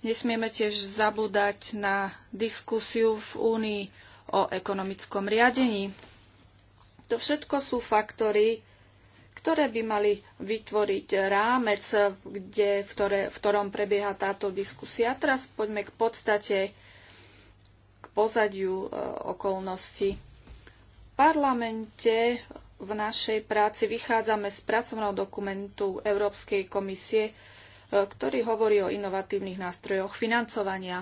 S2: Nesmieme tiež zabúdať na diskusiu v Únii o ekonomickom riadení. To všetko sú faktory, ktoré by mali vytvoriť rámec, kde, v, ktoré, v ktorom prebieha táto diskusia. teraz poďme k podstate pozadiu e, okolnosti. V parlamente v našej práci vychádzame z pracovného dokumentu Európskej komisie, e, ktorý hovorí o inovatívnych nástrojoch financovania.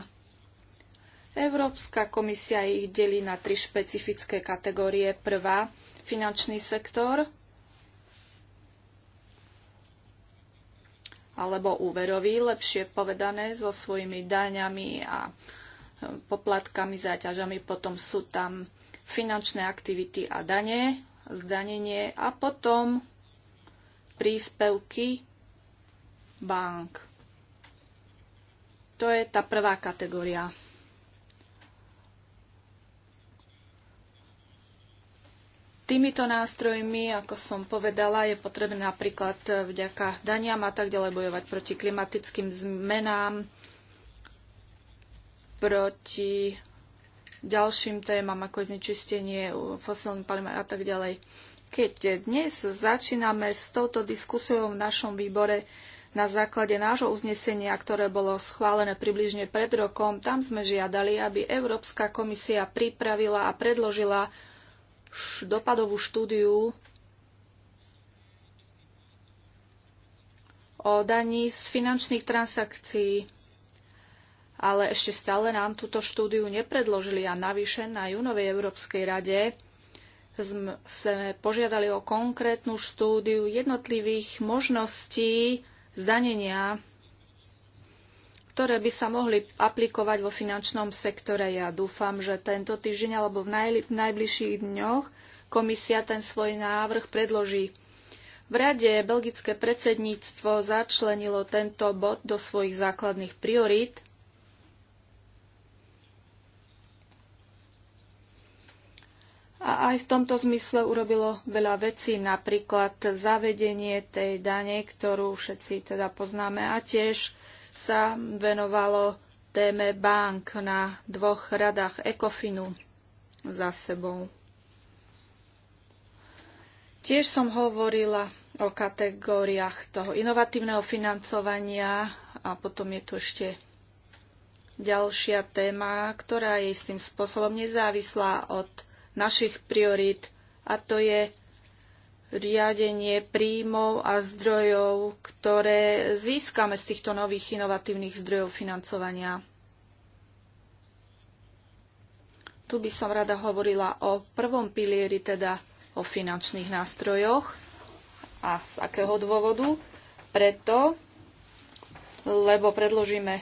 S2: Európska komisia ich delí na tri špecifické kategórie. Prvá, finančný sektor alebo úverový, lepšie povedané, so svojimi daňami a poplatkami, záťažami, potom sú tam finančné aktivity a dane, zdanenie a potom príspevky bank. To je tá prvá kategória. Týmito nástrojmi, ako som povedala, je potrebné napríklad eh, vďaka daniam a tak ďalej bojovať proti klimatickým zmenám, proti ďalším témam, ako je znečistenie fosilným palím a tak ďalej. Keď dnes začíname s touto diskusiou v našom výbore na základe nášho uznesenia, ktoré bolo schválené približne pred rokom, tam sme žiadali, aby Európska komisia pripravila a predložila dopadovú štúdiu o daní z finančných transakcií ale ešte stále nám túto štúdiu nepredložili a navyše na Junovej Európskej rade sme požiadali o konkrétnu štúdiu jednotlivých možností zdanenia, ktoré by sa mohli aplikovať vo finančnom sektore. Ja dúfam, že tento týždeň alebo v najbližších dňoch komisia ten svoj návrh predloží. V rade belgické predsedníctvo začlenilo tento bod do svojich základných priorít a aj v tomto zmysle urobilo veľa vecí, napríklad zavedenie tej dane, ktorú všetci teda poznáme a tiež sa venovalo téme bank na dvoch radách Ekofinu za sebou. Tiež som hovorila o kategóriách toho inovatívneho financovania a potom je tu ešte ďalšia téma, ktorá je istým spôsobom nezávislá od našich priorít a to je riadenie príjmov a zdrojov, ktoré získame z týchto nových inovatívnych zdrojov financovania. Tu by som rada hovorila o prvom pilieri, teda o finančných nástrojoch. A z akého dôvodu? Preto, lebo predložíme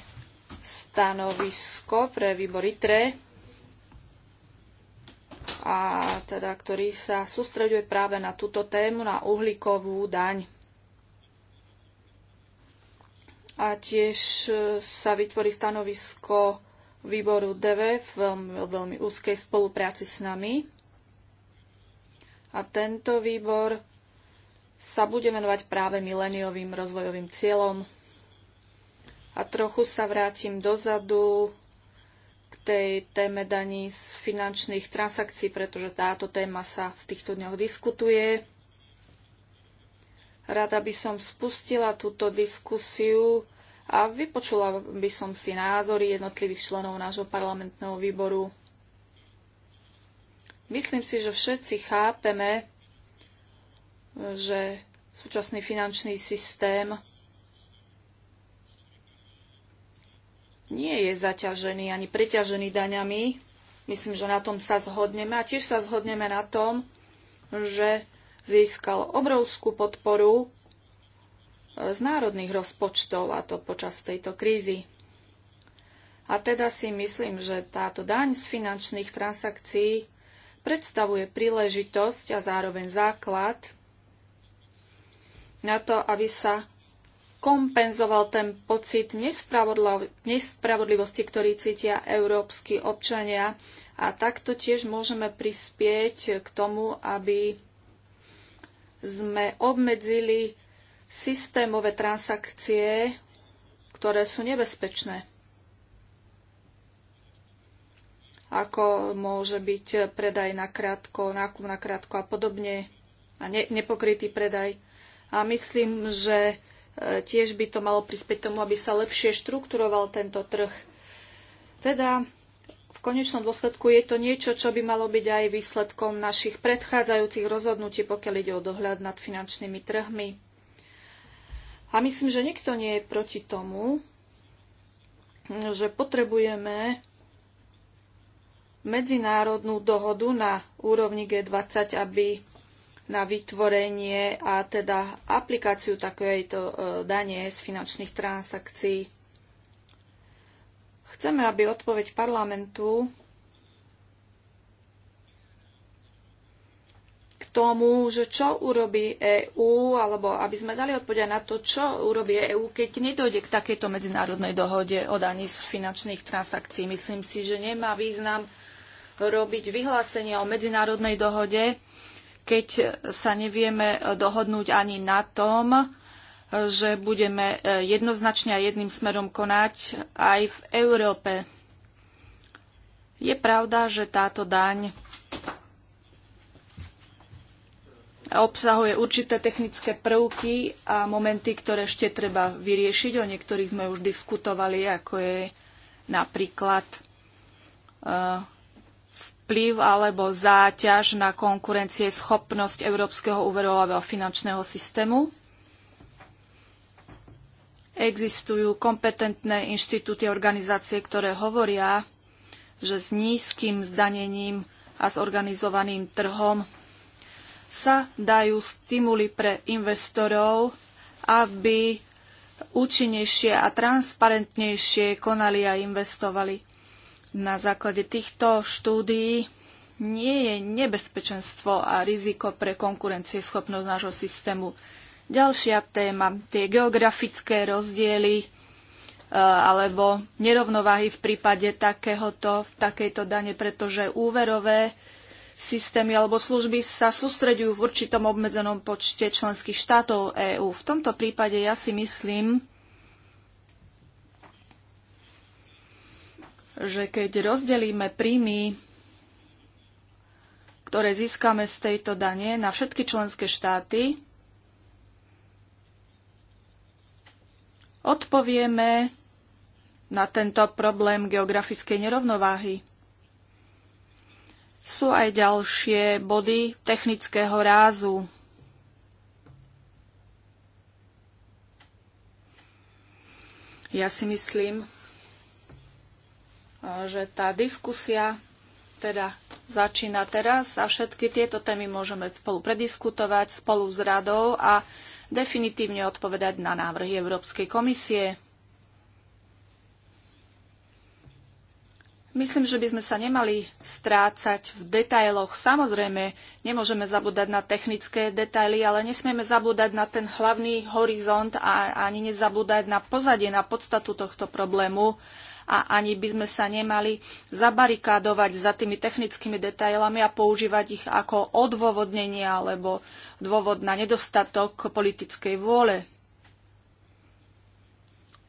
S2: stanovisko pre výbory TRE a teda, ktorý sa sústreďuje práve na túto tému, na uhlíkovú daň. A tiež e, sa vytvorí stanovisko výboru DV v veľmi, veľmi úzkej spolupráci s nami. A tento výbor sa bude venovať práve mileniovým rozvojovým cieľom. A trochu sa vrátim dozadu tej téme daní z finančných transakcií, pretože táto téma sa v týchto dňoch diskutuje. Rada by som spustila túto diskusiu a vypočula by som si názory jednotlivých členov nášho parlamentného výboru. Myslím si, že všetci chápeme, že súčasný finančný systém nie je zaťažený ani preťažený daňami. Myslím, že na tom sa zhodneme a tiež sa zhodneme na tom, že získal obrovskú podporu e, z národných rozpočtov a to počas tejto krízy. A teda si myslím, že táto daň z finančných transakcií predstavuje príležitosť a zároveň základ na to, aby sa kompenzoval ten pocit nespravodlivosti, ktorý cítia európsky občania. A takto tiež môžeme prispieť k tomu, aby sme obmedzili systémové transakcie, ktoré sú nebezpečné. Ako môže byť predaj na krátko, nákup na krátko a podobne a ne, nepokrytý predaj. A myslím, že E, tiež by to malo prispieť tomu, aby sa lepšie štrukturoval tento trh. Teda v konečnom dôsledku je to niečo, čo by malo byť aj výsledkom našich predchádzajúcich rozhodnutí, pokiaľ ide o dohľad nad finančnými trhmi. A myslím, že nikto nie je proti tomu, že potrebujeme medzinárodnú dohodu na úrovni G20, aby na vytvorenie a teda aplikáciu takéto e, dane z finančných transakcií. Chceme, aby odpoveď parlamentu k tomu, že čo urobí EÚ, alebo aby sme dali odpoveď na to, čo urobí EÚ, keď nedojde k takejto medzinárodnej dohode o daní z finančných transakcií. Myslím si, že nemá význam robiť vyhlásenie o medzinárodnej dohode, keď sa nevieme dohodnúť ani na tom, že budeme e, jednoznačne a jedným smerom konať aj v Európe. Je pravda, že táto daň obsahuje určité technické prvky a momenty, ktoré ešte treba vyriešiť. O niektorých sme už diskutovali, ako je napríklad e, vplyv alebo záťaž na konkurencie schopnosť Európskeho úverového finančného systému. Existujú kompetentné inštitúty a organizácie, ktoré hovoria, že s nízkym zdanením a s organizovaným trhom sa dajú stimuly pre investorov, aby účinnejšie a transparentnejšie konali a investovali. Na základe týchto štúdií nie je nebezpečenstvo a riziko pre konkurencieschopnosť nášho systému. Ďalšia téma, tie geografické rozdiely e, alebo nerovnováhy v prípade takéhoto, takejto dane, pretože úverové systémy alebo služby sa sústreďujú v určitom obmedzenom počte členských štátov EÚ. V tomto prípade ja si myslím, že keď rozdelíme príjmy, ktoré získame z tejto dane na všetky členské štáty, odpovieme na tento problém geografickej nerovnováhy. Sú aj ďalšie body technického rázu. Ja si myslím, že tá diskusia teda začína teraz a všetky tieto témy môžeme spolu prediskutovať spolu s radou a definitívne odpovedať na návrhy Európskej komisie. Myslím, že by sme sa nemali strácať v detailoch. Samozrejme, nemôžeme zabúdať na technické detaily, ale nesmieme zabúdať na ten hlavný horizont a ani nezabúdať na pozadie, na podstatu tohto problému a ani by sme sa nemali zabarikádovať za tými technickými detailami a používať ich ako odôvodnenie alebo dôvod na nedostatok politickej vôle.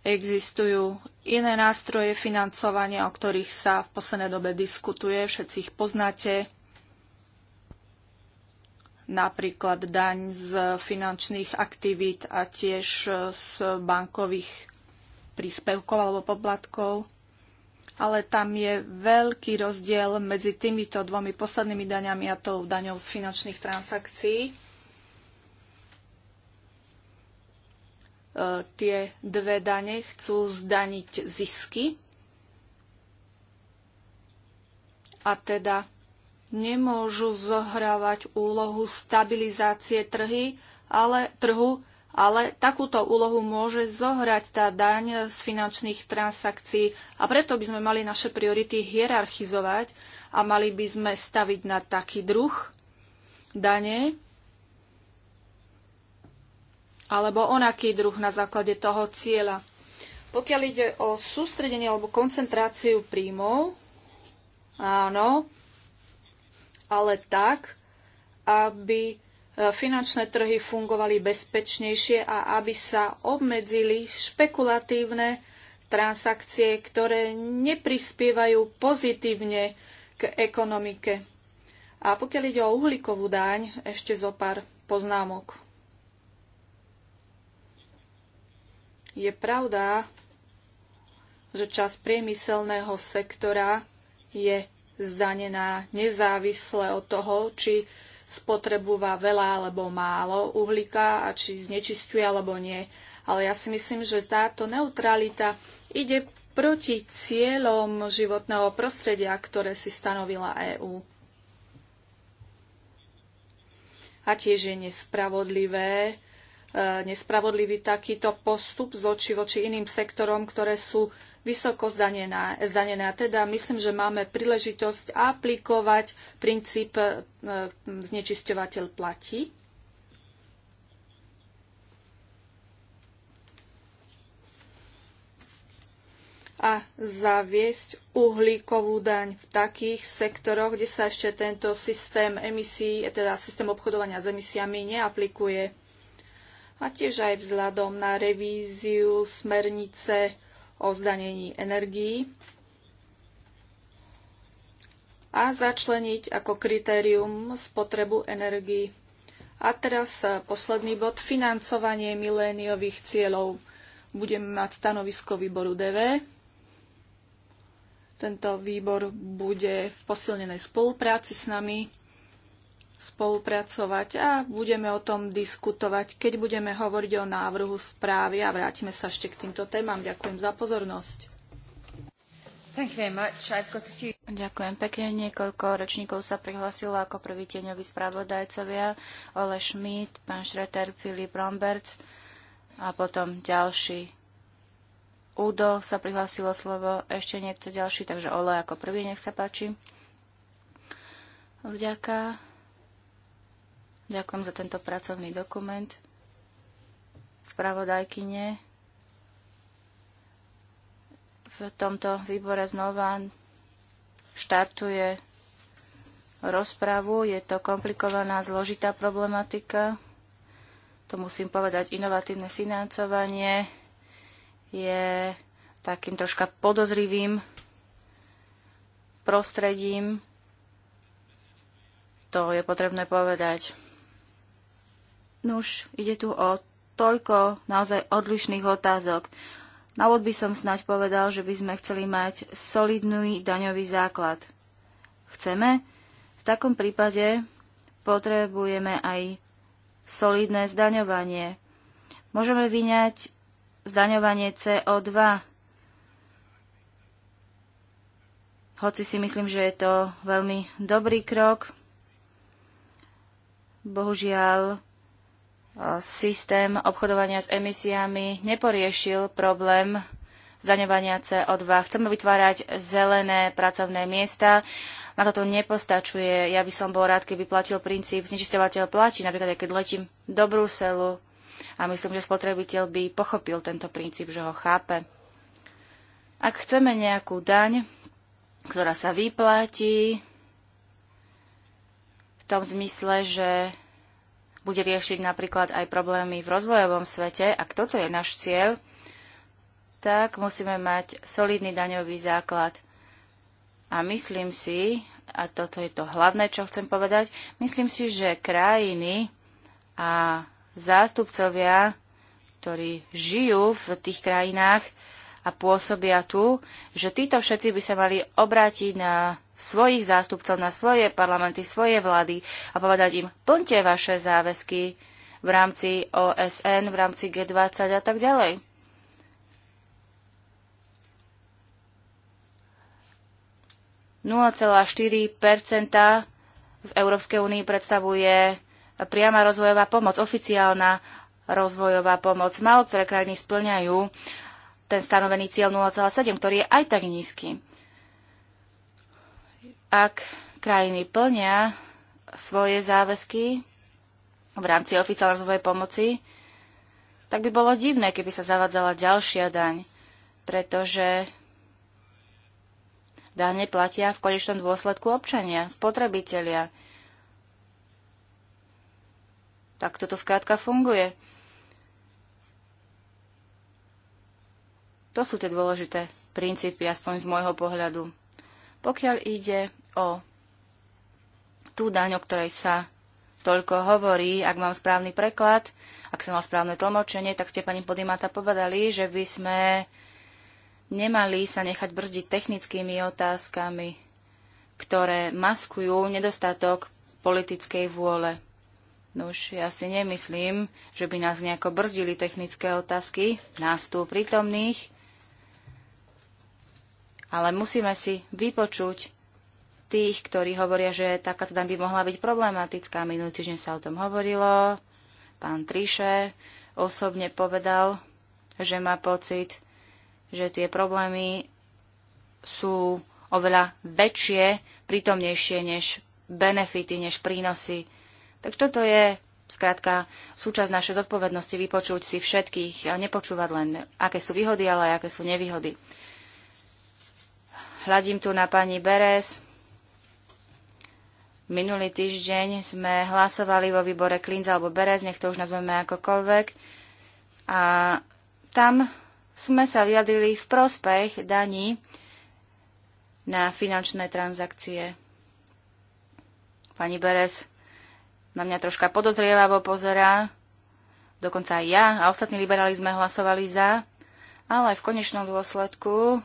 S2: Existujú iné nástroje financovania, o ktorých sa v poslednej dobe diskutuje, všetci ich poznáte napríklad daň z finančných aktivít a tiež z bankových príspevkov alebo poplatkov, ale tam je veľký rozdiel medzi týmito dvomi poslednými daňami a tou daňou z finančných transakcií. E, tie dve dane chcú zdaniť zisky. A teda nemôžu zohrávať úlohu stabilizácie trhy, ale, trhu, ale takúto úlohu môže zohrať tá daň z finančných transakcií a preto by sme mali naše priority hierarchizovať a mali by sme staviť na taký druh dane alebo onaký druh na základe toho cieľa. Pokiaľ ide o sústredenie alebo koncentráciu príjmov, áno, ale tak, aby finančné trhy fungovali bezpečnejšie a aby sa obmedzili špekulatívne transakcie, ktoré neprispievajú pozitívne k ekonomike. A pokiaľ ide o uhlíkovú daň, ešte zo pár poznámok. Je pravda, že čas priemyselného sektora je zdanená nezávisle od toho, či spotrebúva veľa alebo málo uhlíka a či znečistuje alebo nie. Ale ja si myslím, že táto neutralita ide proti cieľom životného prostredia, ktoré si stanovila EÚ. A tiež je nespravodlivé, e, nespravodlivý takýto postup z oči voči iným sektorom, ktoré sú vysoko zdanená, zdanená. Teda myslím, že máme príležitosť aplikovať princíp e, znečisťovateľ platí. a zaviesť uhlíkovú daň v takých sektoroch, kde sa ešte tento systém emisí, teda systém obchodovania s emisiami neaplikuje. A tiež aj vzhľadom na revíziu smernice o zdanení energií a začleniť ako kritérium spotrebu energií. A teraz posledný bod, financovanie miléniových cieľov. Budeme mať stanovisko výboru DV. Tento výbor bude v posilnenej spolupráci s nami spolupracovať a budeme o tom diskutovať, keď budeme hovoriť o návrhu správy a vrátime sa ešte k týmto témam. Ďakujem za pozornosť.
S1: Few... Ďakujem pekne. Niekoľko ročníkov sa prihlásilo ako prvý tieňový spravodajcovia. Ole Schmidt, pán Šreter, Filip Romberts a potom ďalší. Udo sa prihlásilo slovo, ešte niekto ďalší, takže Ole ako prvý, nech sa páči. Vďaka. Ďakujem za tento pracovný dokument. Spravodajkyne v tomto výbore znova štartuje rozpravu. Je to komplikovaná, zložitá problematika. To musím povedať, inovatívne financovanie je takým troška podozrivým prostredím. To je potrebné povedať. Nuž, ide tu o toľko naozaj odlišných otázok. Na úvod by som snáď povedal, že by sme chceli mať solidný daňový základ. Chceme? V takom prípade potrebujeme aj solidné zdaňovanie. Môžeme vyňať zdaňovanie CO2. Hoci si myslím, že je to veľmi dobrý krok, bohužiaľ systém obchodovania s emisiami neporiešil problém zdaňovania CO2. Chceme vytvárať zelené pracovné miesta. Na toto nepostačuje. Ja by som bol rád, keby platil princíp znečisťovateľ platí. Napríklad, keď letím do Bruselu a myslím, že spotrebiteľ by pochopil tento princíp, že ho chápe. Ak chceme nejakú daň, ktorá sa vyplatí, v tom zmysle, že bude riešiť napríklad aj problémy v rozvojovom svete, ak toto je náš cieľ, tak musíme mať solidný daňový základ. A myslím si, a toto je to hlavné, čo chcem povedať, myslím si, že krajiny a zástupcovia, ktorí žijú v tých krajinách a pôsobia tu, že títo všetci by sa mali obrátiť na svojich zástupcov, na svoje parlamenty, svoje vlády a povedať im, plňte vaše záväzky v rámci OSN, v rámci G20 a tak ďalej. v Európskej únii predstavuje priama rozvojová pomoc, oficiálna rozvojová pomoc. Málo ktoré krajiny splňajú ten stanovený cieľ 0,7, ktorý je aj tak nízky. Ak krajiny plnia svoje záväzky v rámci oficiálnej pomoci, tak by bolo divné, keby sa zavadzala ďalšia daň, pretože dane platia v konečnom dôsledku občania, spotrebitelia. Tak toto skrátka funguje. To sú tie dôležité princípy, aspoň z môjho pohľadu. Pokiaľ ide o tú daň, o ktorej sa toľko hovorí, ak mám správny preklad, ak som mal správne tlmočenie, tak ste pani Podimata povedali, že by sme nemali sa nechať brzdiť technickými otázkami, ktoré maskujú nedostatok politickej vôle. No už ja si nemyslím, že by nás nejako brzdili technické otázky, nás tu prítomných, ale musíme si vypočuť tých, ktorí hovoria, že taká teda by mohla byť problematická. Minulý týždeň sa o tom hovorilo. Pán Triše osobne povedal, že má pocit, že tie problémy sú oveľa väčšie, prítomnejšie než benefity, než prínosy. Tak toto je zkrátka súčasť našej zodpovednosti vypočuť si všetkých a nepočúvať len, aké sú výhody, ale aj aké sú nevýhody. Hľadím tu na pani Beres. Minulý týždeň sme hlasovali vo výbore Klinz alebo Beres, nech to už nazveme akokoľvek. A tam sme sa vyjadrili v prospech daní na finančné transakcie. Pani Beres na mňa troška podozrievavo pozerá. Dokonca aj ja a ostatní liberáli sme hlasovali za. Ale v konečnom dôsledku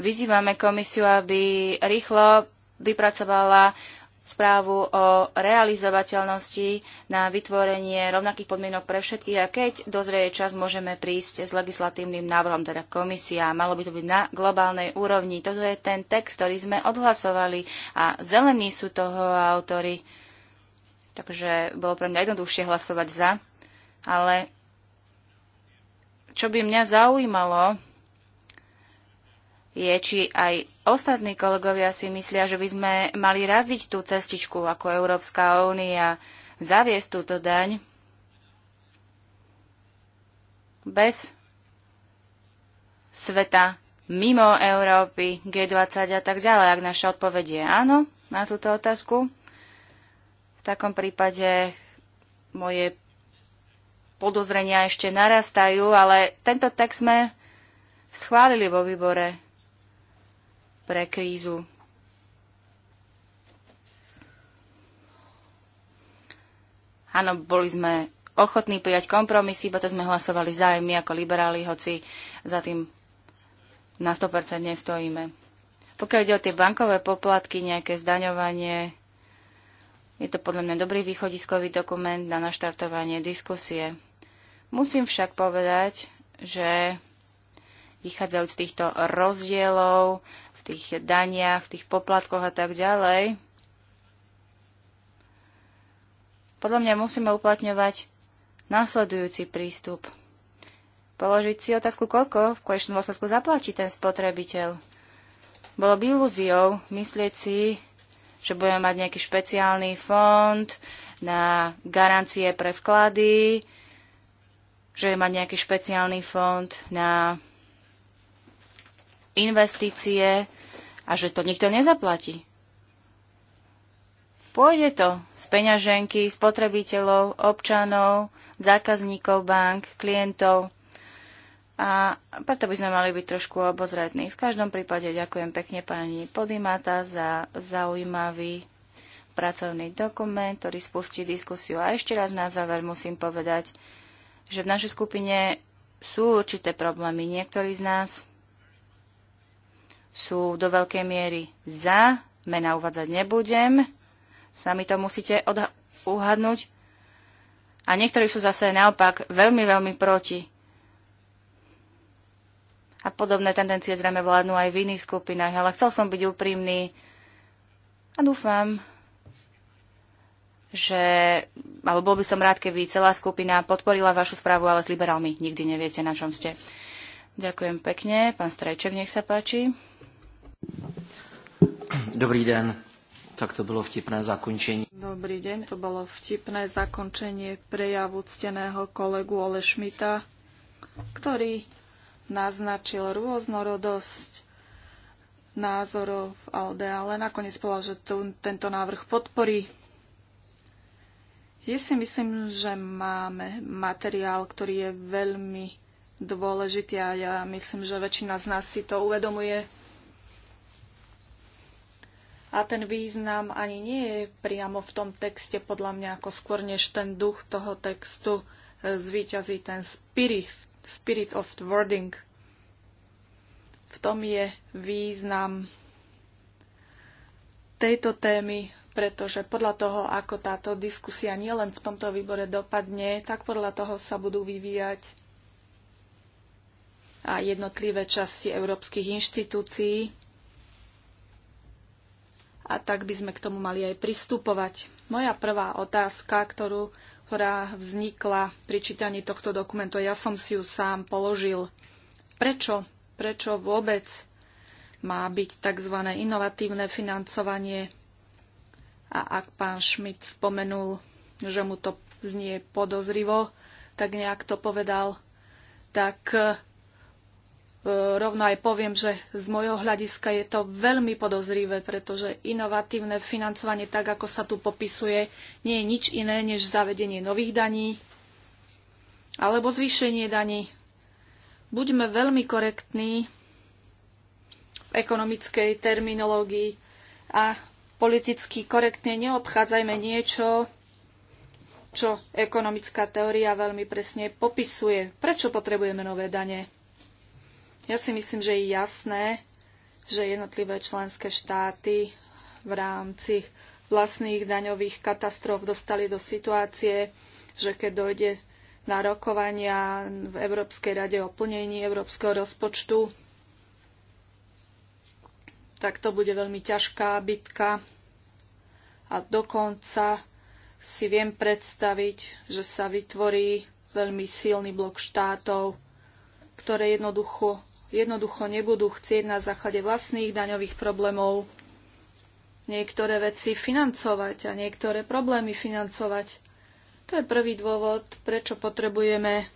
S1: Vyzývame komisiu, aby rýchlo vypracovala správu o realizovateľnosti na vytvorenie rovnakých podmienok pre všetkých a keď dozrie čas, môžeme prísť s legislatívnym návrhom, teda komisia. Malo by to byť na globálnej úrovni. Toto je ten text, ktorý sme odhlasovali a zelení sú toho autory. Takže bolo pre mňa jednoduchšie hlasovať za. Ale čo by mňa zaujímalo, je, či aj ostatní kolegovia si myslia, že by sme mali razdiť tú cestičku ako Európska únia, zaviesť túto daň bez sveta mimo Európy, G20 a tak ďalej. Ak naša odpoveď je áno na túto otázku, v takom prípade moje podozrenia ešte narastajú, ale tento text sme schválili vo výbore pre krízu. Áno, boli sme ochotní prijať kompromisy, iba to sme hlasovali za my ako liberáli, hoci za tým na 100% nestojíme. Pokiaľ ide o tie bankové poplatky, nejaké zdaňovanie, je to podľa mňa dobrý východiskový dokument na naštartovanie diskusie. Musím však povedať, že vychádzajú z týchto rozdielov v tých daniach, v tých poplatkoch a tak ďalej, podľa mňa musíme uplatňovať následujúci prístup. Položiť si otázku, koľko v konečnom dôsledku zaplatí ten spotrebiteľ. Bolo by ilúziou myslieť si, že budeme mať nejaký špeciálny fond na garancie pre vklady, že je mať nejaký špeciálny fond na investície a že to nikto nezaplatí. Pôjde to z peňaženky spotrebiteľov, občanov, zákazníkov bank, klientov. A preto by sme mali byť trošku obozretní. V každom prípade ďakujem pekne pani Podimata za zaujímavý pracovný dokument, ktorý spustí diskusiu. A ešte raz na záver musím povedať, že v našej skupine sú určité problémy. Niektorí z nás sú do veľkej miery za, mena uvádzať nebudem, sami to musíte uhadnúť. A niektorí sú zase naopak veľmi, veľmi proti. A podobné tendencie zrejme vládnu aj v iných skupinách, ale chcel som byť úprimný a dúfam, že, alebo bol by som rád, keby celá skupina podporila vašu správu, ale s liberálmi nikdy neviete, na čom ste. Ďakujem pekne. Pán Strajček, nech sa
S2: páči. Dobrý den. Tak to bolo vtipné
S3: zakončenie.
S2: Dobrý deň, to bolo vtipné zakončenie prejavu cteného kolegu Ole Šmita, ktorý naznačil rôznorodosť názorov v ALDE, ale nakoniec povedal, že to, tento návrh podporí. Ja si myslím, že máme materiál, ktorý je veľmi dôležitý a ja myslím, že väčšina z nás si to uvedomuje a ten význam ani nie je priamo v tom texte, podľa mňa, ako skôr než ten duch toho textu e, zvíťazí ten spirit, spirit of the wording. V tom je význam tejto témy, pretože podľa toho, ako táto diskusia nielen v tomto výbore dopadne, tak podľa toho sa budú vyvíjať a jednotlivé časti európskych inštitúcií, a tak by sme k tomu mali aj pristupovať. Moja prvá otázka, ktorú, ktorá vznikla pri čítaní tohto dokumentu, ja som si ju sám položil. Prečo? Prečo vôbec má byť tzv. inovatívne financovanie? A ak pán Schmidt spomenul, že mu to znie podozrivo, tak nejak to povedal, tak E, rovno aj poviem, že z môjho hľadiska je to veľmi podozrivé, pretože inovatívne financovanie, tak ako sa tu popisuje, nie je nič iné než zavedenie nových daní alebo zvýšenie daní. Buďme veľmi korektní v ekonomickej terminológii a politicky korektne neobchádzajme niečo, čo ekonomická teória veľmi presne popisuje. Prečo potrebujeme nové dane? Ja si myslím, že je jasné, že jednotlivé členské štáty v rámci vlastných daňových katastrof dostali do situácie, že keď dojde na rokovania v Európskej rade o plnení európskeho rozpočtu, tak to bude veľmi ťažká bitka. A dokonca si viem predstaviť, že sa vytvorí veľmi silný blok štátov, ktoré jednoducho jednoducho nebudú chcieť na základe vlastných daňových problémov niektoré veci financovať a niektoré problémy financovať. To je prvý dôvod, prečo potrebujeme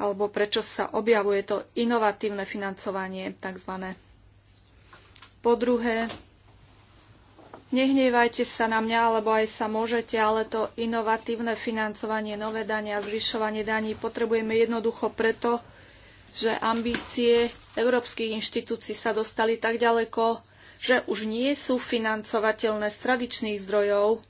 S2: alebo prečo sa objavuje to inovatívne financovanie tzv. Po druhé, nehnevajte sa na mňa, alebo aj sa môžete, ale to inovatívne financovanie, nové dania, zvyšovanie daní potrebujeme jednoducho preto, že ambície európskych inštitúcií sa dostali tak ďaleko, že už nie sú financovateľné z tradičných zdrojov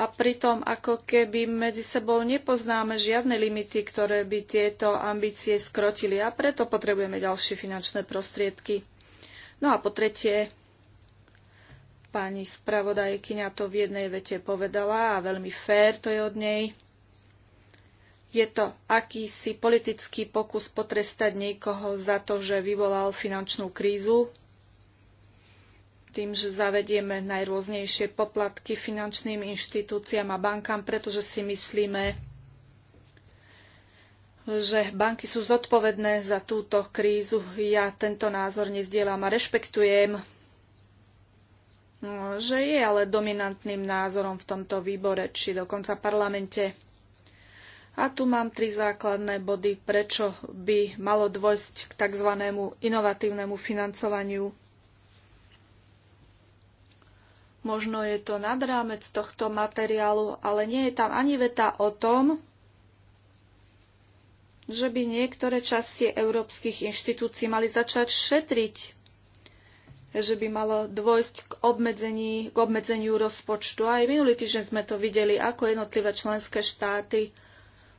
S2: a pritom ako keby medzi sebou nepoznáme žiadne limity, ktoré by tieto ambície skrotili a preto potrebujeme ďalšie finančné prostriedky. No a po tretie, pani spravodajkyňa to v jednej vete povedala a veľmi fér to je od nej – je to akýsi politický pokus potrestať niekoho za to, že vyvolal finančnú krízu, tým, že zavedieme najrôznejšie poplatky finančným inštitúciám a bankám, pretože si myslíme, že banky sú zodpovedné za túto krízu. Ja tento názor nezdielam a rešpektujem, že je ale dominantným názorom v tomto výbore či dokonca parlamente. A tu mám tri základné body, prečo by malo dôjsť k tzv. inovatívnemu financovaniu. Možno je to nad rámec tohto materiálu, ale nie je tam ani veta o tom, že by niektoré časti európskych inštitúcií mali začať šetriť, že by malo dôjsť k, obmedzení, k obmedzeniu rozpočtu. Aj minulý týždeň sme to videli, ako jednotlivé členské štáty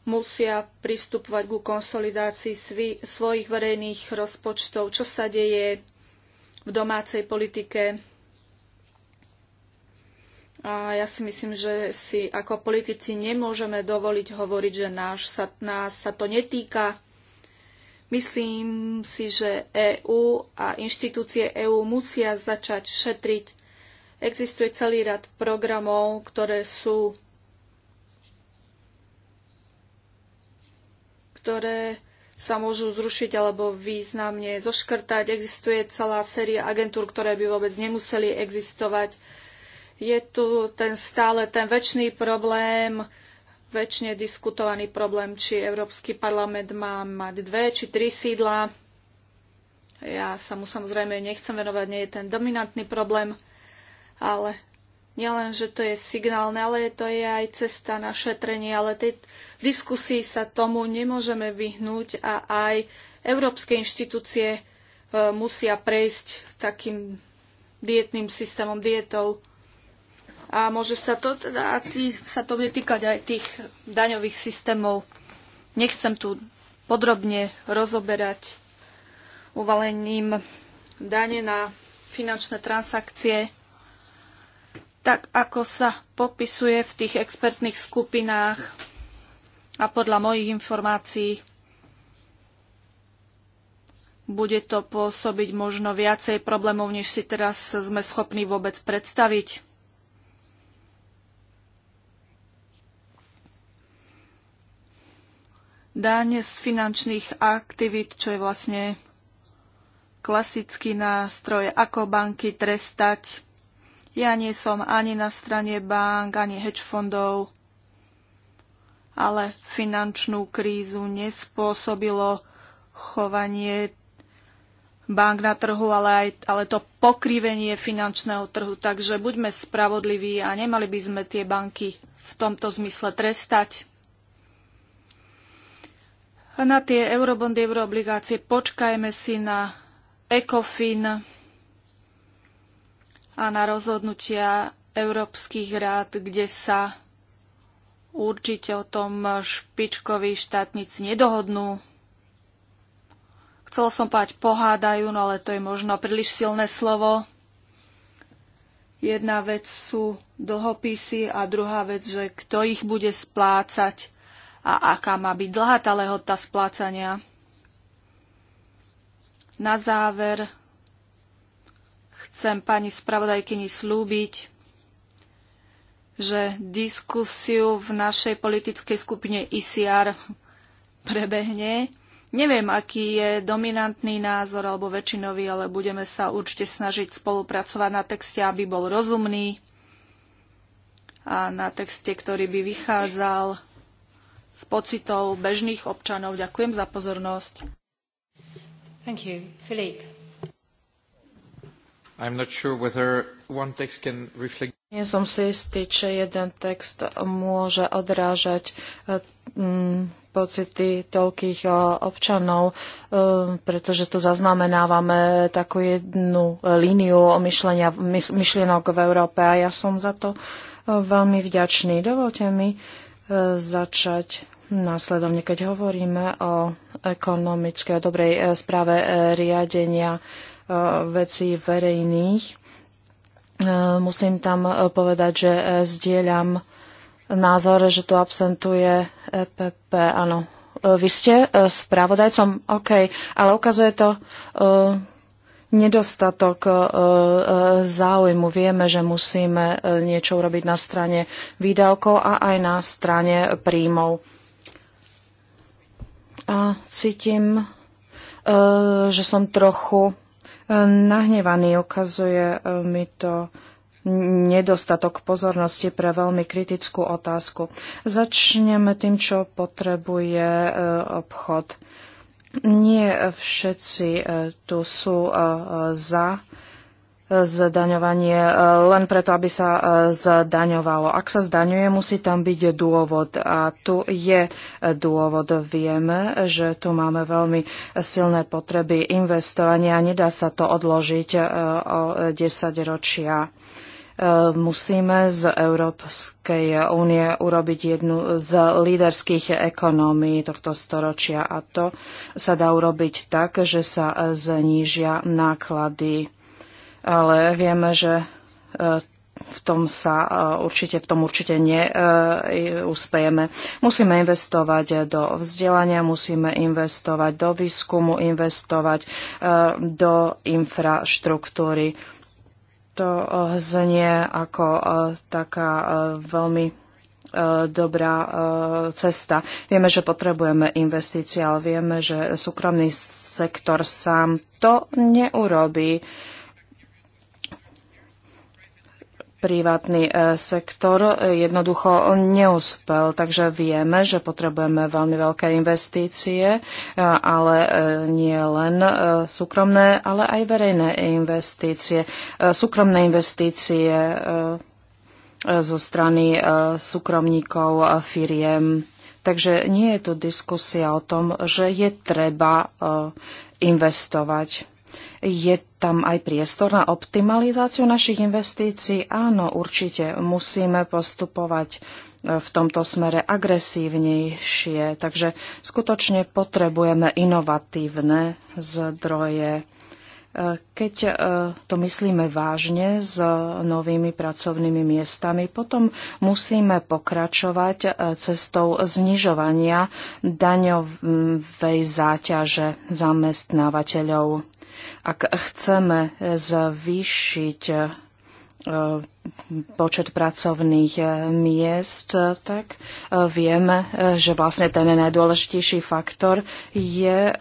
S2: musia pristupovať ku konsolidácii svojich verejných rozpočtov, čo sa deje v domácej politike. A ja si myslím, že si ako politici nemôžeme dovoliť hovoriť, že náš sa, nás sa to netýka. Myslím si, že EÚ a inštitúcie EÚ musia začať šetriť. Existuje celý rad programov, ktoré sú ktoré sa môžu zrušiť alebo významne zoškrtať. Existuje celá séria agentúr, ktoré by vôbec nemuseli existovať. Je tu ten stále ten väčší problém, väčšine diskutovaný problém, či Európsky parlament má mať dve či tri sídla. Ja sa mu samozrejme nechcem venovať, nie je ten dominantný problém, ale nielen, že to je signálne, ale to je aj cesta na šetrenie, ale tej diskusii sa tomu nemôžeme vyhnúť a aj európske inštitúcie e, musia prejsť takým dietným systémom, dietou. A môže sa to, teda, tý, sa to bude týkať aj tých daňových systémov. Nechcem tu podrobne rozoberať uvalením dane na finančné transakcie tak ako sa popisuje v tých expertných skupinách a podľa mojich informácií bude to pôsobiť možno viacej problémov, než si teraz sme schopní vôbec predstaviť. Daň z finančných aktivít, čo je vlastne klasický nástroj, ako banky trestať ja nie som ani na strane bank, ani hedge fondov, ale finančnú krízu nespôsobilo chovanie bank na trhu, ale, aj, ale to pokrivenie finančného trhu. Takže buďme spravodliví a nemali by sme tie banky v tomto zmysle trestať. A na tie eurobondy, euroobligácie počkajme si na ECOFIN a na rozhodnutia európskych rád, kde sa určite o tom špičkoví štátnici nedohodnú. Chcel som povedať pohádajú, no ale to je možno príliš silné slovo. Jedna vec sú dlhopisy a druhá vec, že kto ich bude splácať a aká má byť dlhá tá lehota splácania. Na záver Chcem pani spravodajkyni slúbiť, že diskusiu v našej politickej skupine ICR e prebehne. Neviem, aký je dominantný názor alebo väčšinový, ale budeme sa určite snažiť spolupracovať na texte, aby bol rozumný a na texte, ktorý by vychádzal z pocitov bežných občanov. Ďakujem za pozornosť. Thank
S3: you. Philippe. I'm not sure whether one text can reflect... Nie som si istý, či jeden text môže odrážať eh, mm, pocity toľkých eh, občanov, eh, pretože tu zaznamenávame takú jednu líniu myšlenia, myšlienok v Európe a ja som za to veľmi vďačný. Dovolte mi začať následovne, keď hovoríme o ekonomickej a dobrej správe riadenia vecí verejných. E, musím tam e, povedať, že e, zdieľam názor, že tu absentuje EPP. Áno, vy ste správodajcom, OK, ale ukazuje to nedostatok záujmu. Vieme, že musíme niečo urobiť na strane výdavkov a aj na strane príjmov. A cítim, že som trochu nahnevaný. Ukazuje e, mi to nedostatok pozornosti pre veľmi kritickú otázku. Začneme tým, čo potrebuje e, obchod. Nie všetci e, tu sú za zdaňovanie e, len preto, aby sa e, zdaňovalo. Ak sa zdaňuje, musí tam byť dôvod. A tu je e, dôvod. Vieme, že tu máme veľmi silné potreby investovania a nedá sa to odložiť o 10 ročia musíme z Európskej únie urobiť jednu z líderských ekonomí tohto storočia a to sa dá urobiť tak, že sa znížia náklady ale vieme, že e, v tom sa e, určite, v tom určite neúspejeme. E, musíme investovať do vzdelania, musíme investovať do výskumu, investovať do infraštruktúry. To znie ako taká veľmi dobrá cesta. Vieme, že potrebujeme investície, ale vieme, že súkromný sektor sám to neurobí privátny e, sektor jednoducho neúspel. Takže vieme, že potrebujeme veľmi veľké investície, e, ale e, nie len súkromné, ale aj verejné investície. Súkromné investície zo strany súkromníkov a firiem. Takže nie je tu diskusia o tom, že je treba investovať. Je tam aj priestor na optimalizáciu našich investícií? Áno, určite musíme postupovať e, v tomto smere agresívnejšie. Takže skutočne potrebujeme inovatívne zdroje. E, keď e, to myslíme vážne s novými pracovnými miestami, potom musíme pokračovať cestou znižovania daňovej záťaže zamestnávateľov. Ak chceme zvýšiť e, počet pracovných e, miest, e, tak vieme, že vlastne ten najdôležitejší faktor je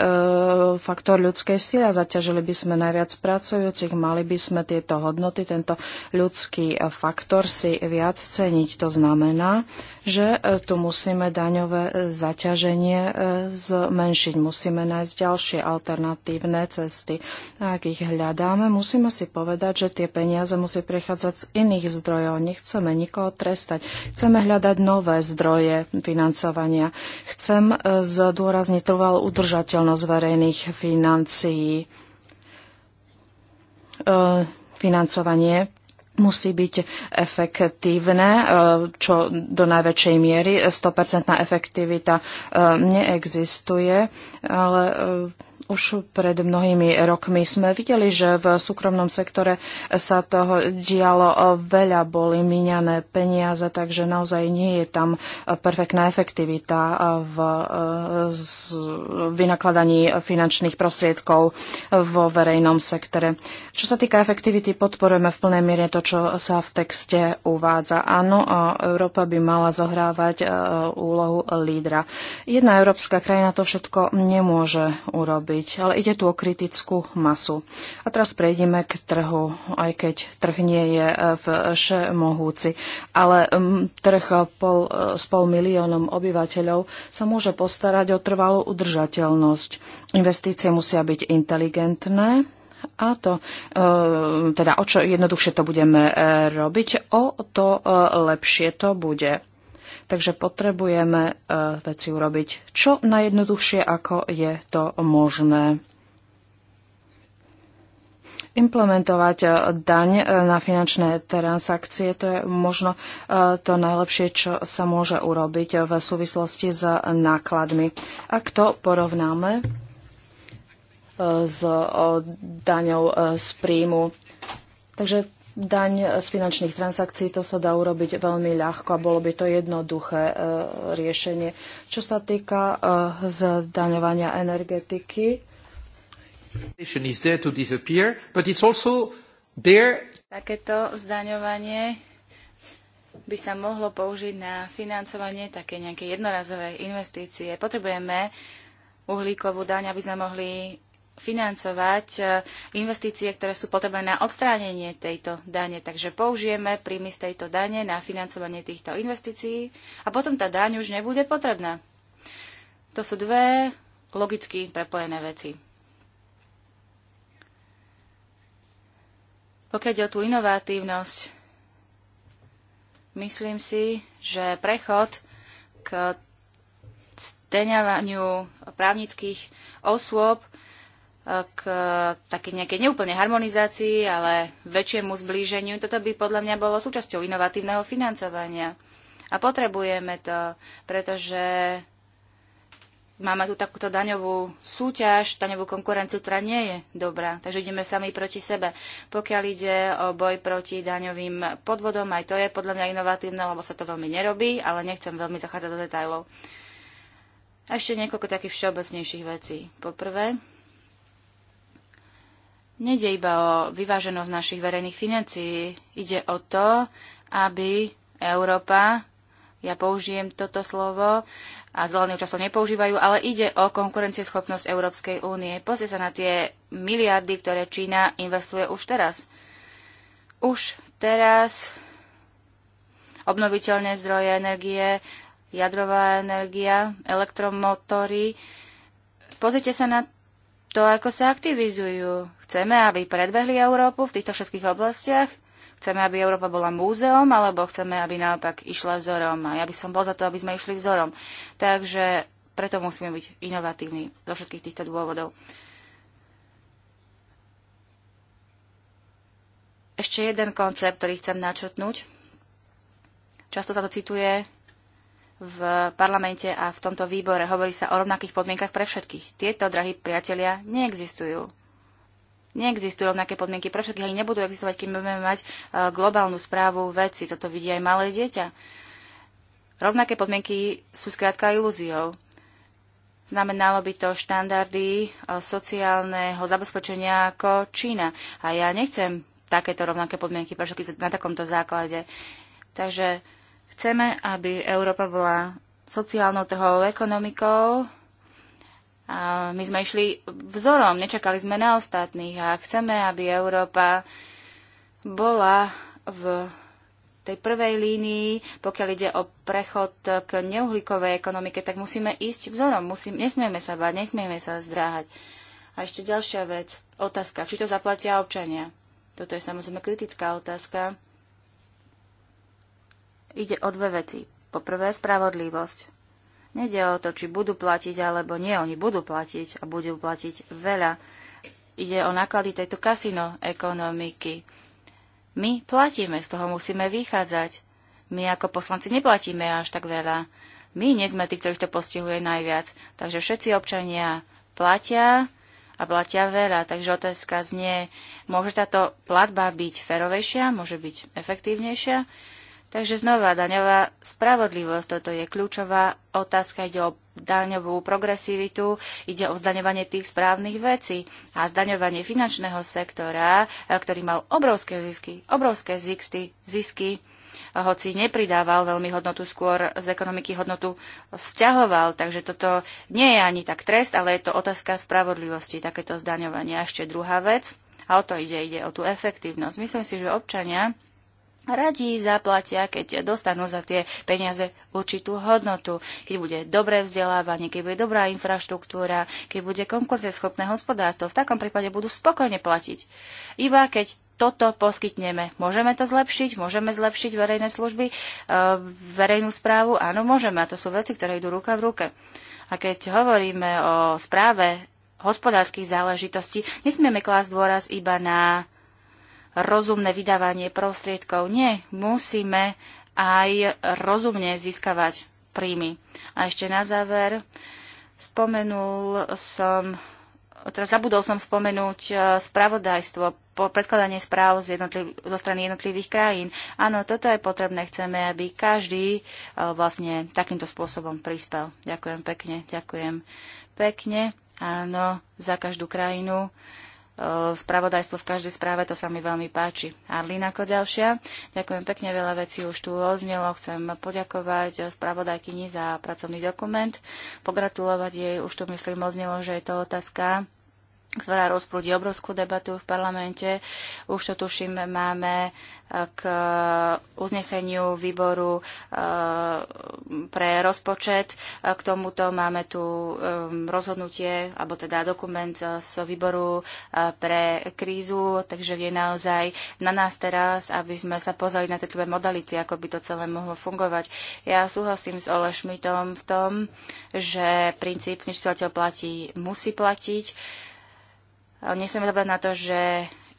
S3: faktor ľudskej síly. a zaťažili by sme najviac pracujúcich, mali by sme tieto hodnoty, tento ľudský faktor si viac ceniť. To znamená, že e, tu musíme daňové e, zaťaženie e, zmenšiť. Musíme nájsť ďalšie alternatívne cesty. A ak ich hľadáme, musíme si povedať, že tie peniaze musí prichádzať z iných zdrojov. Nechceme nikoho trestať. Chceme hľadať nové zdroje financovania. Chcem zdôrazniť trvalú udržateľnosť verejných financií financovanie musí byť efektívne, e, čo do najväčšej miery 100% efektivita e, neexistuje, ale e, už pred mnohými rokmi sme videli, že v súkromnom sektore sa toho dialo veľa, boli miňané peniaze, takže naozaj nie je tam perfektná efektivita v vynakladaní finančných prostriedkov vo verejnom sektore. Čo sa týka efektivity, podporujeme v plnej miere to, čo sa v texte uvádza. Áno, Európa by mala zohrávať e, úlohu lídra. Jedna európska krajina to všetko nemôže urobiť hovoriť, ale ide tu o kritickú masu. A teraz prejdeme k trhu, aj keď trh nie je e, v všemohúci. Ale trh pol, e, s pol miliónom obyvateľov sa môže postarať o trvalú udržateľnosť. Investície musia byť inteligentné, a to, e, teda o čo jednoduchšie to budeme robiť, o to lepšie to bude. Takže potrebujeme e, veci urobiť čo najjednoduchšie, ako je to možné. Implementovať e, daň e, na finančné transakcie, to je možno to najlepšie, čo sa môže urobiť v súvislosti s nákladmi. Ak to porovnáme s daňou z príjmu. Takže Daň z finančných transakcií, to sa dá urobiť veľmi ľahko a bolo by to jednoduché e, riešenie. Čo sa týka e, zdaňovania energetiky,
S1: Takéto zdaňovanie by sa mohlo použiť na financovanie také nejaké jednorazové investície. Potrebujeme uhlíkovú daň, aby sme mohli financovať e, investície, ktoré sú potrebné na odstránenie tejto dane. Takže použijeme príjmy z tejto dane na financovanie týchto investícií a potom tá daň už nebude potrebná. To sú dve logicky prepojené veci. Pokiaľ ide o tú inovatívnosť, myslím si, že prechod k steňavaniu právnických osôb k eh, také nejakej neúplne harmonizácii, ale väčšiemu zblíženiu. Toto by podľa mňa bolo súčasťou inovatívneho financovania. A potrebujeme to, pretože máme tu takúto daňovú súťaž, daňovú konkurenciu, ktorá nie je dobrá. Takže ideme sami proti sebe. Pokiaľ ide o boj proti daňovým podvodom, aj to je podľa mňa inovatívne, lebo sa to veľmi nerobí, ale nechcem veľmi zachádzať do detajlov. A ešte niekoľko takých všeobecnejších vecí. Poprvé, Nede iba o vyváženosť našich verejných financií. Ide o to, aby Európa, ja použijem toto slovo, a zelený často nepoužívajú, ale ide o konkurencieschopnosť Európskej únie. Pozrie sa na tie miliardy, ktoré Čína investuje už teraz. Už teraz obnoviteľné zdroje energie, jadrová energia, elektromotory. Pozrite sa na to, ako sa aktivizujú. Chceme, aby predbehli Európu v týchto všetkých oblastiach? Chceme, aby Európa bola múzeom, alebo chceme, aby naopak išla vzorom? A ja by som bol za to, aby sme išli vzorom. Takže preto musíme byť inovatívni zo všetkých týchto dôvodov. Ešte jeden koncept, ktorý chcem načrtnúť. Často sa to cituje v parlamente a v tomto výbore. Hovorí sa o rovnakých podmienkach pre všetkých. Tieto, drahí priatelia, neexistujú. Neexistujú rovnaké podmienky pre všetkých, ani nebudú existovať, kým budeme mať e, globálnu správu veci. Toto vidí aj malé dieťa. Rovnaké podmienky sú skrátka ilúziou. Znamenalo by to štandardy e, sociálneho zabezpečenia ako Čína. A ja nechcem takéto rovnaké podmienky pre všetkých na takomto základe. Takže Chceme, aby Európa bola sociálnou trhovou ekonomikou. A my sme išli vzorom, nečakali sme na ostatných a chceme, aby Európa bola v tej prvej línii, pokiaľ ide o prechod k neuhlíkovej ekonomike, tak musíme ísť vzorom. Musím, nesmieme sa báť, nesmieme sa zdráhať. A ešte ďalšia vec, otázka, či to zaplatia občania. Toto je samozrejme kritická otázka ide o dve veci. Poprvé, spravodlivosť. Nede o to, či budú platiť alebo nie, oni budú platiť a budú platiť veľa. Ide o náklady tejto kasino ekonomiky. My platíme, z toho musíme vychádzať. My ako poslanci neplatíme až tak veľa. My nie sme tí, ktorých to postihuje najviac. Takže všetci občania platia a platia veľa. Takže otázka znie, môže táto platba byť ferovejšia, môže byť efektívnejšia? Takže znova, daňová spravodlivosť, toto je kľúčová otázka, ide o daňovú progresivitu, ide o zdaňovanie tých správnych vecí a zdaňovanie finančného sektora, e, ktorý mal obrovské zisky, obrovské zisky, zisky hoci nepridával veľmi hodnotu, skôr z ekonomiky hodnotu sťahoval. Takže toto nie je ani tak trest, ale je to otázka spravodlivosti, takéto zdaňovanie. A ešte druhá vec, a o to ide, ide o tú efektívnosť. Myslím si, že občania radi zaplatia, keď dostanú za tie peniaze určitú hodnotu, keď bude dobré vzdelávanie, keď bude dobrá infraštruktúra, keď bude konkurenceschopné hospodárstvo. V takom prípade budú spokojne platiť. Iba keď toto poskytneme. Môžeme to zlepšiť? Môžeme zlepšiť verejné služby, e, verejnú správu? Áno, môžeme. A to sú veci, ktoré idú ruka v ruke. A keď hovoríme o správe hospodárskych záležitostí, nesmieme klásť dôraz iba na rozumné vydávanie prostriedkov. Nie, musíme aj rozumne získavať príjmy. A ešte na záver spomenul som, teraz zabudol som spomenúť e, spravodajstvo, predkladanie správ z jednotliv- zo strany jednotlivých krajín. Áno, toto je potrebné. Chceme, aby každý e, vlastne takýmto spôsobom prispel. Ďakujem pekne, ďakujem pekne. Áno, za každú krajinu Eh, spravodajstvo v každej správe, to sa mi veľmi páči. Arlín ako ďalšia. Ďakujem pekne, veľa vecí už tu oznelo. Chcem poďakovať spravodajkyni za pracovný dokument, pogratulovať jej, už tu myslím oznelo, že je to otázka ktorá rozprúdi obrovskú debatu v parlamente. Už to tuším máme e, k uzneseniu výboru e, pre rozpočet. E, k tomuto máme tu rozhodnutie, alebo teda dokument z výboru pre krízu, takže je naozaj na nás teraz, aby sme sa pozali na tieto modality, ako by to celé mohlo fungovať. Ja súhlasím s Ole Schmidtom v tom, že princíp znečiteľ platí, musí platiť Nesmieme zabúdať na to, že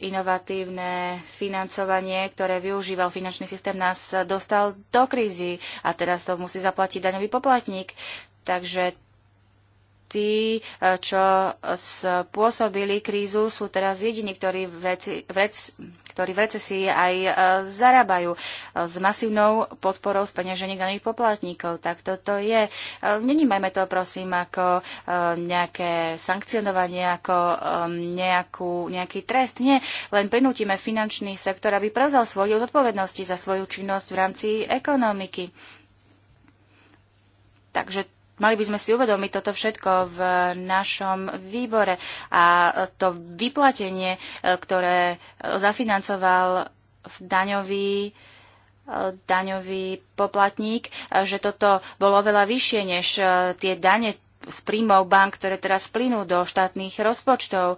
S1: inovatívne financovanie, ktoré využíval finančný systém, nás dostal do krízy a teraz to musí zaplatiť daňový poplatník. Takže tí, eh, čo spôsobili krízu, sú teraz jediní, ktorí v, reci, v, rec, ktorí v recesii aj eh, zarábajú eh, s masívnou podporou z peňažení daných poplatníkov. Tak toto je. Nenímajme to, prosím, ako nejaké sankcionovanie, ako nejakú, nejaký trest. Nie, len prinútime finančný sektor, aby prevzal svoju zodpovednosti za svoju činnosť v rámci ekonomiky. Takže Mali by sme si uvedomiť toto všetko v našom výbore a to vyplatenie, e, ktoré e, zafinancoval daňový e, daňový poplatník, že toto bolo oveľa vyššie než tie dane, z príjmov bank, ktoré teraz plynú do štátnych rozpočtov. E,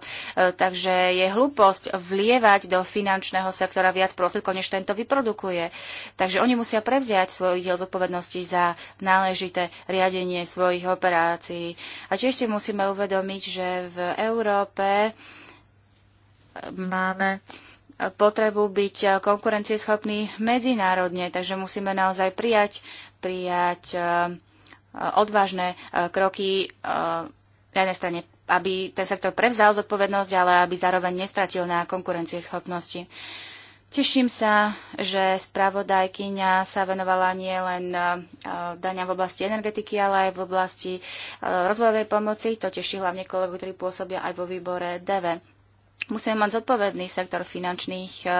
S1: takže je hlúposť vlievať do finančného sektora viac prostriedkov, než tento vyprodukuje. Takže oni musia prevziať svoj diel zodpovednosti za náležité riadenie svojich operácií. A tiež si musíme uvedomiť, že v Európe máme potrebu byť konkurencieschopný medzinárodne, takže musíme naozaj prijať, prijať uh, odvážne e, kroky e, na jednej strane aby ten sektor prevzal zodpovednosť, ale aby zároveň nestratil na konkurencieschopnosti. Teším sa, že spravodajkyňa sa venovala nielen e, dania v oblasti energetiky, ale aj v oblasti rozvojovej pomoci. To teší hlavne kolegov, ktorí pôsobia aj vo výbore DV. Musíme mať zodpovedný sektor finančných e, e,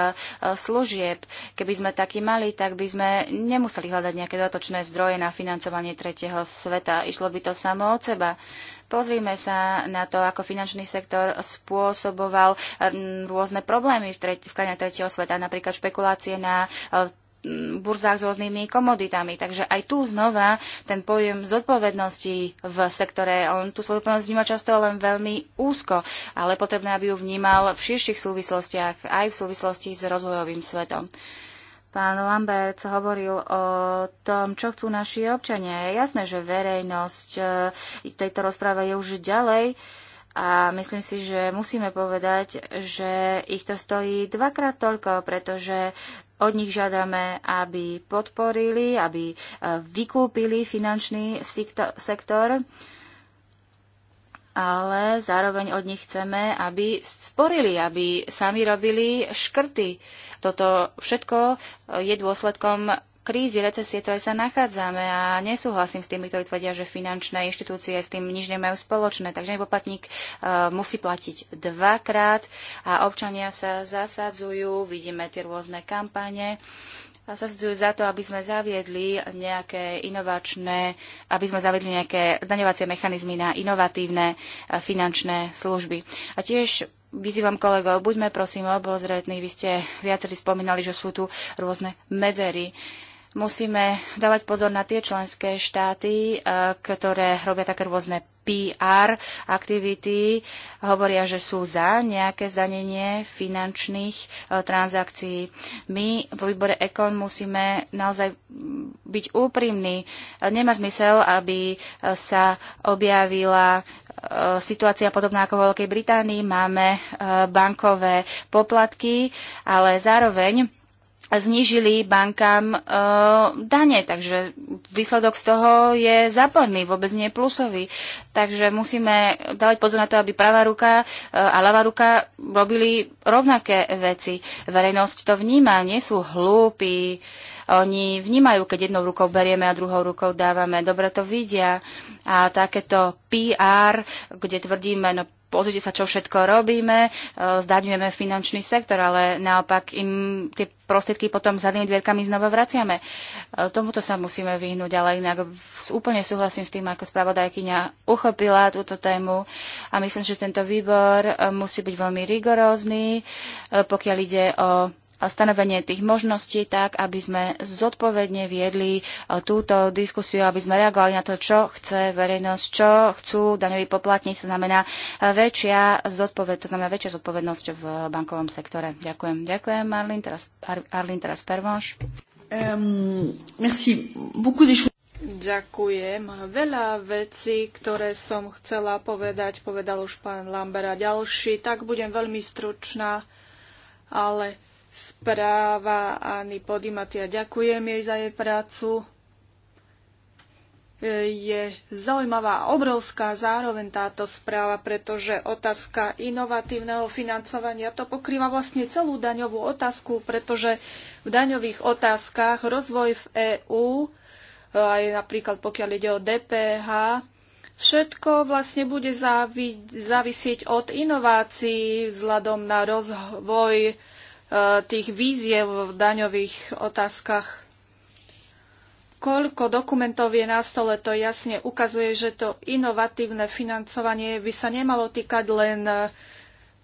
S1: služieb. Keby sme taký mali, tak by sme nemuseli hľadať nejaké dodatočné zdroje na financovanie tretieho sveta. Išlo by to samo od seba. Pozrime sa na to, ako finančný sektor spôsoboval e, rôzne problémy v, treť, v krajinách tretieho sveta, napríklad špekulácie na Mm, burzách s rôznymi komoditami. Takže aj tu znova ten pojem zodpovednosti v sektore, on tú svoju plnosť vníma často len veľmi úzko, ale potrebné, aby ju vnímal v širších súvislostiach, aj v súvislosti s rozvojovým svetom. Pán Lambert hovoril o tom, čo chcú naši občania. Je jasné, že verejnosť e, tejto rozpráve je už ďalej. A myslím si, že musíme povedať, že ich to stojí dvakrát toľko, pretože od nich žiadame, aby podporili, aby e, vykúpili finančný sektor, ale zároveň od nich chceme, aby sporili, aby sami robili škrty. Toto všetko e, je dôsledkom krízy, recesie, ktoré sa nachádzame a nesúhlasím s tými, ktorí tvrdia, že finančné inštitúcie s tým nič nemajú spoločné. Takže poplatník uh, musí platiť dvakrát a občania sa zasadzujú, vidíme tie rôzne kampane zasadzujú za to, aby sme zaviedli nejaké inovačné, aby sme zaviedli nejaké daňovacie mechanizmy na inovatívne e, finančné služby. A tiež vyzývam kolegov, buďme prosím obozretní, vy ste viacerí spomínali, že sú tu rôzne medzery. Uh, musíme dávať pozor na tie členské štáty, e, ktoré robia také rôzne PR aktivity, hovoria, že sú za nejaké zdanenie finančných e, transakcií. My vo výbore Ekon musíme naozaj byť úprimní. E, nemá zmysel, aby sa objavila situácia podobná ako v Veľkej Británii. Máme bankové poplatky, ale zároveň znížili bankám e, dane, takže výsledok z toho je záporný, vôbec nie plusový. Takže musíme dávať pozor na to, aby pravá ruka e, a ľavá ruka robili rovnaké veci. Verejnosť to vníma, nie sú hlúpi. Oni vnímajú, keď jednou rukou berieme a druhou rukou dávame. Dobre to vidia. A takéto PR, kde tvrdíme, no pozrite sa, čo všetko robíme, e, zdaňujeme finančný sektor, ale naopak im tie prostriedky potom zadnými dvierkami znova vraciame. E, tomuto sa musíme vyhnúť, ale inak úplne súhlasím s tým, ako spravodajkyňa uchopila túto tému a myslím, že tento výbor e, musí byť veľmi rigorózny, pokiaľ ide o stanovenie tých možností tak, aby sme zodpovedne viedli e, túto diskusiu, aby sme reagovali na to, čo chce verejnosť, čo chcú daňoví poplatníci, znamená e, väčšia zodpoved, to znamená väčšia zodpovednosť v bankovom sektore. Ďakujem. Ďakujem, Marlin. teraz, Arlin, teraz
S2: Pervonš. Um, merci. Beaucoup Ďakujem. Veľa vecí, ktoré som chcela povedať, povedal už pán Lambera ďalší, tak budem veľmi stručná, ale správa Anny Podimatia. Ďakujem jej za jej prácu. E, je zaujímavá, obrovská zároveň táto správa, pretože otázka inovatívneho financovania to pokrýva vlastne celú daňovú otázku, pretože v daňových otázkach rozvoj v EÚ, e, aj napríklad pokiaľ ide o DPH, Všetko vlastne bude závi- závisieť od inovácií vzhľadom na rozvoj tých víziev v daňových otázkach. Koľko dokumentov je na stole, to jasne ukazuje, že to inovatívne financovanie by sa nemalo týkať len e,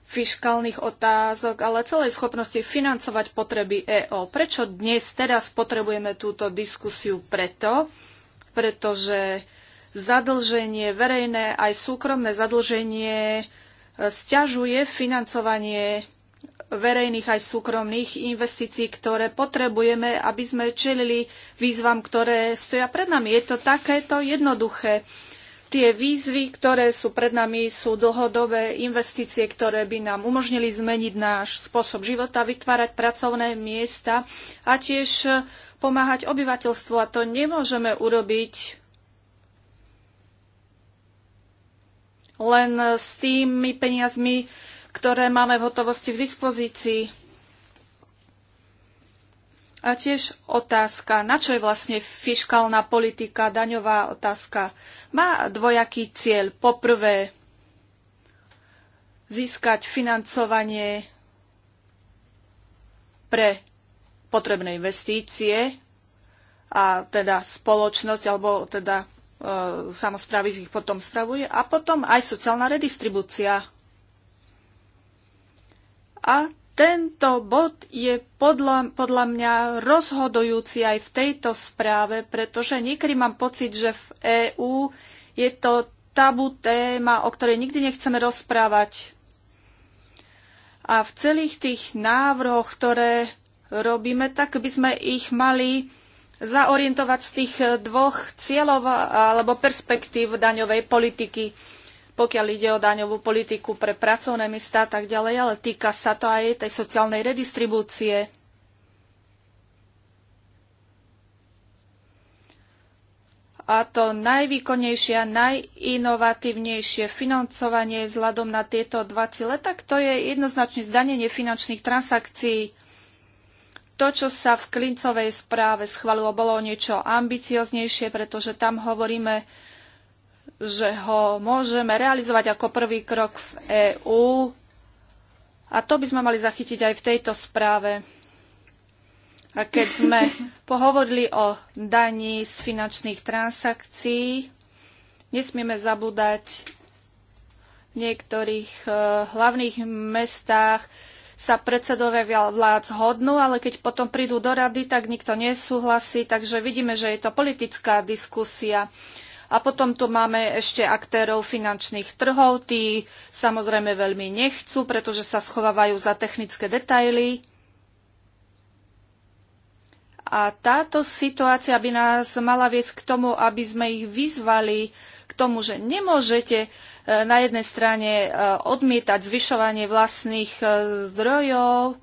S2: fiškálnych otázok, ale celej schopnosti financovať potreby EO. Prečo dnes, teraz potrebujeme túto diskusiu? Preto, pretože zadlženie verejné aj súkromné zadlženie e, sťažuje financovanie verejných aj súkromných investícií, ktoré potrebujeme, aby sme čelili výzvam, ktoré stoja pred nami. Je to takéto jednoduché. Tie výzvy, ktoré sú pred nami, sú dlhodobé investície, ktoré by nám umožnili zmeniť náš spôsob života, vytvárať pracovné miesta a tiež pomáhať obyvateľstvu. A to nemôžeme urobiť len s tými peniazmi, ktoré máme v hotovosti v dispozícii. A tiež otázka, na čo je vlastne fiškálna politika, daňová otázka. Má dvojaký cieľ. Poprvé, získať financovanie pre potrebné investície a teda spoločnosť alebo teda e, samozprávy ich potom spravuje a potom aj sociálna redistribúcia a tento bod je podľa, podľa mňa rozhodujúci aj v tejto správe, pretože niekedy mám pocit, že v EÚ je to tabu téma, o ktorej nikdy nechceme rozprávať. A v celých tých návrhoch, ktoré robíme, tak by sme ich mali zaorientovať z tých dvoch cieľov alebo perspektív daňovej politiky pokiaľ ide o daňovú politiku pre pracovné miesta a tak ďalej, ale týka sa to aj tej sociálnej redistribúcie. A to najvýkonnejšie a najinovatívnejšie financovanie vzhľadom na tieto dva cíle, tak to je jednoznačne zdanenie finančných transakcií. To, čo sa v Klincovej správe schválilo, bolo niečo ambicioznejšie, pretože tam hovoríme, že ho môžeme realizovať ako prvý krok v EÚ. A to by sme mali zachytiť aj v tejto správe. A keď sme pohovorili o daní z finančných transakcií, nesmieme zabúdať v niektorých e, hlavných mestách sa predsedové vlád zhodnú, ale keď potom prídu do rady, tak nikto nesúhlasí. Takže vidíme, že je to politická diskusia. A potom tu máme ešte aktérov finančných trhov, tí samozrejme veľmi nechcú, pretože sa schovávajú za technické detaily. A táto situácia by nás mala viesť k tomu, aby sme ich vyzvali k tomu, že nemôžete e, na jednej strane e, odmietať zvyšovanie vlastných e, zdrojov.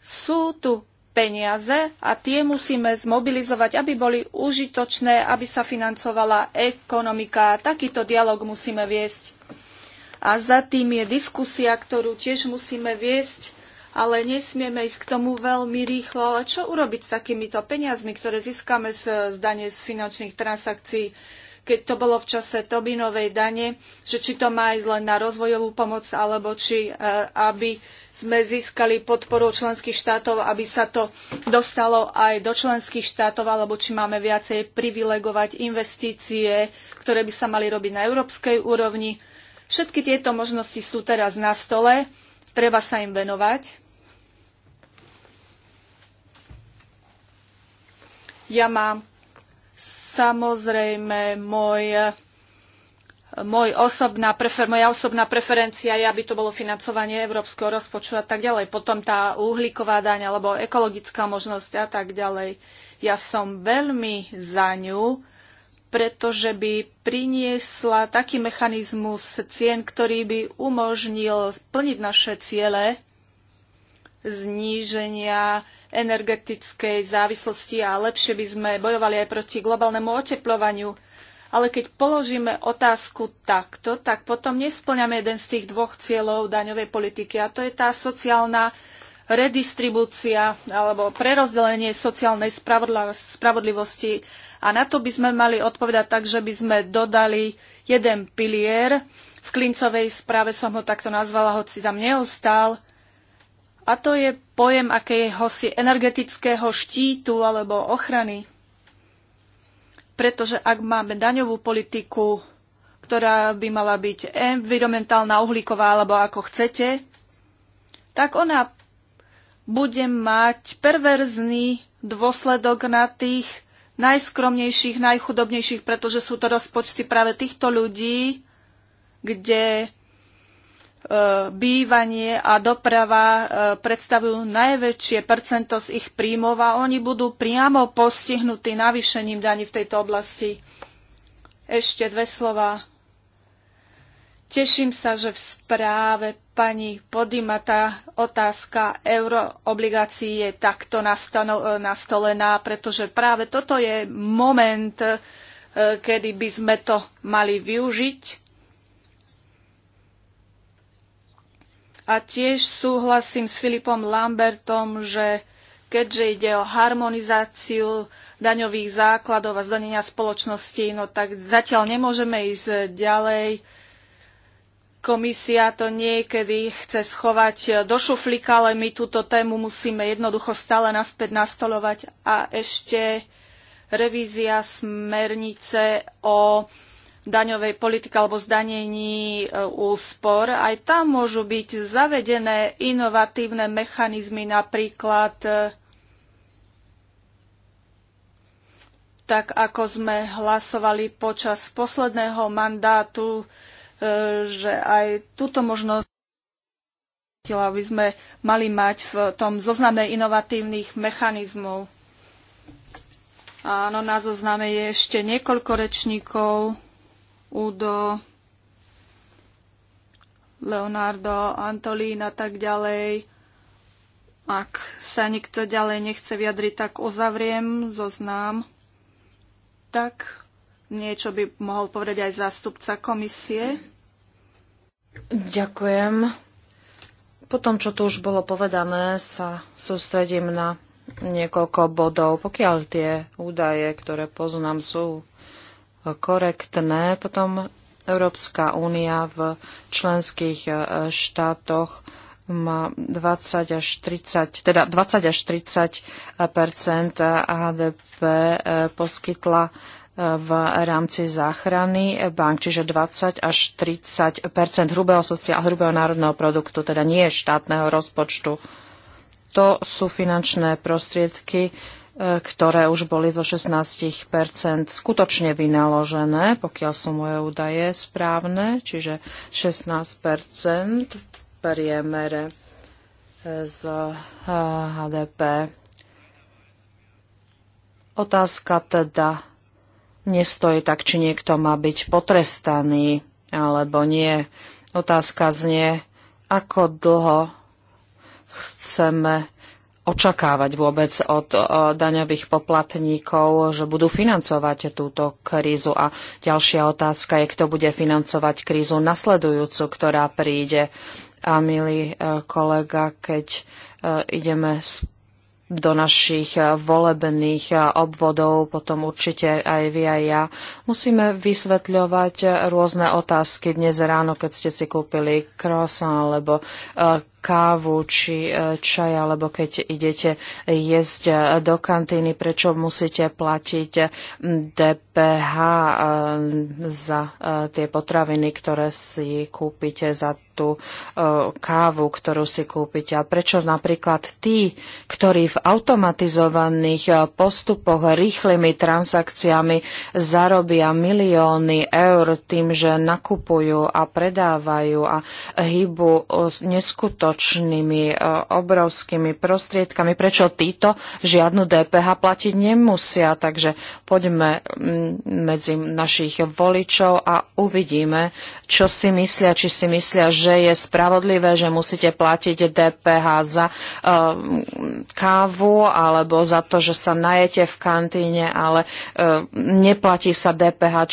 S2: Sú tu peniaze a tie musíme zmobilizovať, aby boli užitočné, aby sa financovala ekonomika. Takýto dialog musíme viesť. A za tým je diskusia, ktorú tiež musíme viesť, ale nesmieme ísť k tomu veľmi rýchlo. Ale čo urobiť s takýmito peniazmi, ktoré získame z, z dane z finančných transakcií? keď to bolo v čase Tobinovej dane, že či to má ísť len na rozvojovú pomoc, alebo či e, aby sme získali podporu členských štátov, aby sa to dostalo aj do členských štátov, alebo či máme viacej privilegovať investície, ktoré by sa mali robiť na európskej úrovni. Všetky tieto možnosti sú teraz na stole, treba sa im venovať. Ja mám samozrejme môj môj osobná prefer- moja osobná preferencia je, aby to bolo financovanie európskeho rozpočtu a tak ďalej. Potom tá uhlíková daň alebo ekologická možnosť a tak ďalej. Ja som veľmi za ňu, pretože by priniesla taký mechanizmus cien, ktorý by umožnil plniť naše ciele zníženia energetickej závislosti a lepšie by sme bojovali aj proti globálnemu oteplovaniu ale keď položíme otázku takto, tak potom nesplňame jeden z tých dvoch cieľov daňovej politiky a to je tá sociálna redistribúcia alebo prerozdelenie sociálnej spravodlivosti. A na to by sme mali odpovedať tak, že by sme dodali jeden pilier. V klincovej správe som ho takto nazvala, hoci tam neostal. A to je pojem akéhosi energetického štítu alebo ochrany pretože ak máme daňovú politiku, ktorá by mala byť environmentálna, uhlíková alebo ako chcete, tak ona bude mať perverzný dôsledok na tých najskromnejších, najchudobnejších, pretože sú to rozpočty práve týchto ľudí, kde E, bývanie a doprava e, predstavujú najväčšie percento z ich príjmov a oni budú priamo postihnutí navýšením daní v tejto oblasti. Ešte dve slova. Teším sa, že v správe pani Podimata otázka euroobligácií je takto e, nastolená, pretože práve toto je moment, kedy by sme to mali využiť A tiež súhlasím s Filipom Lambertom, že keďže ide o harmonizáciu daňových základov a zdanenia spoločnosti, no tak zatiaľ nemôžeme ísť ďalej. Komisia to niekedy chce schovať do šuflíka, ale my túto tému musíme jednoducho stále naspäť nastolovať. A ešte revízia smernice o daňovej politike alebo zdanení e, úspor. Aj tam môžu byť zavedené inovatívne mechanizmy, napríklad e, tak ako sme hlasovali počas posledného mandátu, e, že aj túto možnosť aby sme mali mať v tom zozname inovatívnych mechanizmov. Áno, na zozname je ešte niekoľko rečníkov. Udo, Leonardo, Antolín a tak ďalej. Ak sa nikto ďalej nechce vyjadriť, tak uzavriem zoznám. Tak niečo by mohol povedať aj zástupca komisie.
S3: Ďakujem. Po tom, čo tu už bolo povedané, sa sústredím na niekoľko bodov, pokiaľ tie údaje, ktoré poznám, sú korektné. Potom Európska únia v členských e, štátoch má 20 až 30, teda 20 až 30 HDP e, poskytla e, v rámci záchrany bank, čiže 20 až 30 hrubého, sociál, hrubého národného produktu, teda nie štátneho rozpočtu. To sú finančné prostriedky, ktoré už boli zo 16 skutočne vynaložené, pokiaľ sú moje údaje správne, čiže 16 v priemere eh, z HDP. Eh, Otázka teda nestojí tak, či niekto má byť potrestaný alebo nie. Otázka znie, ako dlho chceme očakávať vôbec od eh, daňových poplatníkov, že budú financovať túto krízu. A ďalšia otázka je, kto bude financovať krízu nasledujúcu, ktorá príde. A milý eh, kolega, keď eh, ideme do našich volebných obvodov, potom určite aj vy, aj ja, musíme vysvetľovať rôzne otázky dnes ráno, keď ste si kúpili croissant alebo kávu či e, čaj, alebo keď idete jesť e, do kantíny, prečo musíte platiť DPH e, za tie potraviny, ktoré si kúpite za tú kávu, ktorú si kúpite. A prečo napríklad tí, ktorí v automatizovaných postupoch rýchlymi transakciami zarobia milióny eur tým, že nakupujú a predávajú a hýbu neskutočne ročnými e, obrovskými prostriedkami. Prečo títo žiadnu DPH platiť nemusia? Takže poďme mm, medzi našich voličov a uvidíme, čo si myslia, či si myslia, že je spravodlivé, že musíte platiť DPH za e, kávu alebo za to, že sa najete v kantíne, ale e, neplatí sa DPH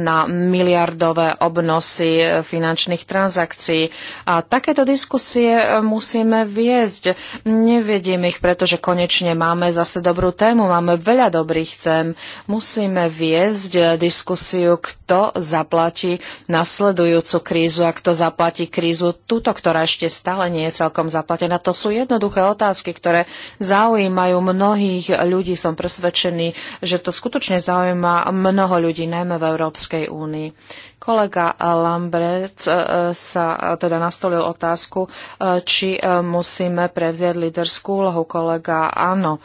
S3: na miliardové obnosy finančných transakcií. A takéto diskusie musíme viesť. Nevedím ich, pretože konečne máme zase dobrú tému, máme veľa dobrých tém. Musíme viesť diskusiu, kto zaplatí nasledujúcu krízu a kto zaplatí krízu túto, ktorá ešte stále nie je celkom zaplatená. To sú jednoduché otázky, ktoré zaujímajú mnohých ľudí. Som presvedčený, že to skutočne zaujíma mnoho ľudí, najmä v Európskej únii. Kolega Lambert e, e, sa e, teda nastolil otázku, či musíme prevziať líderskú úlohu. Kolega, áno,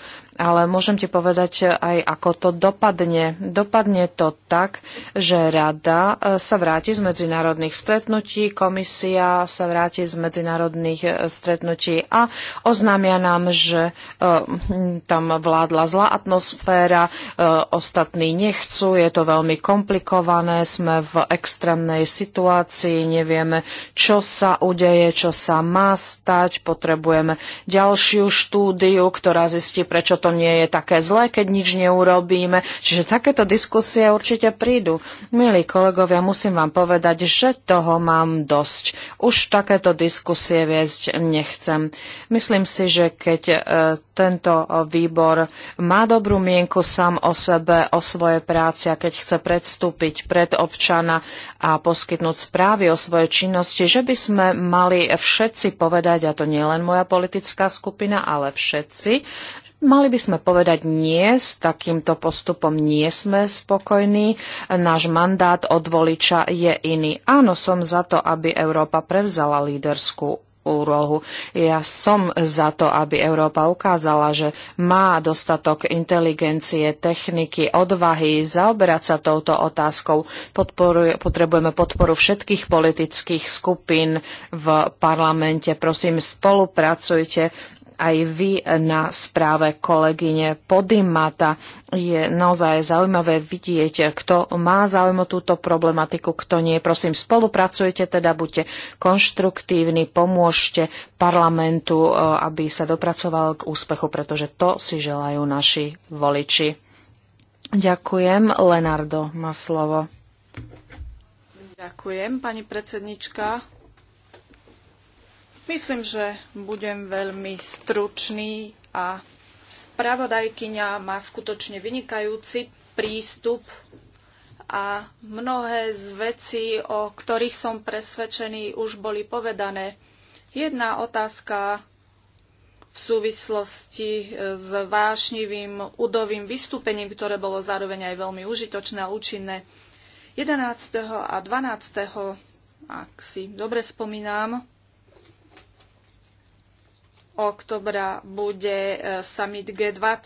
S3: ale môžem ti povedať eh, aj, ako to dopadne. Dopadne to tak, že rada eh, sa vráti z medzinárodných stretnutí, komisia sa vráti z medzinárodných eh, stretnutí a oznámia nám, že hm, tam vládla zlá atmosféra, ostatní nechcú, je to veľmi komplikované, sme v extrémnej situácii, nevieme, čo sa udeje, čo sa má stať, potrebujeme ďalšiu štúdiu, ktorá zistí, prečo to nie je také zlé, keď nič neurobíme. Čiže takéto diskusie určite prídu. Milí kolegovia, musím vám povedať, že toho mám dosť. Už takéto diskusie viesť nechcem. Myslím si, že keď e, tento výbor má dobrú mienku sám o sebe, o svoje práci a keď chce predstúpiť pred občana a poskytnúť správy o svojej činnosti, že by sme mali všetci povedať, a to nie len moja politická skupina, ale všetci, Mali by sme povedať nie, s takýmto postupom nie sme spokojní, náš mandát od voliča je iný. Áno, som za to, aby Európa prevzala líderskú úrohu. Ja som za to, aby Európa ukázala, že má dostatok inteligencie, techniky, odvahy zaoberať sa touto otázkou. Podporuje, potrebujeme podporu všetkých politických skupín v parlamente. Prosím, spolupracujte aj vy na správe kolegyne Podimata. Je naozaj zaujímavé vidieť, kto má záujem o túto problematiku, kto nie. Prosím, spolupracujte, teda buďte konštruktívni, pomôžte parlamentu, e, aby sa dopracoval k úspechu, pretože to si želajú naši voliči. Ďakujem. Lenardo má slovo.
S2: Ďakujem, pani predsednička. Myslím, že budem veľmi stručný a spravodajkyňa má skutočne vynikajúci prístup a mnohé z vecí, o ktorých som presvedčený, už boli povedané. Jedna otázka v súvislosti e, s vášnivým udovým vystúpením, ktoré bolo zároveň aj veľmi užitočné a účinné. 11. a 12. ak si dobre spomínam, oktobra bude e, summit G20.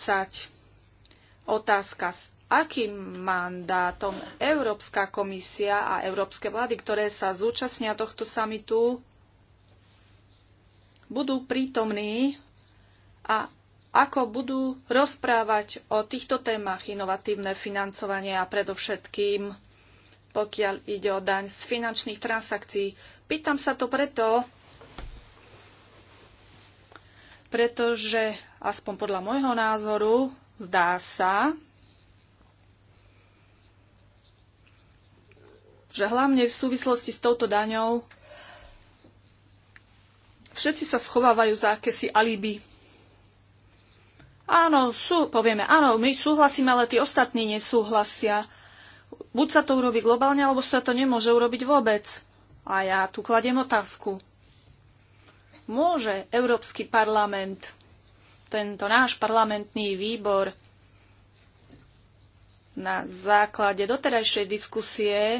S2: Otázka, s akým mandátom Európska komisia a európske vlády, ktoré sa zúčastnia tohto summitu, budú prítomní a ako budú rozprávať o týchto témach inovatívne financovanie a predovšetkým, pokiaľ ide o daň z finančných transakcií. Pýtam sa to preto, pretože aspoň podľa môjho názoru zdá sa, že hlavne v súvislosti s touto daňou všetci sa schovávajú za akési alibi. Áno, sú, povieme, áno, my súhlasíme, ale tí ostatní nesúhlasia. Buď sa to urobí globálne, alebo sa to nemôže urobiť vôbec. A ja tu kladiem otázku môže Európsky parlament, tento náš parlamentný výbor, na základe doterajšej diskusie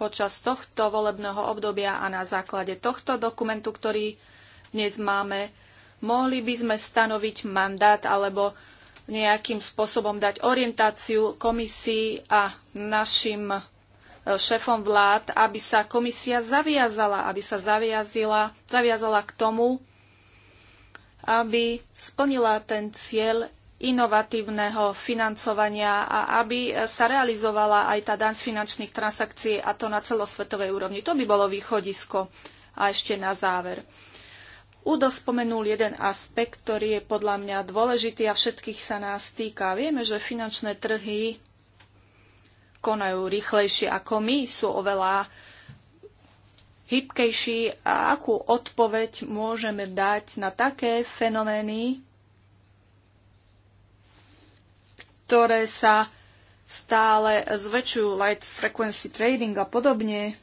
S2: počas tohto volebného obdobia a na základe tohto dokumentu, ktorý dnes máme, mohli by sme stanoviť mandát alebo nejakým spôsobom dať orientáciu komisii a našim E, šéfom vlád, aby sa komisia zaviazala, aby sa zaviazila, zaviazala k tomu, aby splnila ten cieľ inovatívneho financovania a aby sa realizovala aj tá daň z finančných transakcií a to na celosvetovej úrovni. To by bolo východisko. A ešte na záver. Udo spomenul jeden aspekt, ktorý je podľa mňa dôležitý a všetkých sa nás týka. Vieme, že finančné trhy konajú rýchlejšie ako my, sú oveľa hybkejší a akú odpoveď môžeme dať na také fenomény, ktoré sa stále zväčšujú light frequency trading a podobne.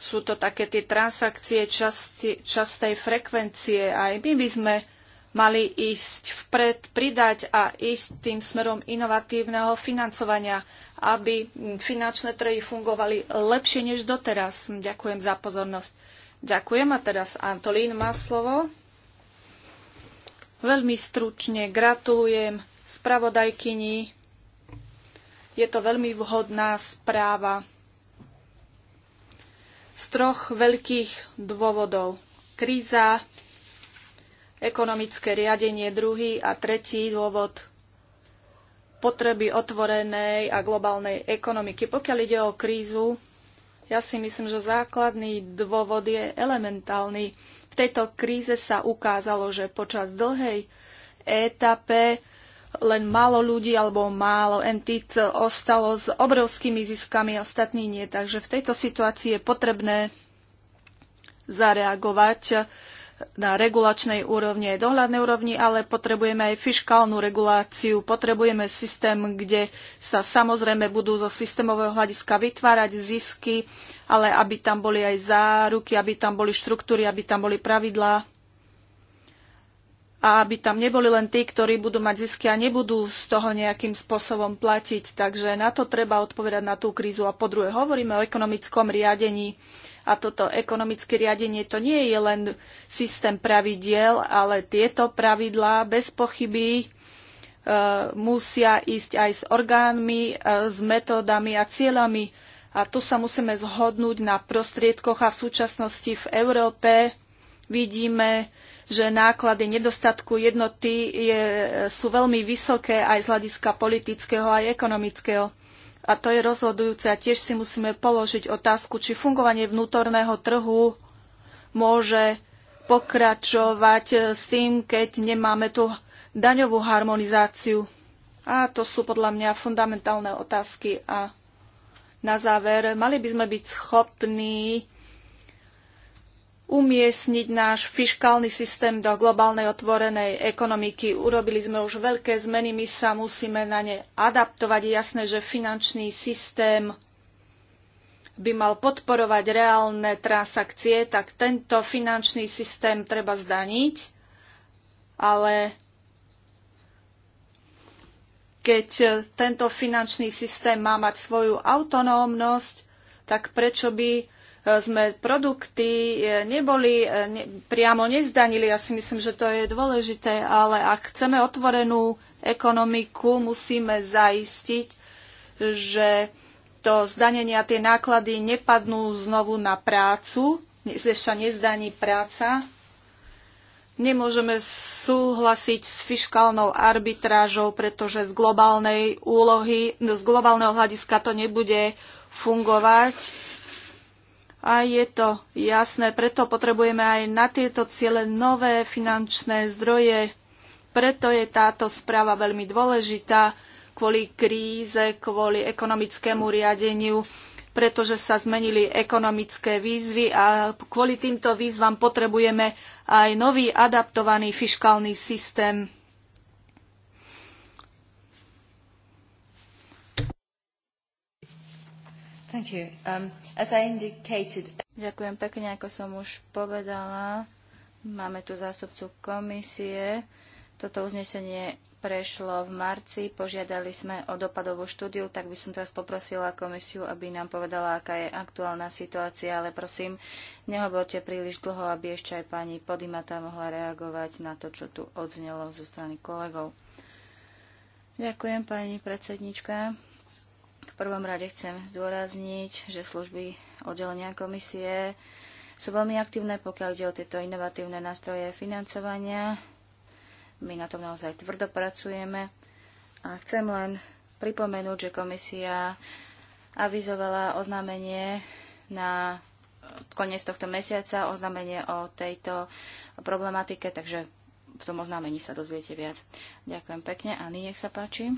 S2: Sú to také tie transakcie časti, častej frekvencie. Aj my by sme mali ísť vpred, pridať a ísť tým smerom inovatívneho financovania, aby finančné trhy fungovali lepšie než doteraz. Ďakujem za pozornosť. Ďakujem a teraz Antolín má slovo. Veľmi stručne gratulujem spravodajkyni. Je to veľmi vhodná správa z troch veľkých dôvodov. Kríza, ekonomické riadenie, druhý a tretí dôvod potreby otvorenej a globálnej ekonomiky. Pokiaľ ide o krízu, ja si myslím, že základný dôvod je elementálny. V tejto kríze sa ukázalo, že počas dlhej etape len málo ľudí alebo málo entit ostalo s obrovskými ziskami, ostatní nie. Takže v tejto situácii je potrebné zareagovať na regulačnej úrovni, aj dohľadnej úrovni, ale potrebujeme aj fiškálnu reguláciu, potrebujeme systém, kde sa samozrejme budú zo systémového hľadiska vytvárať zisky, ale aby tam boli aj záruky, aby tam boli štruktúry, aby tam boli pravidlá a aby tam neboli len tí, ktorí budú mať zisky a nebudú z toho nejakým spôsobom platiť. Takže na to treba odpovedať na tú krízu. A po druhé, hovoríme o ekonomickom riadení a toto ekonomické riadenie to nie je len systém pravidiel, ale tieto pravidlá bez pochyby e, musia ísť aj s orgánmi, e, s metódami a cieľami. A tu sa musíme zhodnúť na prostriedkoch a v súčasnosti v Európe vidíme, že náklady nedostatku jednoty je, sú veľmi vysoké aj z hľadiska politického aj ekonomického a to je rozhodujúce a tiež si musíme položiť otázku, či fungovanie vnútorného trhu môže pokračovať eh, s tým, keď nemáme tú daňovú harmonizáciu. A to sú podľa mňa fundamentálne otázky. A na záver, mali by sme byť schopní umiestniť náš fiškálny systém do globálnej otvorenej ekonomiky. Urobili sme už veľké zmeny, my sa musíme na ne adaptovať. Je jasné, že finančný systém by mal podporovať reálne transakcie, tak tento finančný systém treba zdaniť, ale keď tento finančný systém má mať svoju autonómnosť, tak prečo by sme produkty e, neboli e, ne, priamo nezdanili. Ja si myslím, že to je dôležité, ale ak chceme otvorenú ekonomiku, musíme zaistiť, že to zdanenie a tie náklady nepadnú znovu na prácu, sa nezdaní práca. Nemôžeme súhlasiť s fiškálnou arbitrážou, pretože z globálnej úlohy, z globálneho hľadiska to nebude fungovať a je to jasné, preto potrebujeme aj na tieto ciele nové finančné zdroje. Preto je táto správa veľmi dôležitá kvôli kríze, kvôli ekonomickému riadeniu, pretože sa zmenili ekonomické výzvy a kvôli týmto výzvam potrebujeme aj nový adaptovaný fiskálny systém. Thank you.
S1: Um, as I indicated... Ďakujem pekne, ako som už povedala. Máme tu zástupcu komisie. Toto uznesenie prešlo v marci. Požiadali sme o dopadovú štúdiu, tak by som teraz poprosila komisiu, aby nám povedala, aká je aktuálna situácia, ale prosím, nehovorte príliš dlho, aby ešte aj pani Podimata mohla reagovať na to, čo tu odznelo zo strany kolegov. Ďakujem, pani predsednička prvom rade chcem zdôrazniť, že služby oddelenia komisie sú veľmi aktívne, pokiaľ ide o tieto inovatívne nástroje financovania. My na tom naozaj tvrdo pracujeme a chcem len pripomenúť, že komisia avizovala oznámenie na koniec tohto mesiaca, oznámenie o tejto problematike, takže v tom oznámení sa dozviete viac. Ďakujem pekne. Ani, nech sa páči.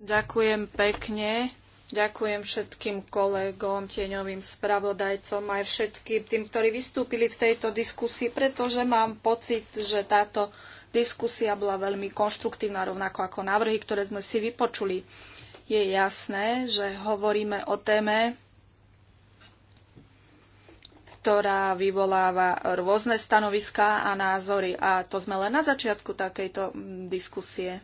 S3: Ďakujem
S2: pekne. Ďakujem všetkým kolegom, tieňovým spravodajcom aj všetkým tým, ktorí vystúpili v tejto diskusii, pretože mám pocit, že táto diskusia bola veľmi konštruktívna, rovnako ako návrhy, ktoré sme si vypočuli. Je jasné, že hovoríme o téme, ktorá vyvoláva rôzne stanoviská a názory. A to sme len na začiatku takejto diskusie.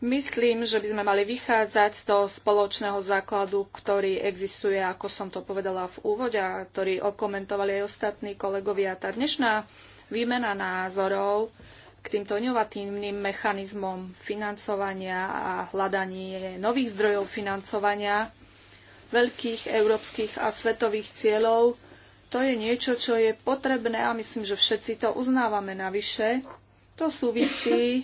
S2: Myslím, že by sme mali vychádzať z toho spoločného základu, ktorý existuje, ako som to povedala v úvode, a ktorý okomentovali aj ostatní kolegovia. Tá dnešná výmena názorov k týmto inovatívnym mechanizmom financovania a hľadanie nových zdrojov financovania veľkých európskych a svetových cieľov. To je niečo, čo je potrebné a myslím, že všetci to uznávame navyše. To súvisí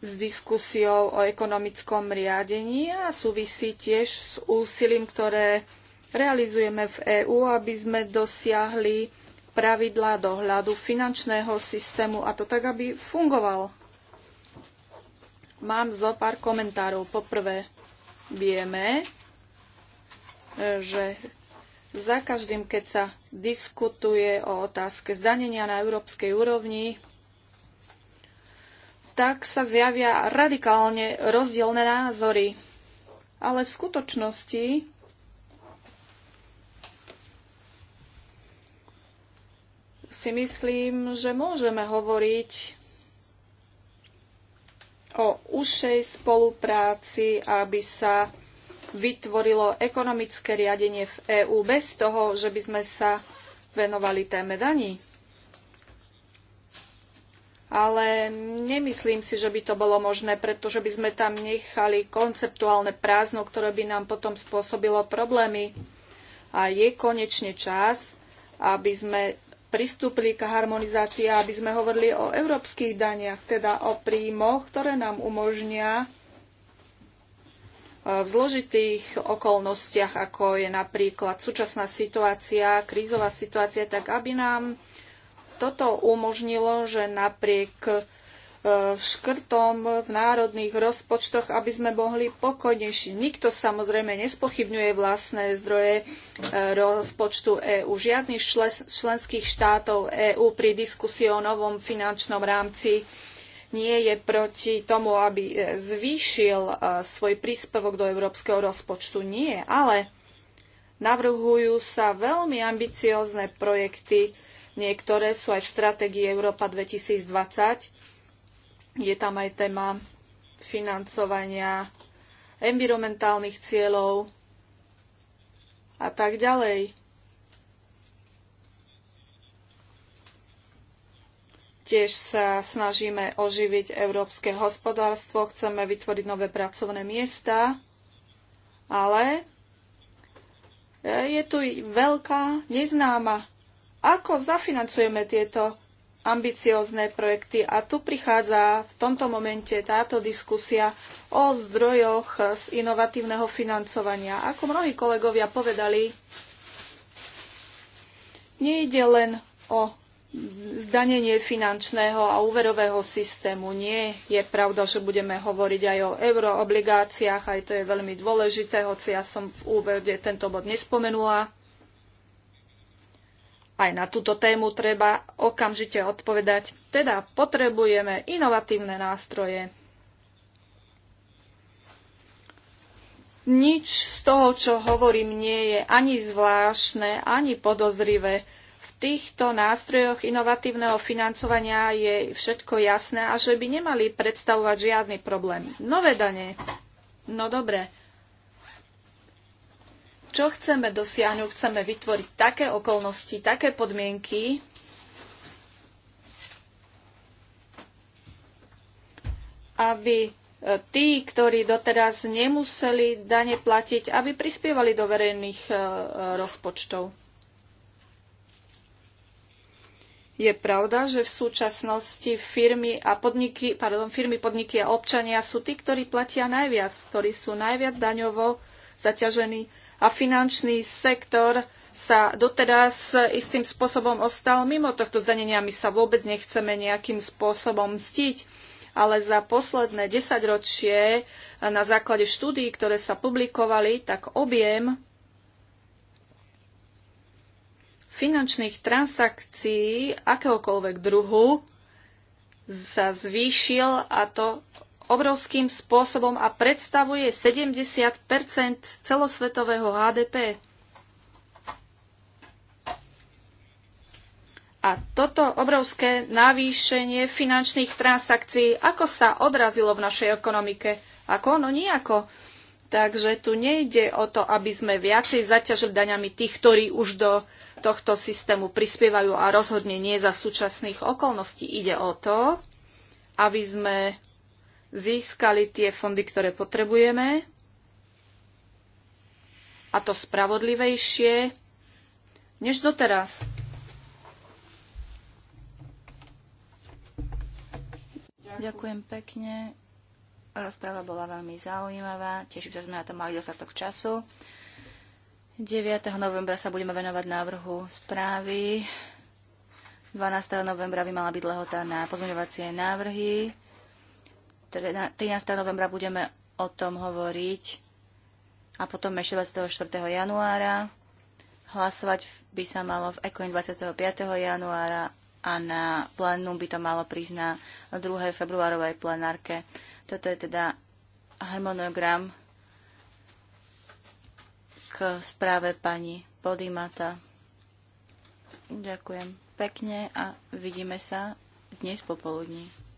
S2: s diskusiou o ekonomickom riadení a súvisí tiež s úsilím, ktoré realizujeme v EÚ, aby sme dosiahli pravidlá dohľadu finančného systému a to tak, aby fungoval. Mám zo pár komentárov. Poprvé, vieme, že za každým, keď sa diskutuje o otázke zdanenia na európskej úrovni, tak sa zjavia radikálne rozdielne názory. Ale v skutočnosti si myslím, že môžeme hovoriť o užšej spolupráci, aby sa vytvorilo ekonomické riadenie v EÚ bez toho, že by sme sa venovali téme daní. Ale nemyslím si, že by to bolo možné, pretože by sme tam nechali konceptuálne prázdno, ktoré by nám potom spôsobilo problémy. A je konečne čas, aby sme pristúpili k harmonizácii, aby sme hovorili o európskych daniach, teda o príjmoch, ktoré nám umožnia v zložitých okolnostiach, ako je napríklad súčasná situácia, krízová situácia, tak aby nám toto umožnilo, že napriek e, škrtom v národných rozpočtoch, aby sme mohli pokojnejší. Nikto samozrejme nespochybňuje vlastné zdroje e, rozpočtu EÚ. Žiadny členských štátov EÚ pri diskusii o novom finančnom rámci nie je proti tomu, aby e, zvýšil e, svoj príspevok do európskeho rozpočtu. Nie, ale navrhujú sa veľmi ambiciózne projekty, niektoré sú aj v stratégii Európa 2020. Je tam aj téma financovania environmentálnych cieľov a tak ďalej. Tiež sa snažíme oživiť európske hospodárstvo, chceme vytvoriť nové pracovné miesta, ale e, je tu veľká neznáma. Ako zafinancujeme tieto ambiciózne projekty? A tu prichádza v tomto momente táto diskusia o zdrojoch z inovatívneho financovania. Ako mnohí kolegovia povedali, nejde len o zdanenie finančného a úverového systému nie. Je pravda, že budeme hovoriť aj o euroobligáciách, aj to je veľmi dôležité, hoci ja som v úvode tento bod nespomenula. Aj na túto tému treba okamžite odpovedať. Teda potrebujeme inovatívne nástroje. Nič z toho, čo hovorím, nie je ani zvláštne, ani podozrivé týchto nástrojoch inovatívneho financovania je všetko jasné a že by nemali predstavovať žiadny problém. Nové dane. No dobre. Čo chceme dosiahnuť? Chceme vytvoriť také okolnosti, také podmienky, aby e, tí, ktorí doteraz nemuseli dane platiť, aby prispievali do verejných e, e, rozpočtov. Je pravda, že v súčasnosti firmy, a podniky, pardon, firmy, podniky a občania sú tí, ktorí platia najviac, ktorí sú najviac daňovo zaťažení a finančný sektor sa doteraz istým spôsobom ostal mimo tohto zdanenia. My sa vôbec nechceme nejakým spôsobom mstiť ale za posledné desaťročie na základe štúdií, ktoré sa publikovali, tak objem finančných transakcií akéhokoľvek druhu sa zvýšil a to obrovským spôsobom a predstavuje 70 celosvetového HDP. A toto obrovské navýšenie finančných transakcií, ako sa odrazilo v našej ekonomike? Ako? ono? Nijako. Takže tu nejde o to, aby sme viacej zaťažili daňami tých, ktorí už do tohto systému prispievajú a rozhodne nie za súčasných okolností. Ide o to, aby sme získali tie fondy, ktoré potrebujeme, a to spravodlivejšie než doteraz. Ďakujem
S1: pekne. Rozpráva bola veľmi zaujímavá. Teším sa, že sme na to mali dostatok času. 9. novembra sa budeme venovať návrhu správy. 12. novembra by mala byť lehota na pozmeňovacie návrhy. 13. novembra budeme o tom hovoriť a potom ešte 24. januára. Hlasovať by sa malo v ECOIN 25. januára a na plénum by to malo prísť na 2. februárovej plenárke. Toto je teda harmonogram správe pani Podimata. Ďakujem pekne a vidíme sa dnes popoludní.